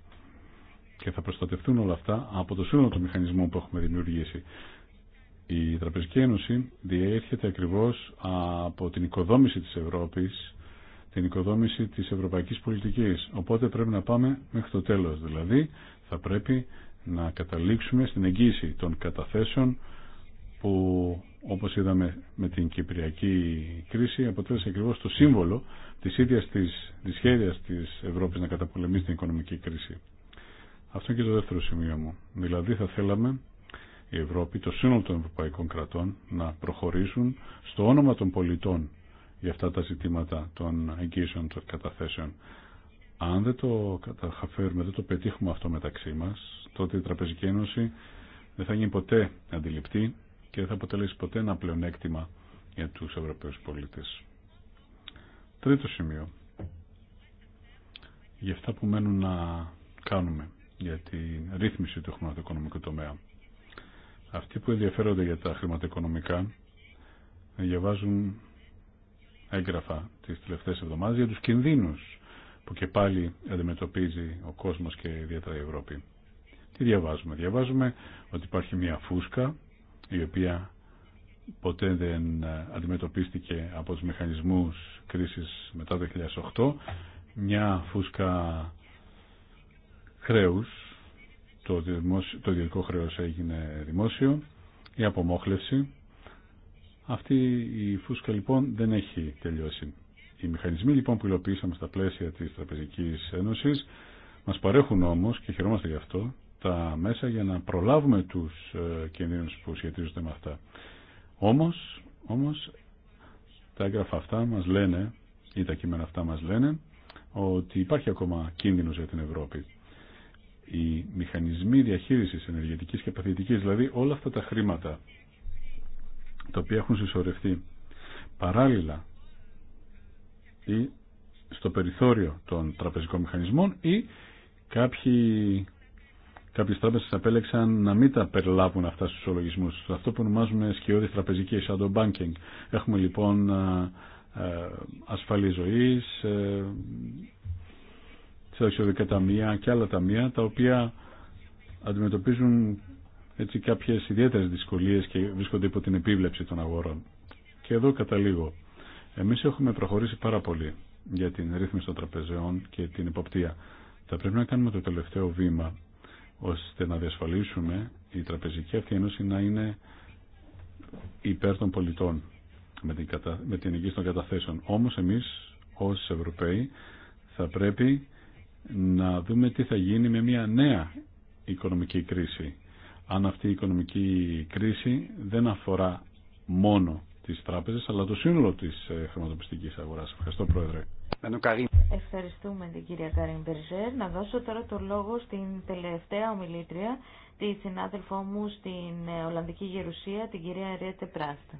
και θα προστατευτούν όλα αυτά από το σύνολο των μηχανισμών που έχουμε δημιουργήσει. Η Τραπεζική Ένωση διέρχεται ακριβώς από την οικοδόμηση της Ευρώπης, την οικοδόμηση της ευρωπαϊκής πολιτικής. Οπότε πρέπει να πάμε μέχρι το τέλος. Δηλαδή θα πρέπει να καταλήξουμε στην εγγύηση των καταθέσεων που όπως είδαμε με την Κυπριακή κρίση αποτέλεσε ακριβώ το σύμβολο της ίδιας της, της της Ευρώπης να καταπολεμήσει την οικονομική κρίση. Αυτό είναι και το δεύτερο σημείο μου. Δηλαδή θα θέλαμε η Ευρώπη, το σύνολο των ευρωπαϊκών κρατών να προχωρήσουν στο όνομα των πολιτών για αυτά τα ζητήματα των εγγύσεων των καταθέσεων. Αν δεν το καταφέρουμε, δεν το πετύχουμε αυτό μεταξύ μας, τότε η Τραπεζική Ένωση δεν θα γίνει ποτέ αντιληπτή και δεν θα αποτελέσει ποτέ ένα πλεονέκτημα για τους Ευρωπαίους πολίτες. Τρίτο σημείο. Για αυτά που μένουν να κάνουμε για τη ρύθμιση του χρηματοοικονομικού τομέα. Αυτοί που ενδιαφέρονται για τα χρηματοοικονομικά διαβάζουν έγγραφα τις τελευταίες εβδομάδες για τους κινδύνους που και πάλι αντιμετωπίζει ο κόσμος και ιδιαίτερα η Ευρώπη. Τι διαβάζουμε. Διαβάζουμε ότι υπάρχει μια φούσκα η οποία ποτέ δεν ε, αντιμετωπίστηκε από τους μηχανισμούς κρίσης μετά το 2008 μια φούσκα χρέους το, δημόσιο, το ιδιωτικό χρέος έγινε δημόσιο η απομόχλευση αυτή η φούσκα λοιπόν δεν έχει τελειώσει οι μηχανισμοί λοιπόν που υλοποιήσαμε στα πλαίσια της Τραπεζικής Ένωσης μας παρέχουν όμως και χαιρόμαστε γι' αυτό τα μέσα για να προλάβουμε τους ε, κινδύνους που σχετίζονται με αυτά. Όμως, όμως τα έγγραφα αυτά μας λένε ή τα κείμενα αυτά μας λένε ότι υπάρχει ακόμα κίνδυνος για την Ευρώπη. Οι μηχανισμοί διαχείρισης ενεργετικής και παθητικής, δηλαδή όλα αυτά τα χρήματα τα οποία έχουν συσσωρευτεί παράλληλα ή στο περιθώριο των τραπεζικών μηχανισμών ή κάποιοι Κάποιε τράπεζε απέλεξαν να μην τα περιλάβουν αυτά στου ολογισμού. Αυτό που ονομάζουμε σκιώδη τραπεζική, shadow banking. Έχουμε λοιπόν ε, ε, ασφαλή ζωή, τσάξιο ταμεία και άλλα ταμεία τα οποία αντιμετωπίζουν έτσι κάποιες ιδιαίτερες δυσκολίες και βρίσκονται υπό την επίβλεψη των αγορών. Και εδώ καταλήγω. εμεί έχουμε προχωρήσει πάρα πολύ για την ρύθμιση των τραπεζών και την υποπτία. Θα πρέπει να κάνουμε το τελευταίο βήμα ώστε να διασφαλίσουμε η τραπεζική αυτή να είναι υπέρ των πολιτών με την, κατα... με την εγγύηση των καταθέσεων. Όμως εμείς ως Ευρωπαίοι θα πρέπει να δούμε τι θα γίνει με μια νέα οικονομική κρίση. Αν αυτή η οικονομική κρίση δεν αφορά μόνο τις τράπεζες αλλά το σύνολο της ε, χρηματοπιστικής αγοράς. Ευχαριστώ Πρόεδρε. Ευχαριστούμε την κυρία Καρίν Μπερζέρ. Να δώσω τώρα το λόγο στην τελευταία ομιλήτρια, τη συνάδελφό μου στην Ολλανδική Γερουσία, την κυρία Ρέτε Πράστα.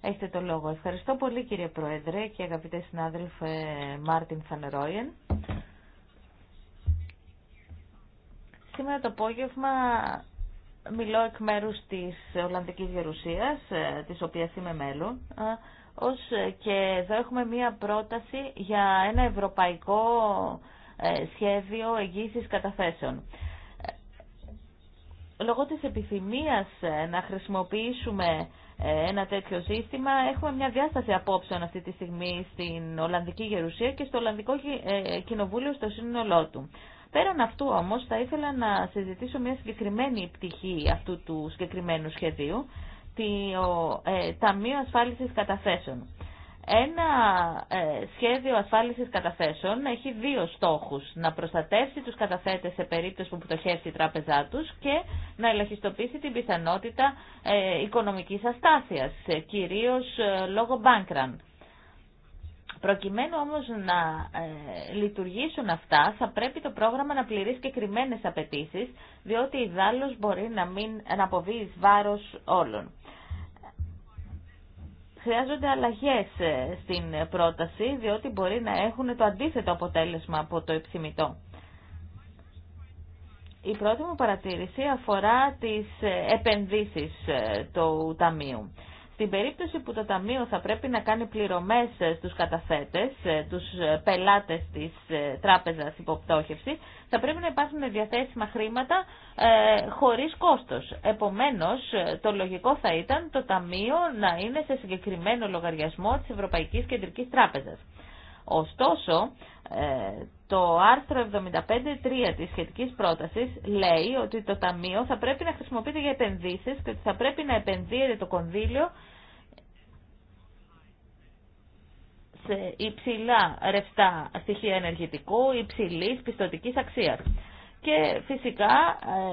Έχετε το λόγο. Ευχαριστώ πολύ κύριε Πρόεδρε και αγαπητέ συνάδελφε Μάρτιν Φανερόιεν. Σήμερα το απόγευμα μιλώ εκ μέρους της Ολλανδικής Γερουσίας, ε, της οποίας είμαι μέλος ε, ως ε, και εδώ έχουμε μία πρόταση για ένα ευρωπαϊκό ε, σχέδιο εγγύησης καταθέσεων. Ε, λόγω της επιθυμίας να χρησιμοποιήσουμε ένα τέτοιο σύστημα έχουμε μια διάσταση απόψεων αυτή τη στιγμή στην Ολλανδική Γερουσία και στο Ολλανδικό Κοινοβούλιο στο σύνολό του. Πέραν αυτού όμως θα ήθελα να συζητήσω μια συγκεκριμένη πτυχή αυτού του συγκεκριμένου σχεδίου το ε, Ταμείο Ασφάλισης Καταθέσεων. Ένα ε, σχέδιο ασφάλισης καταθέσεων έχει δύο στόχους. Να προστατεύσει τους καταθέτες σε περίπτωση που πτωχεύσει η τράπεζά τους και να ελαχιστοποιήσει την πιθανότητα ε, οικονομικής αστάθειας, ε, κυρίως λόγω bankrun. Προκειμένου όμως να λειτουργήσουν αυτά, θα πρέπει το πρόγραμμα να πληρεί συγκεκριμένε απαιτήσει, διότι η δάλος μπορεί να, μην, να αποβεί βάρος όλων χρειάζονται αλλαγές ε, στην πρόταση, διότι μπορεί να έχουν το αντίθετο αποτέλεσμα από το επιθυμητό. Η πρώτη μου παρατήρηση αφορά τις ε, επενδύσεις ε, του Ταμείου. Στην περίπτωση που το Ταμείο θα πρέπει να κάνει πληρωμές ε, στους καταθέτες, ε, τους ε, πελάτες της τράπεζας Υποπτώχευσης, θα πρέπει να υπάρχουν διαθέσιμα χρήματα ε, χωρίς κόστος. Επομένως, το λογικό θα ήταν το Ταμείο να είναι σε συγκεκριμένο λογαριασμό της Ευρωπαϊκής Κεντρικής Τράπεζας. Ωστόσο, το άρθρο 75.3 της σχετικής πρότασης λέει ότι το Ταμείο θα πρέπει να χρησιμοποιείται για επενδύσεις και ότι θα πρέπει να επενδύεται το κονδύλιο σε υψηλά ρευστά στοιχεία ενεργητικού υψηλής πιστοτικής αξίας. Και φυσικά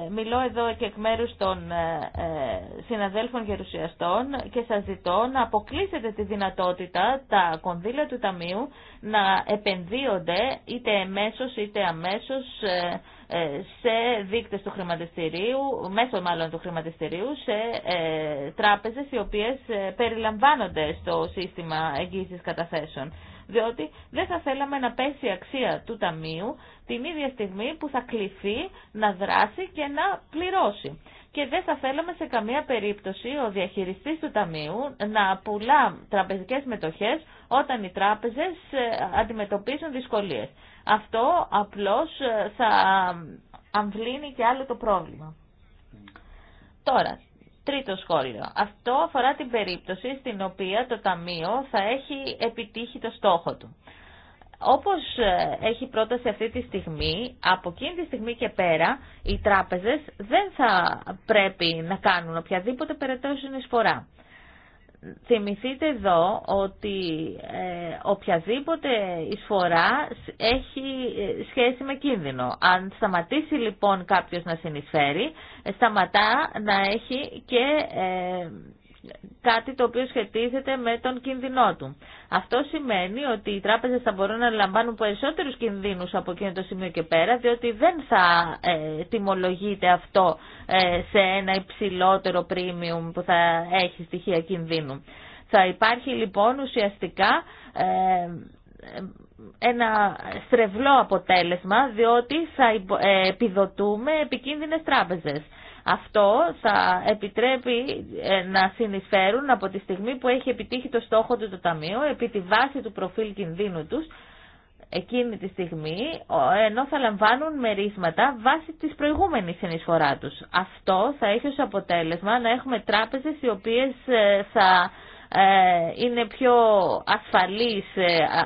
ε, μιλώ εδώ και εκ μέρου των ε, ε, συναδέλφων γερουσιαστών και σας ζητώ να αποκλείσετε τη δυνατότητα τα κονδύλια του Ταμείου να επενδύονται είτε εμέσως είτε αμέσως σε δείκτες του χρηματιστηρίου, μέσω μάλλον του χρηματιστηρίου, σε τράπεζες οι οποίες περιλαμβάνονται στο σύστημα εγγύησης καταθέσεων διότι δεν θα θέλαμε να πέσει η αξία του ταμείου την ίδια στιγμή που θα κληθεί να δράσει και να πληρώσει. Και δεν θα θέλαμε σε καμία περίπτωση ο διαχειριστής του ταμείου να πουλά τραπεζικές μετοχές όταν οι τράπεζες ε, αντιμετωπίζουν δυσκολίες. Αυτό απλώς ε, θα αμβλύνει και άλλο το πρόβλημα. Τώρα, Τρίτο σχόλιο. Αυτό αφορά την περίπτωση στην οποία το Ταμείο θα έχει επιτύχει το στόχο του. Όπως ε, έχει πρόταση αυτή τη στιγμή, από εκείνη τη στιγμή και πέρα, οι τράπεζες δεν θα πρέπει να κάνουν οποιαδήποτε περαιτέρω συνεισφορά. Θυμηθείτε εδώ ότι ε, οποιαδήποτε εισφορά έχει ε, σχέση με κίνδυνο. Αν σταματήσει λοιπόν κάποιος να συνεισφέρει, σταματά να έχει και ε, κάτι το οποίο σχετίζεται με τον κίνδυνό του. Αυτό σημαίνει ότι οι τράπεζες θα μπορούν να λαμβάνουν περισσότερου κινδύνους από εκείνο το σημείο και πέρα, διότι δεν θα ε, τιμολογείται αυτό ε, σε ένα υψηλότερο premium που θα έχει στοιχεία κινδύνου. Θα υπάρχει λοιπόν ουσιαστικά ε, ένα στρεβλό αποτέλεσμα, διότι θα ε, επιδοτούμε επικίνδυνες τράπεζες. Αυτό θα επιτρέπει ε, να συνεισφέρουν από τη στιγμή που έχει επιτύχει το στόχο του το Ταμείο επί τη βάση του προφίλ κινδύνου τους εκείνη τη στιγμή, ενώ θα λαμβάνουν μερίσματα βάσει της προηγούμενης συνεισφορά τους. Αυτό θα έχει ως αποτέλεσμα να έχουμε τράπεζες οι οποίες ε, θα ε, είναι πιο ασφαλείς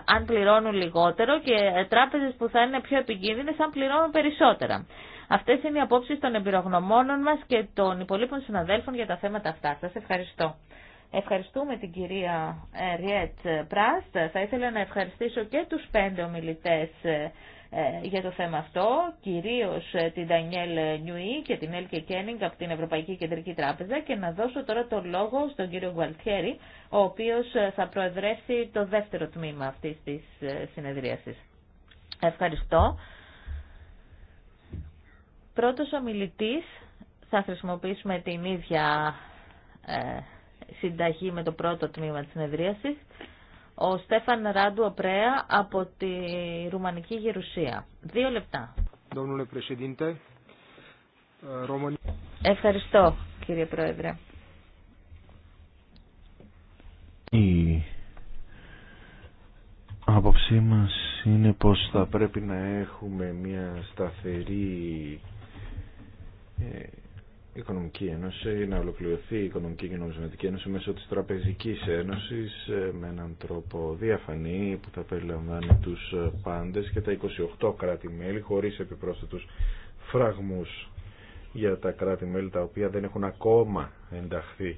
αν πληρώνουν λιγότερο και τράπεζες που θα είναι πιο επικίνδυνες αν πληρώνουν περισσότερα. Αυτέ είναι οι απόψει των εμπειρογνωμόνων μα και των υπολείπων συναδέλφων για τα θέματα αυτά. Σα ευχαριστώ. Ευχαριστούμε την κυρία ε, Ριέτ Πράστ. Θα ήθελα να ευχαριστήσω και τους πέντε ομιλητές ε, ε, για το θέμα αυτό, κυρίως την Ντανιέλ Νιουή και την Έλκε Κένιγκ από την Ευρωπαϊκή Κεντρική Τράπεζα και να δώσω τώρα το λόγο στον κύριο Γουαλτιέρη, ο οποίος θα προεδρεύσει το δεύτερο τμήμα αυτής της συνεδρίασης. Ευχαριστώ. Πρώτος ομιλητής, θα χρησιμοποιήσουμε την ίδια ε, συνταγή με το πρώτο τμήμα της συνεδρίασης, ο Στέφαν Ράντου Απρέα από τη Ρουμανική Γερουσία. Δύο λεπτά. Ε, Ευχαριστώ κύριε Πρόεδρε. Η άποψή μας είναι πως θα πρέπει να έχουμε μια σταθερή ε, Οικονομική Ένωση, να ολοκληρωθεί η Οικονομική και Νομισματική Ένωση μέσω της Τραπεζικής Ένωσης ε, με έναν τρόπο διαφανή που θα περιλαμβάνει τους ε, πάντες και τα 28 κράτη-μέλη χωρίς επιπρόσθετους φραγμούς για τα κράτη-μέλη τα οποία δεν έχουν ακόμα ενταχθεί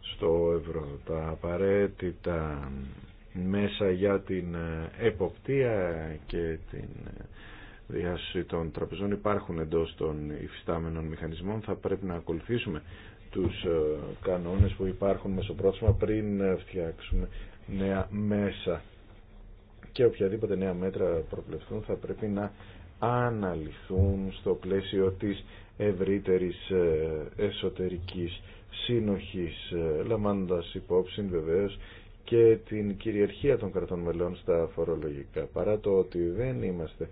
στο ευρώ. Τα απαραίτητα μέσα για την εποπτεία και την διάσωση των τραπεζών υπάρχουν εντός των υφιστάμενων μηχανισμών. Θα πρέπει να ακολουθήσουμε τους ε, κανόνες που υπάρχουν μεσοπρόθεσμα πριν ε, φτιάξουμε νέα μέσα. Και οποιαδήποτε νέα μέτρα προβλεφθούν θα πρέπει να αναλυθούν στο πλαίσιο της ευρύτερης ε, εσωτερικής συνοχής, λαμβάνοντα υπόψη βεβαίως και την κυριαρχία των κρατών μελών στα φορολογικά. Παρά το ότι δεν είμαστε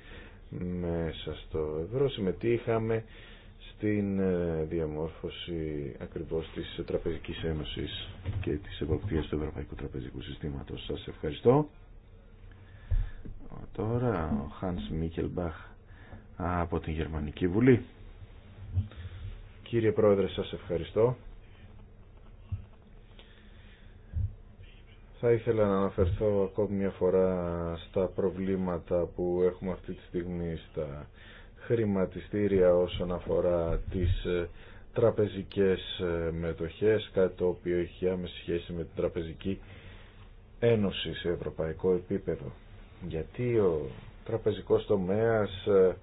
μέσα στο ευρώ συμμετείχαμε στην ε, διαμόρφωση ακριβώς της Τραπεζικής Ένωσης και της εποπτείας του Ευρωπαϊκού Τραπεζικού Συστήματος. Σας ευχαριστώ. Τώρα ο Χάνς Μίκελμπαχ από την Γερμανική Βουλή. Κύριε Πρόεδρε, σας ευχαριστώ. Θα ήθελα να αναφερθώ ακόμη μια φορά στα προβλήματα που έχουμε αυτή τη στιγμή στα χρηματιστήρια όσον αφορά τις ε, τραπεζικές ε, μετοχές, κάτι το οποίο έχει άμεση σχέση με την Τραπεζική Ένωση σε ευρωπαϊκό επίπεδο. Γιατί ο τραπεζικός τομέας ε,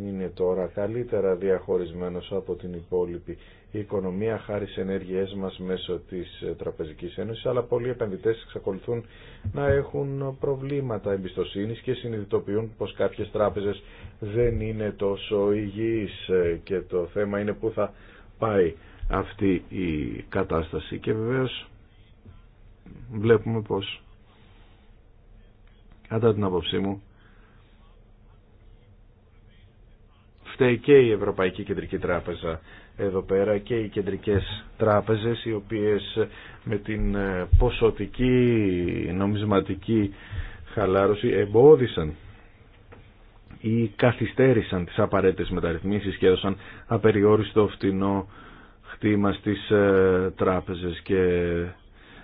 είναι τώρα καλύτερα διαχωρισμένος από την υπόλοιπη οικονομία χάρη σε ενέργειές μας μέσω της ε, Τραπεζικής Ένωσης, αλλά πολλοί επενδυτές εξακολουθούν να έχουν προβλήματα εμπιστοσύνης και συνειδητοποιούν πως κάποιες τράπεζες δεν είναι τόσο υγιείς ε, και το θέμα είναι πού θα πάει αυτή η κατάσταση. Και βεβαίως βλέπουμε πως κατά την άποψή μου φταίει και η Ευρωπαϊκή Κεντρική Τράπεζα εδώ πέρα και οι κεντρικές τράπεζες οι οποίες με την ε, ποσοτική νομισματική χαλάρωση εμπόδισαν ή καθυστέρησαν τις απαραίτητες μεταρρυθμίσεις και έδωσαν απεριόριστο φτηνό χτήμα στις ε, τράπεζες και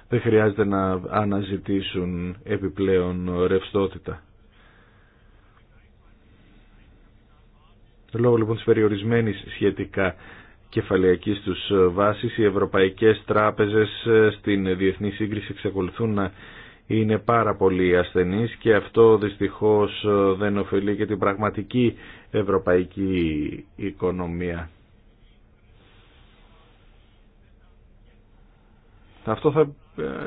δεν χρειάζεται να αναζητήσουν επιπλέον ρευστότητα. Λόγω λοιπόν της περιορισμένης σχετικά κεφαλαιακής τους ε, βάσης, οι ευρωπαϊκές τράπεζες ε, στην διεθνή σύγκριση εξακολουθούν να είναι πάρα πολύ ασθενείς και αυτό δυστυχώς ε, δεν ωφελεί και την πραγματική ευρωπαϊκή οικονομία. Αυτό θα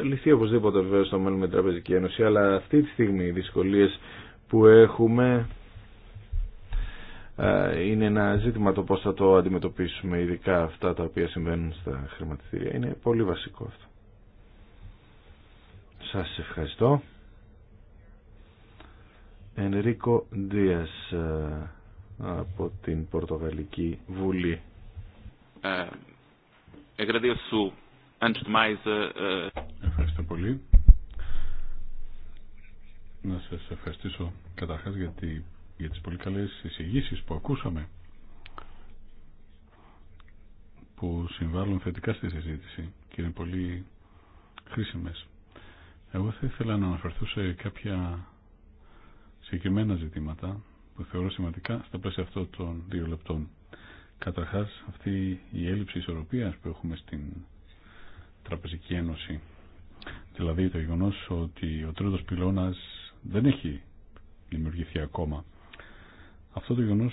λυθεί οπωσδήποτε βέβαια στο μέλλον με την Τραπεζική Ένωση, αλλά αυτή τη στιγμή οι δυσκολίες που έχουμε ε, είναι ένα ζήτημα το πώς θα το αντιμετωπίσουμε ειδικά αυτά τα οποία συμβαίνουν στα χρηματιστήρια. Είναι πολύ βασικό αυτό. Σας ευχαριστώ. Ενρίκο Δίας ε, από την Πορτογαλική Βουλή. Ε, ευχαριστώ πολύ. Να σας ευχαριστήσω καταρχάς γιατί για τις πολύ καλές εισηγήσεις που ακούσαμε που συμβάλλουν θετικά στη συζήτηση και είναι πολύ χρήσιμες. Εγώ θα ήθελα να αναφερθώ σε κάποια συγκεκριμένα ζητήματα που θεωρώ σημαντικά στα πλαίσια αυτών των δύο λεπτών. Καταρχάς αυτή η έλλειψη ισορροπίας που έχουμε στην Τραπεζική Ένωση δηλαδή το γεγονός ότι ο τρίτος πυλώνας δεν έχει δημιουργηθεί ακόμα αυτό το γεγονό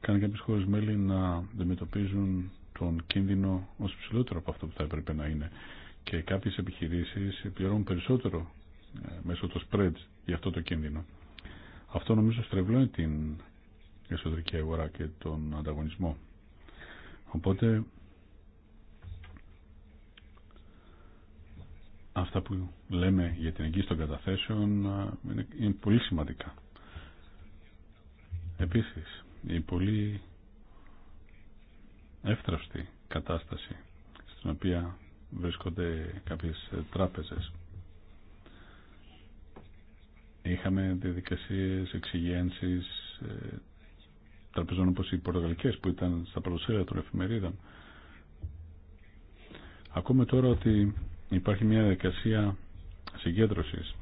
κάνει κάποιε χώρε μέλη να αντιμετωπίζουν τον κίνδυνο ω ψηλότερο από αυτό που θα έπρεπε να είναι. Και κάποιε επιχειρήσει πληρώνουν περισσότερο ε, μέσω των spread για αυτό το κίνδυνο. Αυτό νομίζω στρεβλώνει την εσωτερική αγορά και τον ανταγωνισμό. Οπότε αυτά που λέμε για την εγγύηση των καταθέσεων είναι πολύ σημαντικά. Επίσης, η πολύ εύθραυστη κατάσταση στην οποία βρίσκονται κάποιες τράπεζες. Είχαμε διαδικασίες εξυγένσης ε, τραπεζών όπως οι πορτογαλικές που ήταν στα παρουσία των εφημερίδων. Ακούμε τώρα ότι υπάρχει μια διαδικασία συγκέντρωση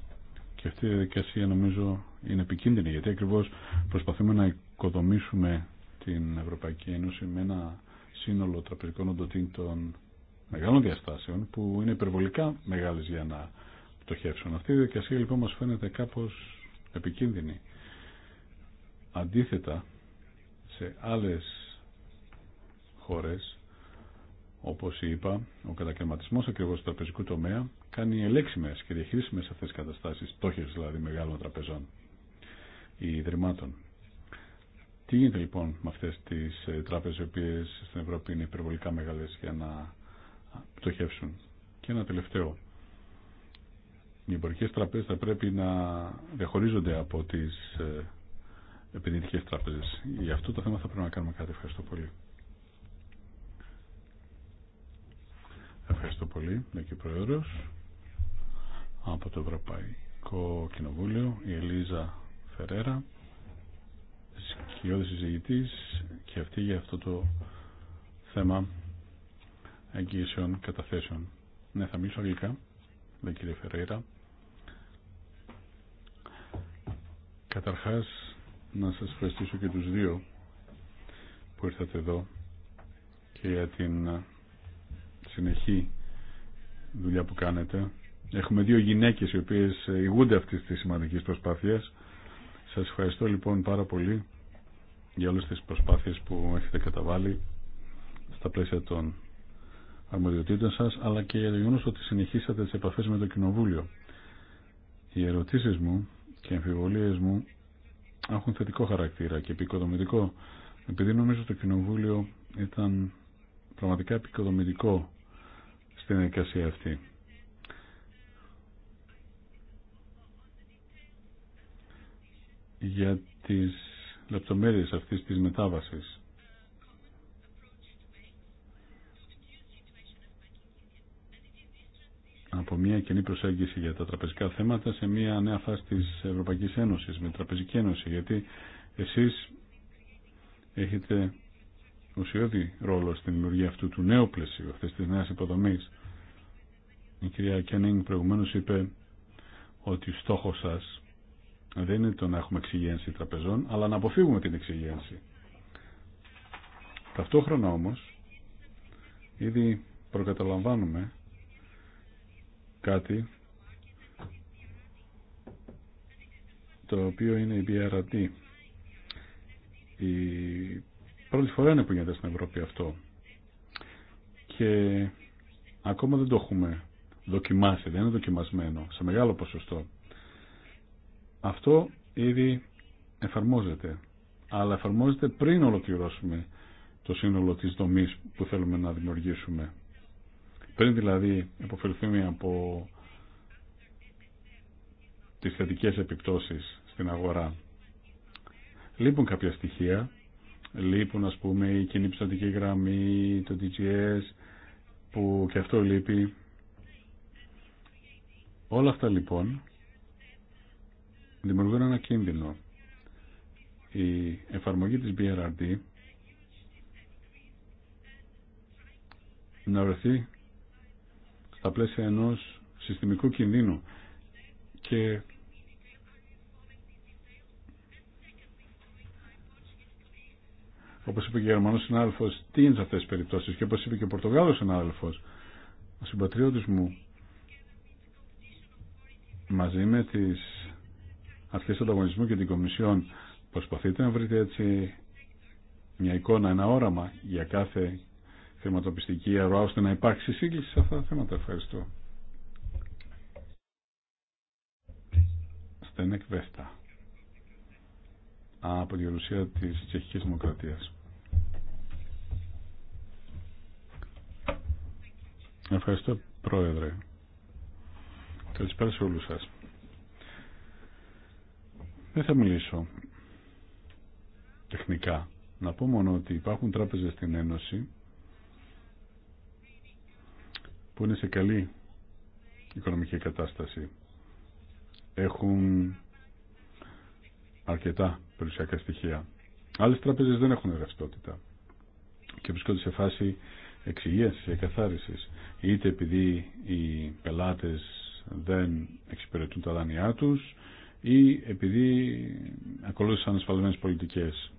και αυτή η διαδικασία νομίζω είναι επικίνδυνη γιατί ακριβώς προσπαθούμε να οικοδομήσουμε την Ευρωπαϊκή Ένωση με ένα σύνολο τραπεζικών οντοτήτων μεγάλων διαστάσεων που είναι υπερβολικά μεγάλες για να πτωχεύσουν. Αυτή η διαδικασία λοιπόν μα φαίνεται κάπω επικίνδυνη. Αντίθετα, σε άλλε χώρες όπως είπα, ο κατακαιρματισμός ακριβώς του τραπεζικού τομέα κάνει ελέξιμες και διαχειρίσιμες αυτές τις καταστάσεις, στόχες δηλαδή μεγάλων τραπεζών ή ιδρυμάτων. Τι γίνεται λοιπόν με αυτές τις ε, τράπεζες οι οποίες στην Ευρώπη είναι υπερβολικά μεγάλες για να πτωχεύσουν. Και ένα τελευταίο. Οι εμπορικέ τραπέζες θα πρέπει να διαχωρίζονται από τις ε, επενδυτικές τράπεζες. Γι' αυτό το θέμα θα πρέπει να κάνουμε κάτι. Ευχαριστώ πολύ. Ευχαριστώ πολύ, Δική Πρόεδρος. Από το Ευρωπαϊκό Κοινοβούλιο, η Ελίζα Φερέρα, σκιώδης συζητητής και αυτή για αυτό το θέμα εγγύησεων καταθέσεων. Ναι, θα μιλήσω αγγλικά, δεν κύριε Φερέρα. Καταρχάς, να σας ευχαριστήσω και τους δύο που ήρθατε εδώ και για την συνεχή δουλειά που κάνετε. Έχουμε δύο γυναίκες οι οποίες ηγούνται αυτής της σημαντικής προσπάθειας. Σας ευχαριστώ λοιπόν πάρα πολύ για όλες τις προσπάθειες που έχετε καταβάλει στα πλαίσια των αρμοδιοτήτων σας, αλλά και για το γεγονός ότι συνεχίσατε τις επαφές με το Κοινοβούλιο. Οι ερωτήσεις μου και οι αμφιβολίες μου έχουν θετικό χαρακτήρα και επικοδομητικό, επειδή νομίζω το Κοινοβούλιο ήταν πραγματικά επικοδομητικό στην εικασία αυτή. Για τις λεπτομέρειες αυτής της μετάβασης από μια κοινή προσέγγιση για τα τραπεζικά θέματα σε μια νέα φάση της Ευρωπαϊκής Ένωσης με Τραπεζική Ένωση γιατί εσείς έχετε ουσιώδη ρόλο στην δημιουργία αυτού του νέου πλαισίου αυτής της νέας υποδομής η κυρία Κένινγκ προηγουμένω είπε ότι ο στόχος σας δεν είναι το να έχουμε εξυγένση τραπεζών, αλλά να αποφύγουμε την εξυγένση. Ταυτόχρονα όμως, ήδη προκαταλαμβάνουμε κάτι το οποίο είναι η BRD. Η πρώτη φορά είναι που γίνεται στην Ευρώπη αυτό. Και ακόμα δεν το έχουμε δοκιμάσει, δεν είναι δοκιμασμένο, σε μεγάλο ποσοστό. Αυτό ήδη εφαρμόζεται, αλλά εφαρμόζεται πριν ολοκληρώσουμε το σύνολο της δομής που θέλουμε να δημιουργήσουμε. Πριν δηλαδή υποφερθούμε από τις θετικές επιπτώσεις στην αγορά. Λείπουν κάποια στοιχεία, λείπουν ας πούμε η κοινή γραμμή, το DGS, που και αυτό λείπει Όλα αυτά λοιπόν δημιουργούν ένα κίνδυνο. Η εφαρμογή της BRRD να βρεθεί στα πλαίσια ενός συστημικού κινδύνου και όπως είπε και ο Γερμανός συνάδελφος τι είναι σε αυτές τις περιπτώσεις και όπως είπε και ο Πορτογάλος συνάδελφος ο συμπατριώτης μου μαζί με τις αρχές του ανταγωνισμού και την Κομισιόν προσπαθείτε να βρείτε έτσι μια εικόνα, ένα όραμα για κάθε χρηματοπιστική αιρώα, ώστε να υπάρξει σύγκληση σε αυτά τα θέματα. Ευχαριστώ. Στενέκ Βέστα από τη Ρουσία της Τσεχικής Δημοκρατίας. Ευχαριστώ Πρόεδρε. Καλησπέρα σε όλους σας. Δεν θα μιλήσω τεχνικά. Να πω μόνο ότι υπάρχουν τράπεζες στην Ένωση που είναι σε καλή οικονομική κατάσταση. Έχουν αρκετά περιουσιακά στοιχεία. Άλλες τράπεζες δεν έχουν ρευστότητα και βρίσκονται σε φάση και εκαθάρισης. Είτε επειδή οι πελάτες δεν εξυπηρετούν τα δάνειά τους ή επειδή ακολούθησαν ασφαλμένες πολιτικές.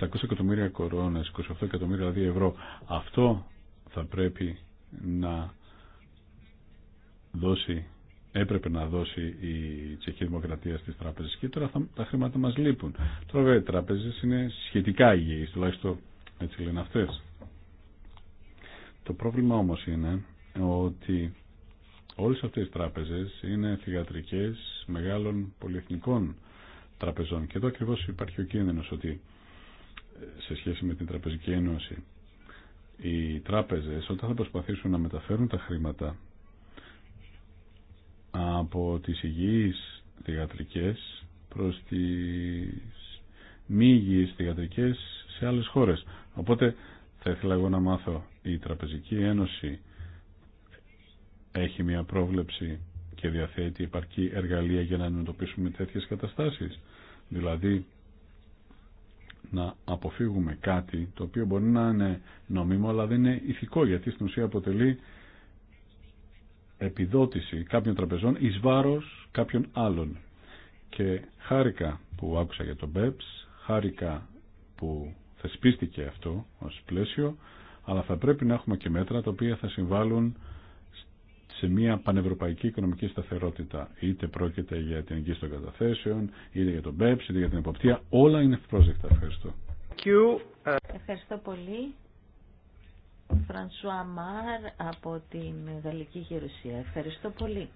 700 εκατομμύρια κορώνες, 28 εκατομμύρια δηλαδή ευρώ. Αυτό θα πρέπει να δώσει, έπρεπε να δώσει η Τσεχική αυτο θα πρεπει να δωσει επρεπε να δωσει η τσεχη δημοκρατια στις τράπεζες και τώρα τα χρήματα μας λείπουν. Τώρα οι τράπεζες είναι σχετικά υγιείς, τουλάχιστον έτσι λένε αυτές. Το πρόβλημα όμως είναι ότι όλες αυτές οι τράπεζες είναι θηγατρικές μεγάλων πολυεθνικών τραπεζών και εδώ ακριβώς υπάρχει ο κίνδυνος ότι ε, σε σχέση με την Τραπεζική Ένωση οι τράπεζες όταν θα προσπαθήσουν να μεταφέρουν τα χρήματα από τις υγιείς θηγατρικές προς τις μη υγιείς θηγατρικές σε άλλες χώρες. Οπότε θα ήθελα εγώ να μάθω η Τραπεζική Ένωση έχει μια πρόβλεψη και διαθέτει επαρκή εργαλεία για να αντιμετωπίσουμε τέτοιες καταστάσεις. Δηλαδή, να αποφύγουμε κάτι το οποίο μπορεί να είναι νομίμο αλλά δεν είναι ηθικό γιατί στην ουσία αποτελεί επιδότηση κάποιων τραπεζών εις βάρος κάποιων άλλων. Και χάρηκα που άκουσα για το BEPS, χάρηκα που θεσπίστηκε αυτό ως πλαίσιο αλλά θα πρέπει να έχουμε και μέτρα τα οποία θα συμβάλλουν σε μια πανευρωπαϊκή οικονομική σταθερότητα. Είτε πρόκειται για την εγγύηση των καταθέσεων, είτε για τον BEPS, είτε για την εποπτεία. Όλα είναι ευπρόσδεκτα. Ευχαριστώ. Ευχαριστώ πολύ. Φρανσουά Μάρ από την Γαλλική Γερουσία. Ευχαριστώ πολύ.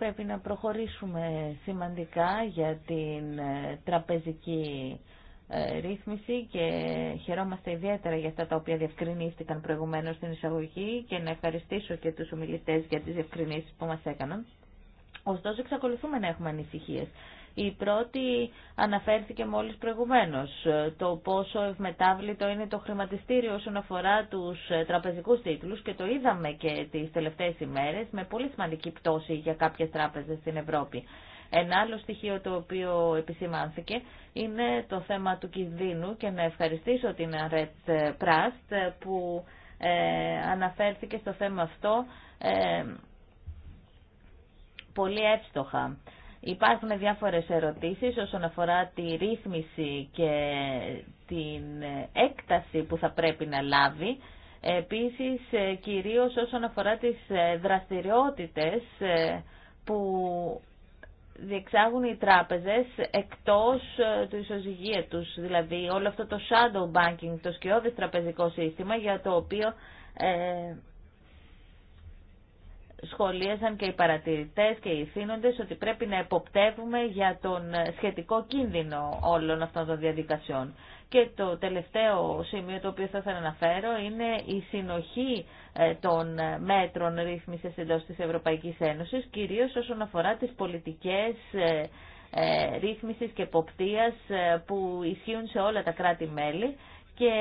πρέπει να προχωρήσουμε σημαντικά για την ε, τραπεζική ε, ρύθμιση και χαιρόμαστε ιδιαίτερα για αυτά τα οποία διευκρινίστηκαν προηγουμένως στην εισαγωγή και να ευχαριστήσω και τους ομιλητές για τις διευκρινήσεις που μας έκαναν. Ωστόσο, εξακολουθούμε να έχουμε ανησυχίες. Η πρώτη αναφέρθηκε μόλις προηγουμένως, το πόσο ευμετάβλητο είναι το χρηματιστήριο όσον αφορά τους ε, τραπεζικούς τίτλους και το είδαμε και τις τελευταίες ημέρες με πολύ σημαντική πτώση για κάποιες τράπεζες στην Ευρώπη. Ένα άλλο στοιχείο το οποίο επισημάνθηκε είναι το θέμα του κινδύνου και να ευχαριστήσω την Red Πράστ που ε, αναφέρθηκε στο θέμα αυτό ε, πολύ εύστοχα. Υπάρχουν διάφορες ερωτήσεις όσον αφορά τη ρύθμιση και την έκταση που θα πρέπει να λάβει. Επίσης, ε, κυρίως όσον αφορά τις ε, δραστηριότητες ε, που διεξάγουν οι τράπεζες εκτός του ισοζυγία τους, δηλαδή όλο αυτό το shadow banking, το σκιώδες τραπεζικό σύστημα για το οποίο σχολίασαν και οι παρατηρητές και οι θύνοντες ότι πρέπει να εποπτεύουμε για τον σχετικό κίνδυνο όλων αυτών των διαδικασιών. Και το τελευταίο σημείο το οποίο θα ήθελα να αναφέρω είναι η συνοχή ε, των μέτρων ρύθμισης εντός της Ευρωπαϊκής Ένωσης, κυρίως όσον αφορά τις πολιτικές ε, ε, ρύθμισης και εποπτείας που ισχύουν σε όλα τα κράτη-μέλη. Και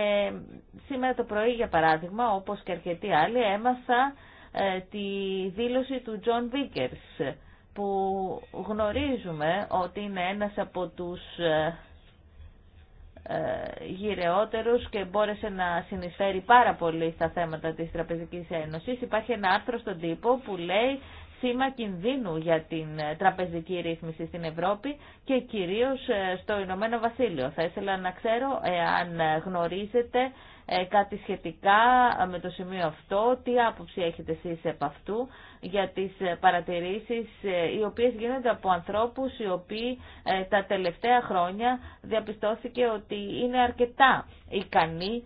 σήμερα το πρωί, για παράδειγμα, όπως και αρκετοί άλλοι, έμαθα ε, τη δήλωση του Τζον Βίκερς που γνωρίζουμε ότι είναι ένας από τους ε, ε, γυρεότερους και μπόρεσε να συνεισφέρει πάρα πολύ στα θέματα της Τραπεζικής Ένωσης. Υπάρχει ένα άρθρο στον τύπο που λέει σήμα κινδύνου για την τραπεζική ρύθμιση στην Ευρώπη και κυρίως στο Ηνωμένο Βασίλειο. Θα ήθελα να ξέρω αν γνωρίζετε ε, κάτι σχετικά ε, με το σημείο αυτό. Τι άποψη έχετε εσείς επ' αυτού για τις ε, παρατηρήσεις οι οποίες γίνονται από ανθρώπους οι οποίοι τα τελευταία χρόνια διαπιστώθηκε ότι είναι αρκετά ικανοί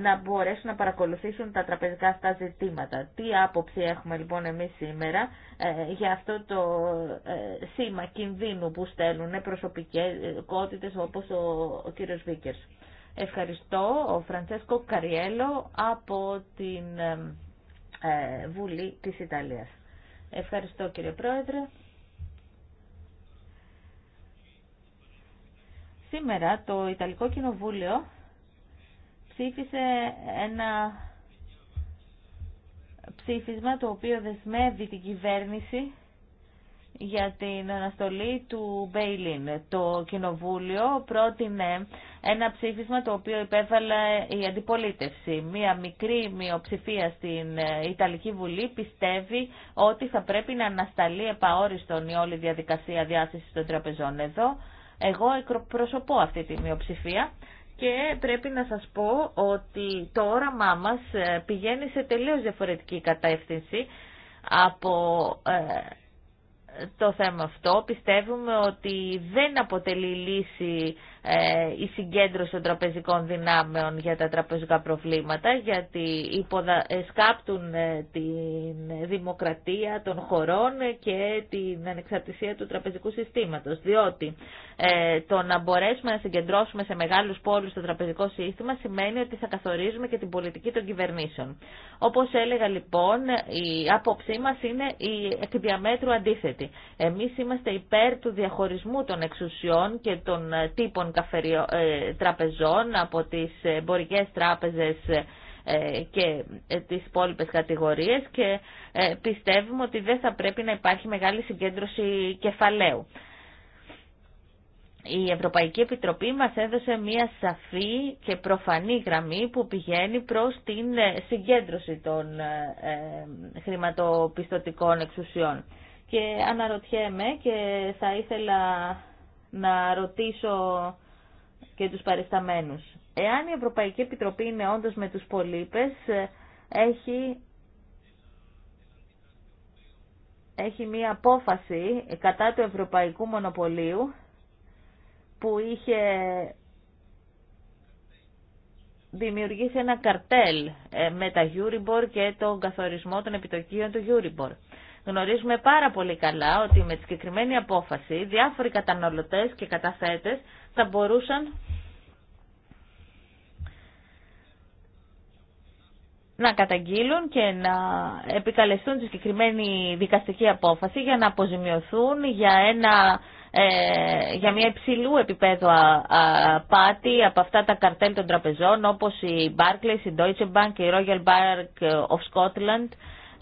να μπορέσουν να παρακολουθήσουν τα τραπεζικά αυτά ζητήματα. Τι άποψη έχουμε λοιπόν εμείς σήμερα για αυτό το σήμα κινδύνου που στέλνουν προσωπικές κότητες όπως ο κύριος Βίκερς. Ευχαριστώ ο Φραντσέσκο Καριέλο από την ε, Βουλή της Ιταλίας. Ευχαριστώ κύριε Πρόεδρε. Σήμερα το Ιταλικό Κοινοβούλιο ψήφισε ένα ψήφισμα το οποίο δεσμεύει την κυβέρνηση για την αναστολή του Μπέιλιν. Το Κοινοβούλιο πρότεινε ένα ψήφισμα το οποίο υπέβαλε η αντιπολίτευση. Μία μικρή μειοψηφία στην ε, Ιταλική Βουλή πιστεύει ότι θα πρέπει να ανασταλεί επαόριστον η όλη διαδικασία διάθεση των τραπεζών εδώ. Εγώ εκπροσωπώ αυτή τη μειοψηφία και πρέπει να σας πω ότι το όραμά μας ε, πηγαίνει σε τελείως διαφορετική κατεύθυνση από ε, το θέμα αυτό. Πιστεύουμε ότι δεν αποτελεί λύση ε, η συγκέντρωση των τραπεζικών δυνάμεων για τα τραπεζικά προβλήματα, γιατί υποδα... σκάπτουν ε, την δημοκρατία των χωρών και την ανεξαρτησία του τραπεζικού συστήματος. Διότι ε, το να μπορέσουμε να συγκεντρώσουμε σε μεγάλους πόλους το τραπεζικό σύστημα σημαίνει ότι θα καθορίζουμε και την πολιτική των κυβερνήσεων. Όπως έλεγα λοιπόν, η άποψή μας είναι η εκ διαμέτρου αντίθετη. Εμείς είμαστε υπέρ του διαχωρισμού των εξουσιών και των τύπων ε, τραπεζών, από τις εμπορικές τράπεζες ε, και ε, τις υπόλοιπε κατηγορίες και πιστεύουμε ότι δεν θα πρέπει να υπάρχει μεγάλη συγκέντρωση κεφαλαίου. Η Ευρωπαϊκή Επιτροπή μας έδωσε μία σαφή και προφανή γραμμή που πηγαίνει προς την συγκέντρωση των χρηματοπιστωτικών εξουσιών. Και αναρωτιέμαι και θα ήθελα να ρωτήσω και τους παρισταμένους. Εάν η Ευρωπαϊκή Επιτροπή είναι όντως με τους πολίπες, έχει, έχει μία απόφαση κατά του Ευρωπαϊκού Μονοπωλίου που είχε δημιουργήσει ένα καρτέλ ε, με τα Euribor και τον καθορισμό των επιτοκίων του Euribor. Γνωρίζουμε πάρα πολύ καλά ότι με τη συγκεκριμένη απόφαση διάφοροι καταναλωτές και καταθέτες θα μπορούσαν να καταγγείλουν και να επικαλεστούν τη συγκεκριμένη δικαστική απόφαση για να αποζημιωθούν για ένα ε, για μια υψηλού επίπεδου πάτη από αυτά τα καρτέλ των τραπεζών όπως η Barclays, η Deutsche Bank, και η Royal Bank of Scotland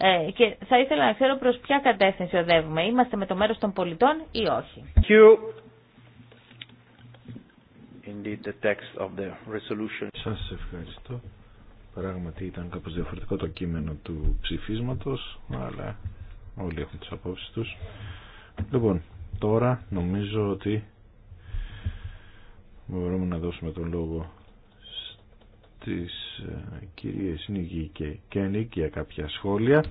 ε, και θα ήθελα να ξέρω προς ποια κατεύθυνση οδεύουμε. Είμαστε με το μέρος των πολιτών ή όχι. Indeed, the text of the resolution. Σας ευχαριστώ. Πράγματι ήταν κάπως διαφορετικό το κείμενο του ψηφίσματος, αλλά όλοι έχουν τις απόψεις τους. Λοιπόν, τώρα νομίζω ότι μπορούμε να δώσουμε τον λόγο τις ε, κυρίες Νίγη και Κένικ για κάποια σχόλια.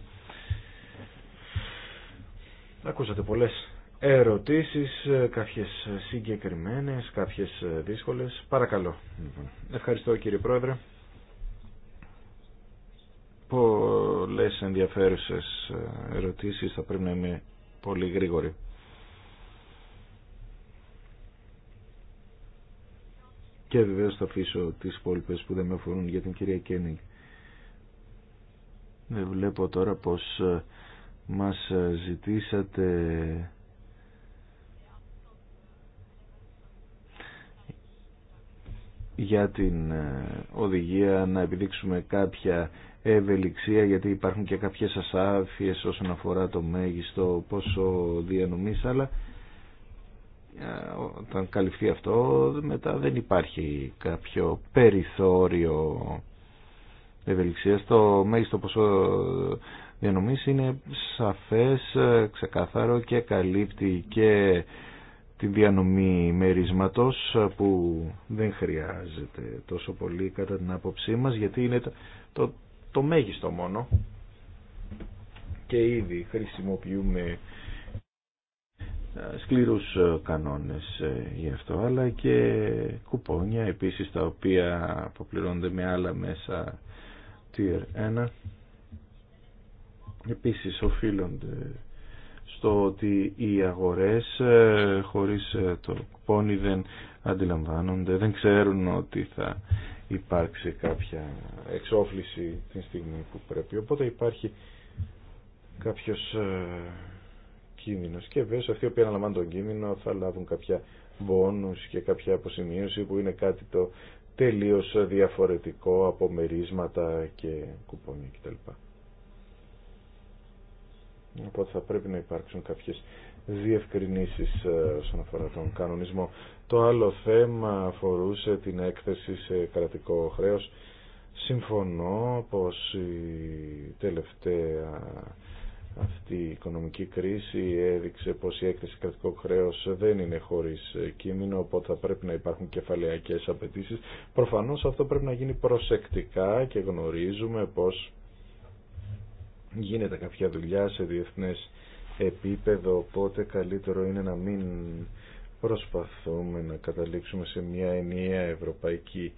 Ακούσατε πολλές ερωτήσεις, ε, κάποιες συγκεκριμένες, κάποιες ε, δύσκολες. Παρακαλώ. Λοιπόν. Ευχαριστώ κύριε Πρόεδρε. Πολλές ενδιαφέρουσες ερωτήσεις, θα πρέπει να είμαι πολύ γρήγορη. Και βεβαίως θα αφήσω τις υπόλοιπε που δεν με αφορούν για την κυρία Κένιγκ. Δεν ναι, βλέπω τώρα πως ε, μας ε, ζητήσατε για την ε, οδηγία να επιδείξουμε κάποια ευελιξία γιατί υπάρχουν και κάποιες ασάφειες όσον αφορά το μέγιστο πόσο διανομής αλλά όταν καλυφθεί αυτό μετά δεν υπάρχει κάποιο περιθώριο ευελιξίας το μέγιστο ποσό διανομής είναι σαφές, ξεκαθαρό και καλύπτει και τη διανομή μερίσματος που δεν χρειάζεται τόσο πολύ κατά την άποψή μας γιατί είναι το, το, το μέγιστο μόνο και ήδη χρησιμοποιούμε ε, σκληρούς ε, κανόνες ε, γι' αυτό αλλά και κουπόνια επίσης τα οποία αποπληρώνονται με άλλα μέσα tier 1 επίσης οφείλονται στο ότι οι αγορές χωρίς το κουπόνι δεν αντιλαμβάνονται δεν ξέρουν ότι θα υπάρξει κάποια εξόφληση την στιγμή που πρέπει οπότε υπάρχει κάποιος κίνδυνος και βέβαια αυτοί οι οποίοι αναλαμβάνουν τον κίνδυνο θα λάβουν κάποια μπόνους και κάποια αποσημείωση που είναι κάτι το τελείως διαφορετικό από μερίσματα και κουπόνια κτλ. Οπότε θα πρέπει να υπάρξουν κάποιες διευκρινήσει ε, όσον αφορά τον κανονισμό. Το άλλο θέμα αφορούσε την έκθεση σε κρατικό χρέος. Συμφωνώ πως η τελευταία αυτή η οικονομική κρίση έδειξε πως η έκθεση κρατικό χρέος δεν είναι χωρίς κείμενο, οπότε θα πρέπει να υπάρχουν κεφαλαιακές απαιτήσει. Προφανώς αυτό πρέπει να γίνει προσεκτικά και γνωρίζουμε πως γίνεται κάποια δουλειά σε διεθνές επίπεδο, οπότε καλύτερο είναι να μην προσπαθούμε να καταλήξουμε σε μια ενιαία ευρωπαϊκή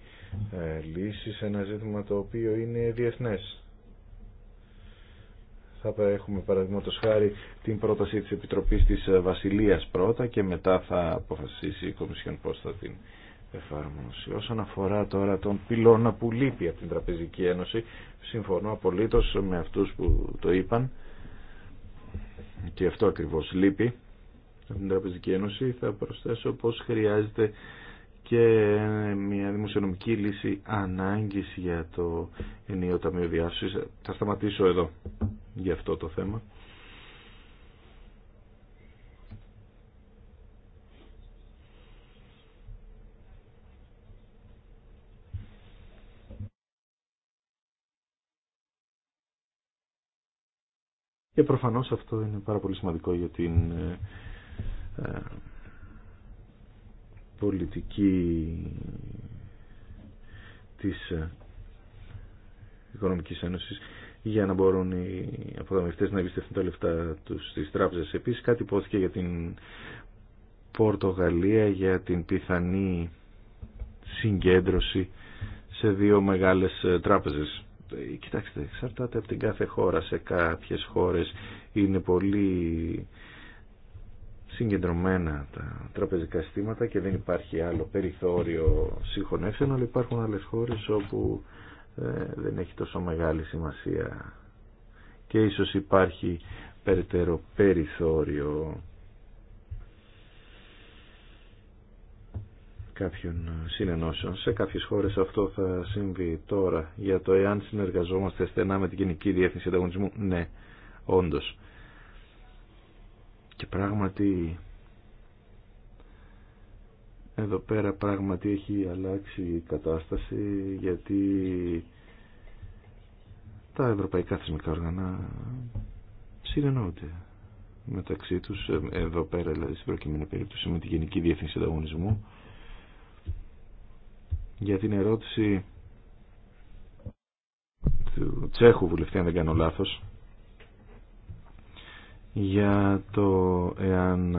ε, λύση, σε ένα ζήτημα το οποίο είναι διεθνές θα έχουμε παραδείγματο χάρη την πρόταση της Επιτροπής της ε, Βασιλείας πρώτα και μετά θα αποφασίσει η Κομισιόν πώς θα την εφαρμόσει. Όσον αφορά τώρα τον πυλώνα που λείπει από την Τραπεζική Ένωση, συμφωνώ απολύτως με αυτούς που το είπαν και αυτό ακριβώς λείπει από την Τραπεζική Ένωση. Θα προσθέσω πως χρειάζεται και μια δημοσιονομική λύση ανάγκης για το ενίο ταμείο διάσωσης. Θα σταματήσω εδώ για αυτό το θέμα. Και προφανώς αυτό είναι πάρα πολύ σημαντικό για την ε, ε πολιτική της ε, Οικονομικής Ένωσης για να μπορούν οι αποδομευτές να εμπιστευτούν τα λεφτά τους στις τράπεζες. Επίσης κάτι υπόθηκε για την Πορτογαλία για την πιθανή συγκέντρωση σε δύο μεγάλες ε, τράπεζες. Ε, κοιτάξτε, εξαρτάται από την κάθε χώρα. Σε κάποιες χώρες είναι πολύ συγκεντρωμένα τα τραπεζικά συστήματα και δεν υπάρχει άλλο περιθώριο συγχωνεύσεων, αλλά υπάρχουν άλλες χώρες όπου ε, δεν έχει τόσο μεγάλη σημασία και ίσως υπάρχει περαιτέρω περιθώριο κάποιων συνενώσεων. Σε κάποιες χώρες αυτό θα συμβεί τώρα για το εάν συνεργαζόμαστε στενά με την Γενική Διεύθυνση Ανταγωνισμού. Ναι, όντως. Και πράγματι εδώ πέρα πράγματι έχει αλλάξει η κατάσταση γιατί τα ευρωπαϊκά θεσμικά όργανα συνεννοούνται μεταξύ τους ε, εδώ πέρα δηλαδή στην προκειμένη περίπτωση με τη Γενική Διεθνή συνταγωνισμού, για την ερώτηση του Τσέχου βουλευτή αν δεν κάνω λάθος για το εάν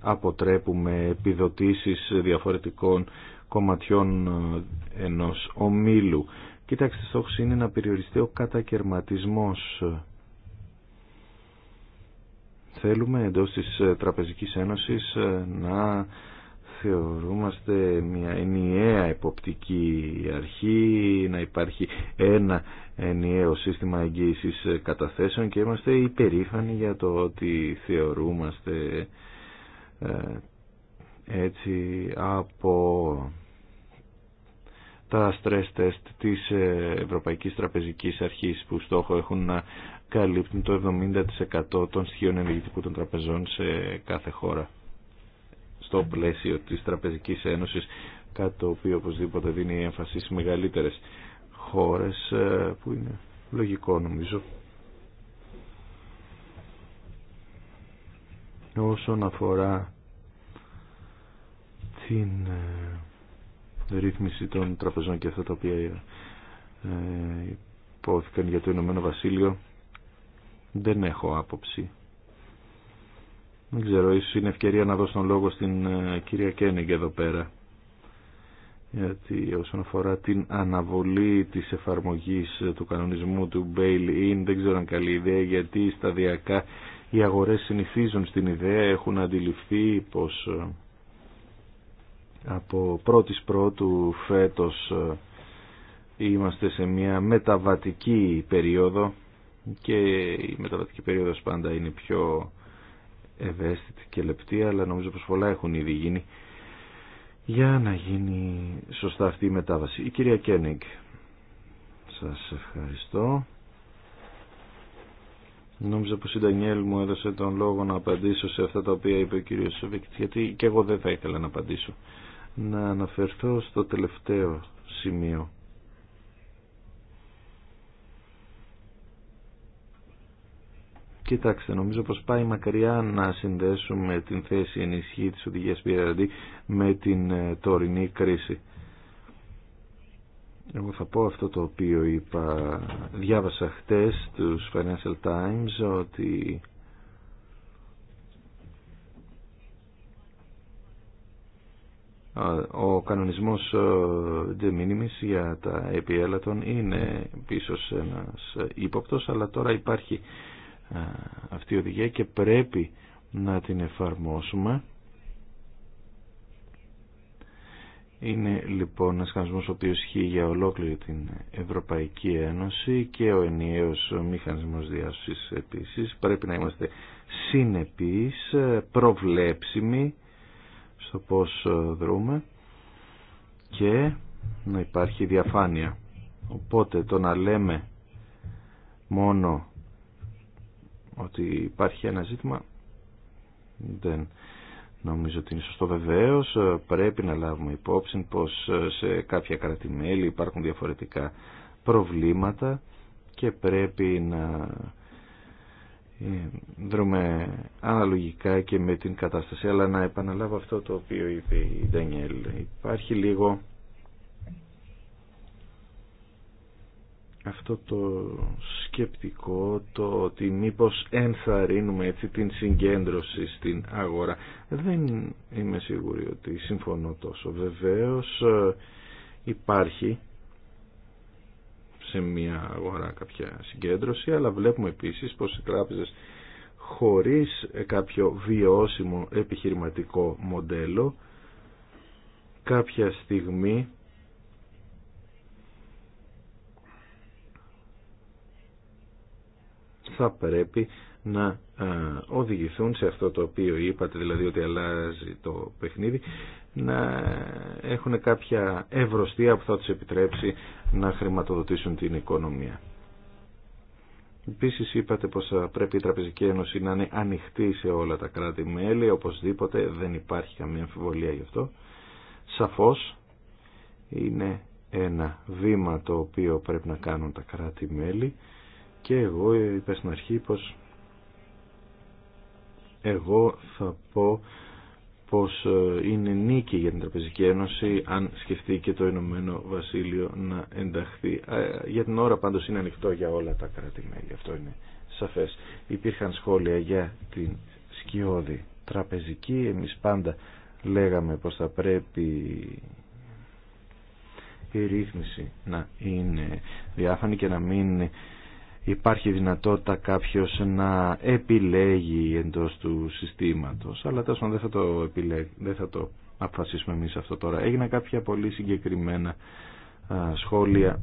αποτρέπουμε επιδοτήσεις διαφορετικών κομματιών ενός ομίλου. Κοιτάξτε, στόχος είναι να περιοριστεί ο κατακαιρματισμός. Θέλουμε εντός της Τραπεζικής Ένωσης να θεωρούμαστε μια ενιαία εποπτική αρχή, να υπάρχει ένα ενιαίο σύστημα εγγύησης καταθέσεων και είμαστε υπερήφανοι για το ότι θεωρούμαστε ε, έτσι από τα stress test της ε, Ευρωπαϊκής Τραπεζικής Αρχής που στόχο έχουν να καλύπτουν το 70% των στοιχείων ενεργητικού των τραπεζών σε κάθε χώρα. Το πλαίσιο της Τραπεζικής Ένωσης, κάτι το οποίο οπωσδήποτε δίνει έμφαση στις μεγαλύτερες χώρες ε, που είναι λογικό νομίζω. Όσον αφορά την ε, ρύθμιση των τραπεζών και αυτά τα οποία ε, υπόθηκαν για το Ηνωμένο Βασίλειο, δεν έχω άποψη δεν ξέρω, ίσως είναι ευκαιρία να δώσω τον λόγο στην ε, κυρία Κένιγκ εδώ πέρα. Γιατί όσον αφορά την αναβολή της εφαρμογής ε, του κανονισμού του bail-in, δεν ξέρω αν καλή ιδέα, γιατί σταδιακά οι αγορές συνηθίζουν στην ιδέα, έχουν αντιληφθεί πως ε, από πρώτης πρώτου φέτος είμαστε σε μια μεταβατική περίοδο και η μεταβατική περίοδος πάντα είναι πιο ευαίσθητη και λεπτή, αλλά νομίζω πως πολλά έχουν ήδη γίνει για να γίνει σωστά αυτή η μετάβαση. Η κυρία Κένιγκ, σας ευχαριστώ. Νόμιζα πως η Ντανιέλ μου έδωσε τον λόγο να απαντήσω σε αυτά τα οποία είπε ο κύριος Σεβίκτης, γιατί και εγώ δεν θα ήθελα να απαντήσω. Να αναφερθώ στο τελευταίο σημείο Κοιτάξτε, νομίζω πως πάει μακριά να συνδέσουμε την θέση ενισχύ της οδηγίας BRD με την ε, τωρινή κρίση. Εγώ θα πω αυτό το οποίο είπα, διάβασα χτες τους Financial Times ότι ο κανονισμός ε, de minimis για τα επιέλατων είναι πίσω σε ένας ύποπτος αλλά τώρα υπάρχει αυτή η οδηγία και πρέπει να την εφαρμόσουμε. Είναι λοιπόν ένα μηχανισμό ο οποίο ισχύει για ολόκληρη την Ευρωπαϊκή Ένωση και ο ενιαίο μηχανισμό διάσωση επίση. Πρέπει να είμαστε συνεπεί, προβλέψιμοι στο πώ ε, δρούμε και να υπάρχει διαφάνεια. Οπότε το να λέμε μόνο ότι υπάρχει ένα ζήτημα. Δεν νομίζω ότι είναι σωστό βεβαίω. Ε, πρέπει να λάβουμε υπόψη πως ε, σε κάποια κρατημέλη υπάρχουν διαφορετικά προβλήματα και πρέπει να ε, δρούμε αναλογικά και με την κατάσταση. Αλλά να επαναλάβω αυτό το οποίο είπε η Ντανιέλ. Υπάρχει λίγο αυτό το σκεπτικό το ότι μήπως ενθαρρύνουμε έτσι την συγκέντρωση στην αγορά. Δεν είμαι σίγουρη ότι συμφωνώ τόσο. Βεβαίως ε, υπάρχει σε μια αγορά κάποια συγκέντρωση, αλλά βλέπουμε επίσης πως οι τράπεζες χωρίς ε, κάποιο βιώσιμο επιχειρηματικό μοντέλο κάποια στιγμή θα πρέπει να ε, οδηγηθούν σε αυτό το οποίο είπατε, δηλαδή ότι αλλάζει το παιχνίδι, να έχουν κάποια ευρωστία που θα τους επιτρέψει να χρηματοδοτήσουν την οικονομία. Επίσης είπατε πως πρέπει η Τραπεζική Ένωση να είναι ανοιχτή σε όλα τα κράτη-μέλη, οπωσδήποτε δεν υπάρχει καμία αμφιβολία γι' αυτό. Σαφώς είναι ένα βήμα το οποίο πρέπει να κάνουν τα κράτη-μέλη και εγώ είπα στην αρχή πως εγώ θα πω πως ε, είναι νίκη για την Τραπεζική Ένωση αν σκεφτεί και το Ηνωμένο Βασίλειο να ενταχθεί. Ε, για την ώρα πάντως είναι ανοιχτό για όλα τα κράτη-μέλη, αυτό είναι σαφές. Υπήρχαν σχόλια για την σκιώδη τραπεζική, εμείς πάντα λέγαμε πως θα πρέπει η ρύθμιση να είναι διάφανη και να μην υπάρχει δυνατότητα κάποιος να επιλέγει εντός του συστήματος. Αλλά τέλος δεν θα το, επιλέγει, δεν θα το αποφασίσουμε εμείς αυτό τώρα. Έγιναν κάποια πολύ συγκεκριμένα σχόλια.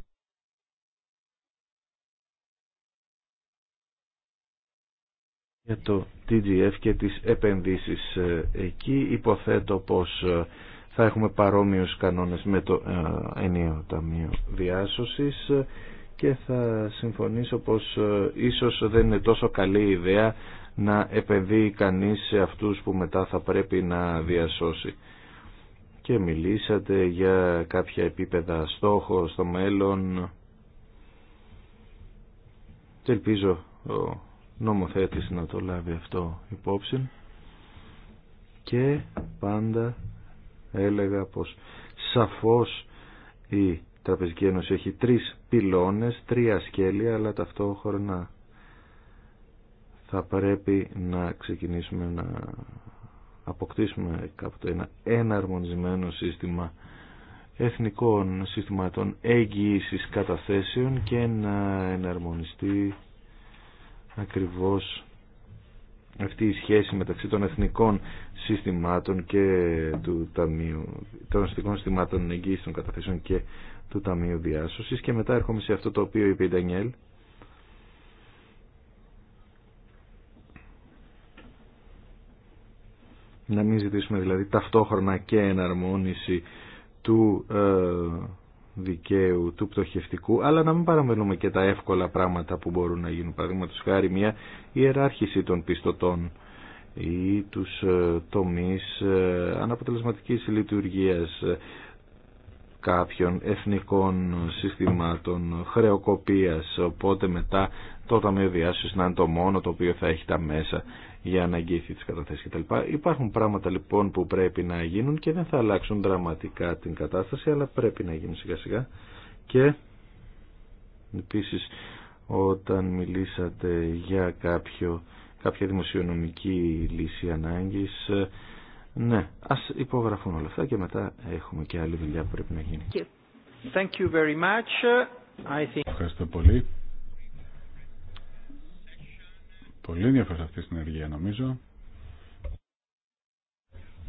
για το TGF και τις επενδύσεις ε, εκεί υποθέτω πως ε, θα έχουμε παρόμοιους κανόνες με το ε, ενίο ταμείο διάσωσης και θα συμφωνήσω πως ε, ίσως δεν είναι τόσο καλή ιδέα να επενδύει κανείς σε αυτούς που μετά θα πρέπει να διασώσει. Και μιλήσατε για κάποια επίπεδα στόχο στο μέλλον. Και ελπίζω ο νομοθέτης να το λάβει αυτό υπόψη. Και πάντα έλεγα πως σαφώς η Τραπεζική Ένωση έχει τρεις πυλώνες, τρία σκέλια, αλλά ταυτόχρονα θα πρέπει να ξεκινήσουμε να αποκτήσουμε κάποτε ένα εναρμονισμένο σύστημα εθνικών συστημάτων εγγύησης καταθέσεων και να εναρμονιστεί ακριβώς αυτή η σχέση μεταξύ των εθνικών συστημάτων και του ταμείου, των εθνικών συστημάτων εγγύησης των καταθέσεων και του Ταμείου Διάσωσης και μετά έρχομαι σε αυτό το οποίο είπε η Ντανιέλ. Να μην ζητήσουμε δηλαδή ταυτόχρονα και εναρμόνιση του ε, δικαίου, του πτωχευτικού, αλλά να μην παραμελούμε και τα εύκολα πράγματα που μπορούν να γίνουν. Παραδείγματο χάρη μια ιεράρχηση των πιστωτών ή τους ε, τομείς ε, αναποτελεσματικής λειτουργίας κάποιων εθνικών συστημάτων χρεοκοπίας οπότε μετά το Ταμείο Διάσωσης να είναι το μόνο το οποίο θα έχει τα μέσα για να αγγίθει τις καταθέσεις κτλ. Υπάρχουν πράγματα λοιπόν που πρέπει να γίνουν και δεν θα αλλάξουν δραματικά την κατάσταση αλλά πρέπει να γίνουν σιγά σιγά και επίσης όταν μιλήσατε για κάποιο, κάποια δημοσιονομική λύση ανάγκης ναι, ας υπογραφούν όλα αυτά και μετά έχουμε και άλλη δουλειά που πρέπει να γίνει. Thank you very much. I think... Ευχαριστώ πολύ. Πολύ ενδιαφέρουσα αυτή η συνεργεία νομίζω.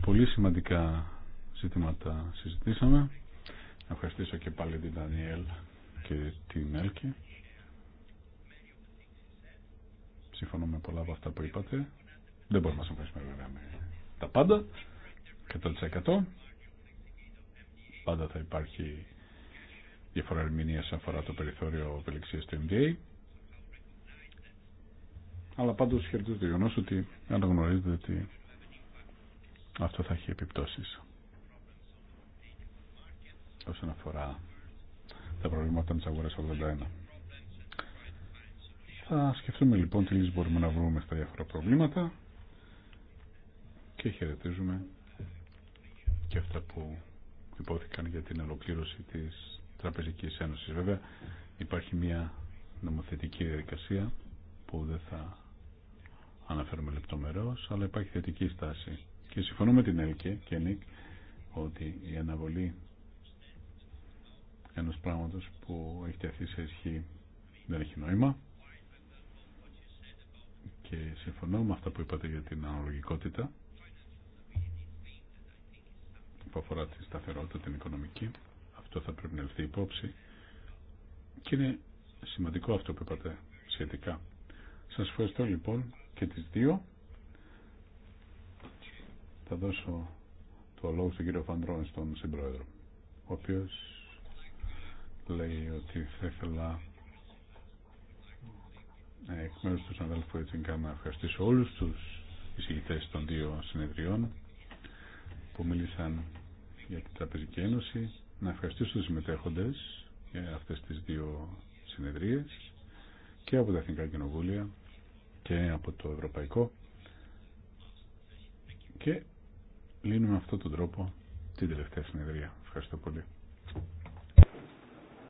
Πολύ σημαντικά ζητήματα συζητήσαμε. Να ευχαριστήσω και πάλι την Δανιέλ και την Έλκη. Συμφωνώ με πολλά από αυτά που είπατε. Δεν μπορούμε να συμφωνήσουμε βέβαια με τα πάντα 100% πάντα θα υπάρχει διαφορά σε αφορά το περιθώριο επιλεξίας του MDA αλλά πάντως χαιρετίζω το γεγονό ότι αναγνωρίζετε ότι αυτό θα έχει επιπτώσεις όσον αφορά τα προβλήματα της αγοράς 81. Θα σκεφτούμε λοιπόν τι λύσεις μπορούμε να βρούμε στα διάφορα προβλήματα και χαιρετίζουμε και αυτά που υπόθηκαν για την ολοκλήρωση της Τραπεζικής Ένωσης. Βέβαια υπάρχει μια νομοθετική διαδικασία που δεν θα αναφέρουμε λεπτομερώς, αλλά υπάρχει θετική στάση. Και συμφωνώ με την Έλκε και Νίκ ότι η αναβολή ενός πράγματος που έχει τεθεί σε ισχύ δεν έχει νόημα και συμφωνώ με αυτά που είπατε για την αναλογικότητα που αφορά τη σταθερότητα την οικονομική. Αυτό θα πρέπει να ληφθεί υπόψη. Και είναι σημαντικό αυτό που είπατε σχετικά. Σας ευχαριστώ λοιπόν και τις δύο. Θα δώσω το λόγο στον κύριο Φαντρόν στον συμπρόεδρο, ο οποίος λέει ότι θα ήθελα ε, εκ μέρους του συναδέλφου Ετσίνκα να ευχαριστήσω όλους τους εισηγητές των δύο συνεδριών που μίλησαν για την Τραπεζική Ένωση. Να ευχαριστήσω τους συμμετέχοντες για αυτές τις δύο συνεδρίες και από τα Εθνικά Κοινοβούλια και από το Ευρωπαϊκό και λύνουμε αυτόν τον τρόπο την τελευταία συνεδρία. Ευχαριστώ πολύ.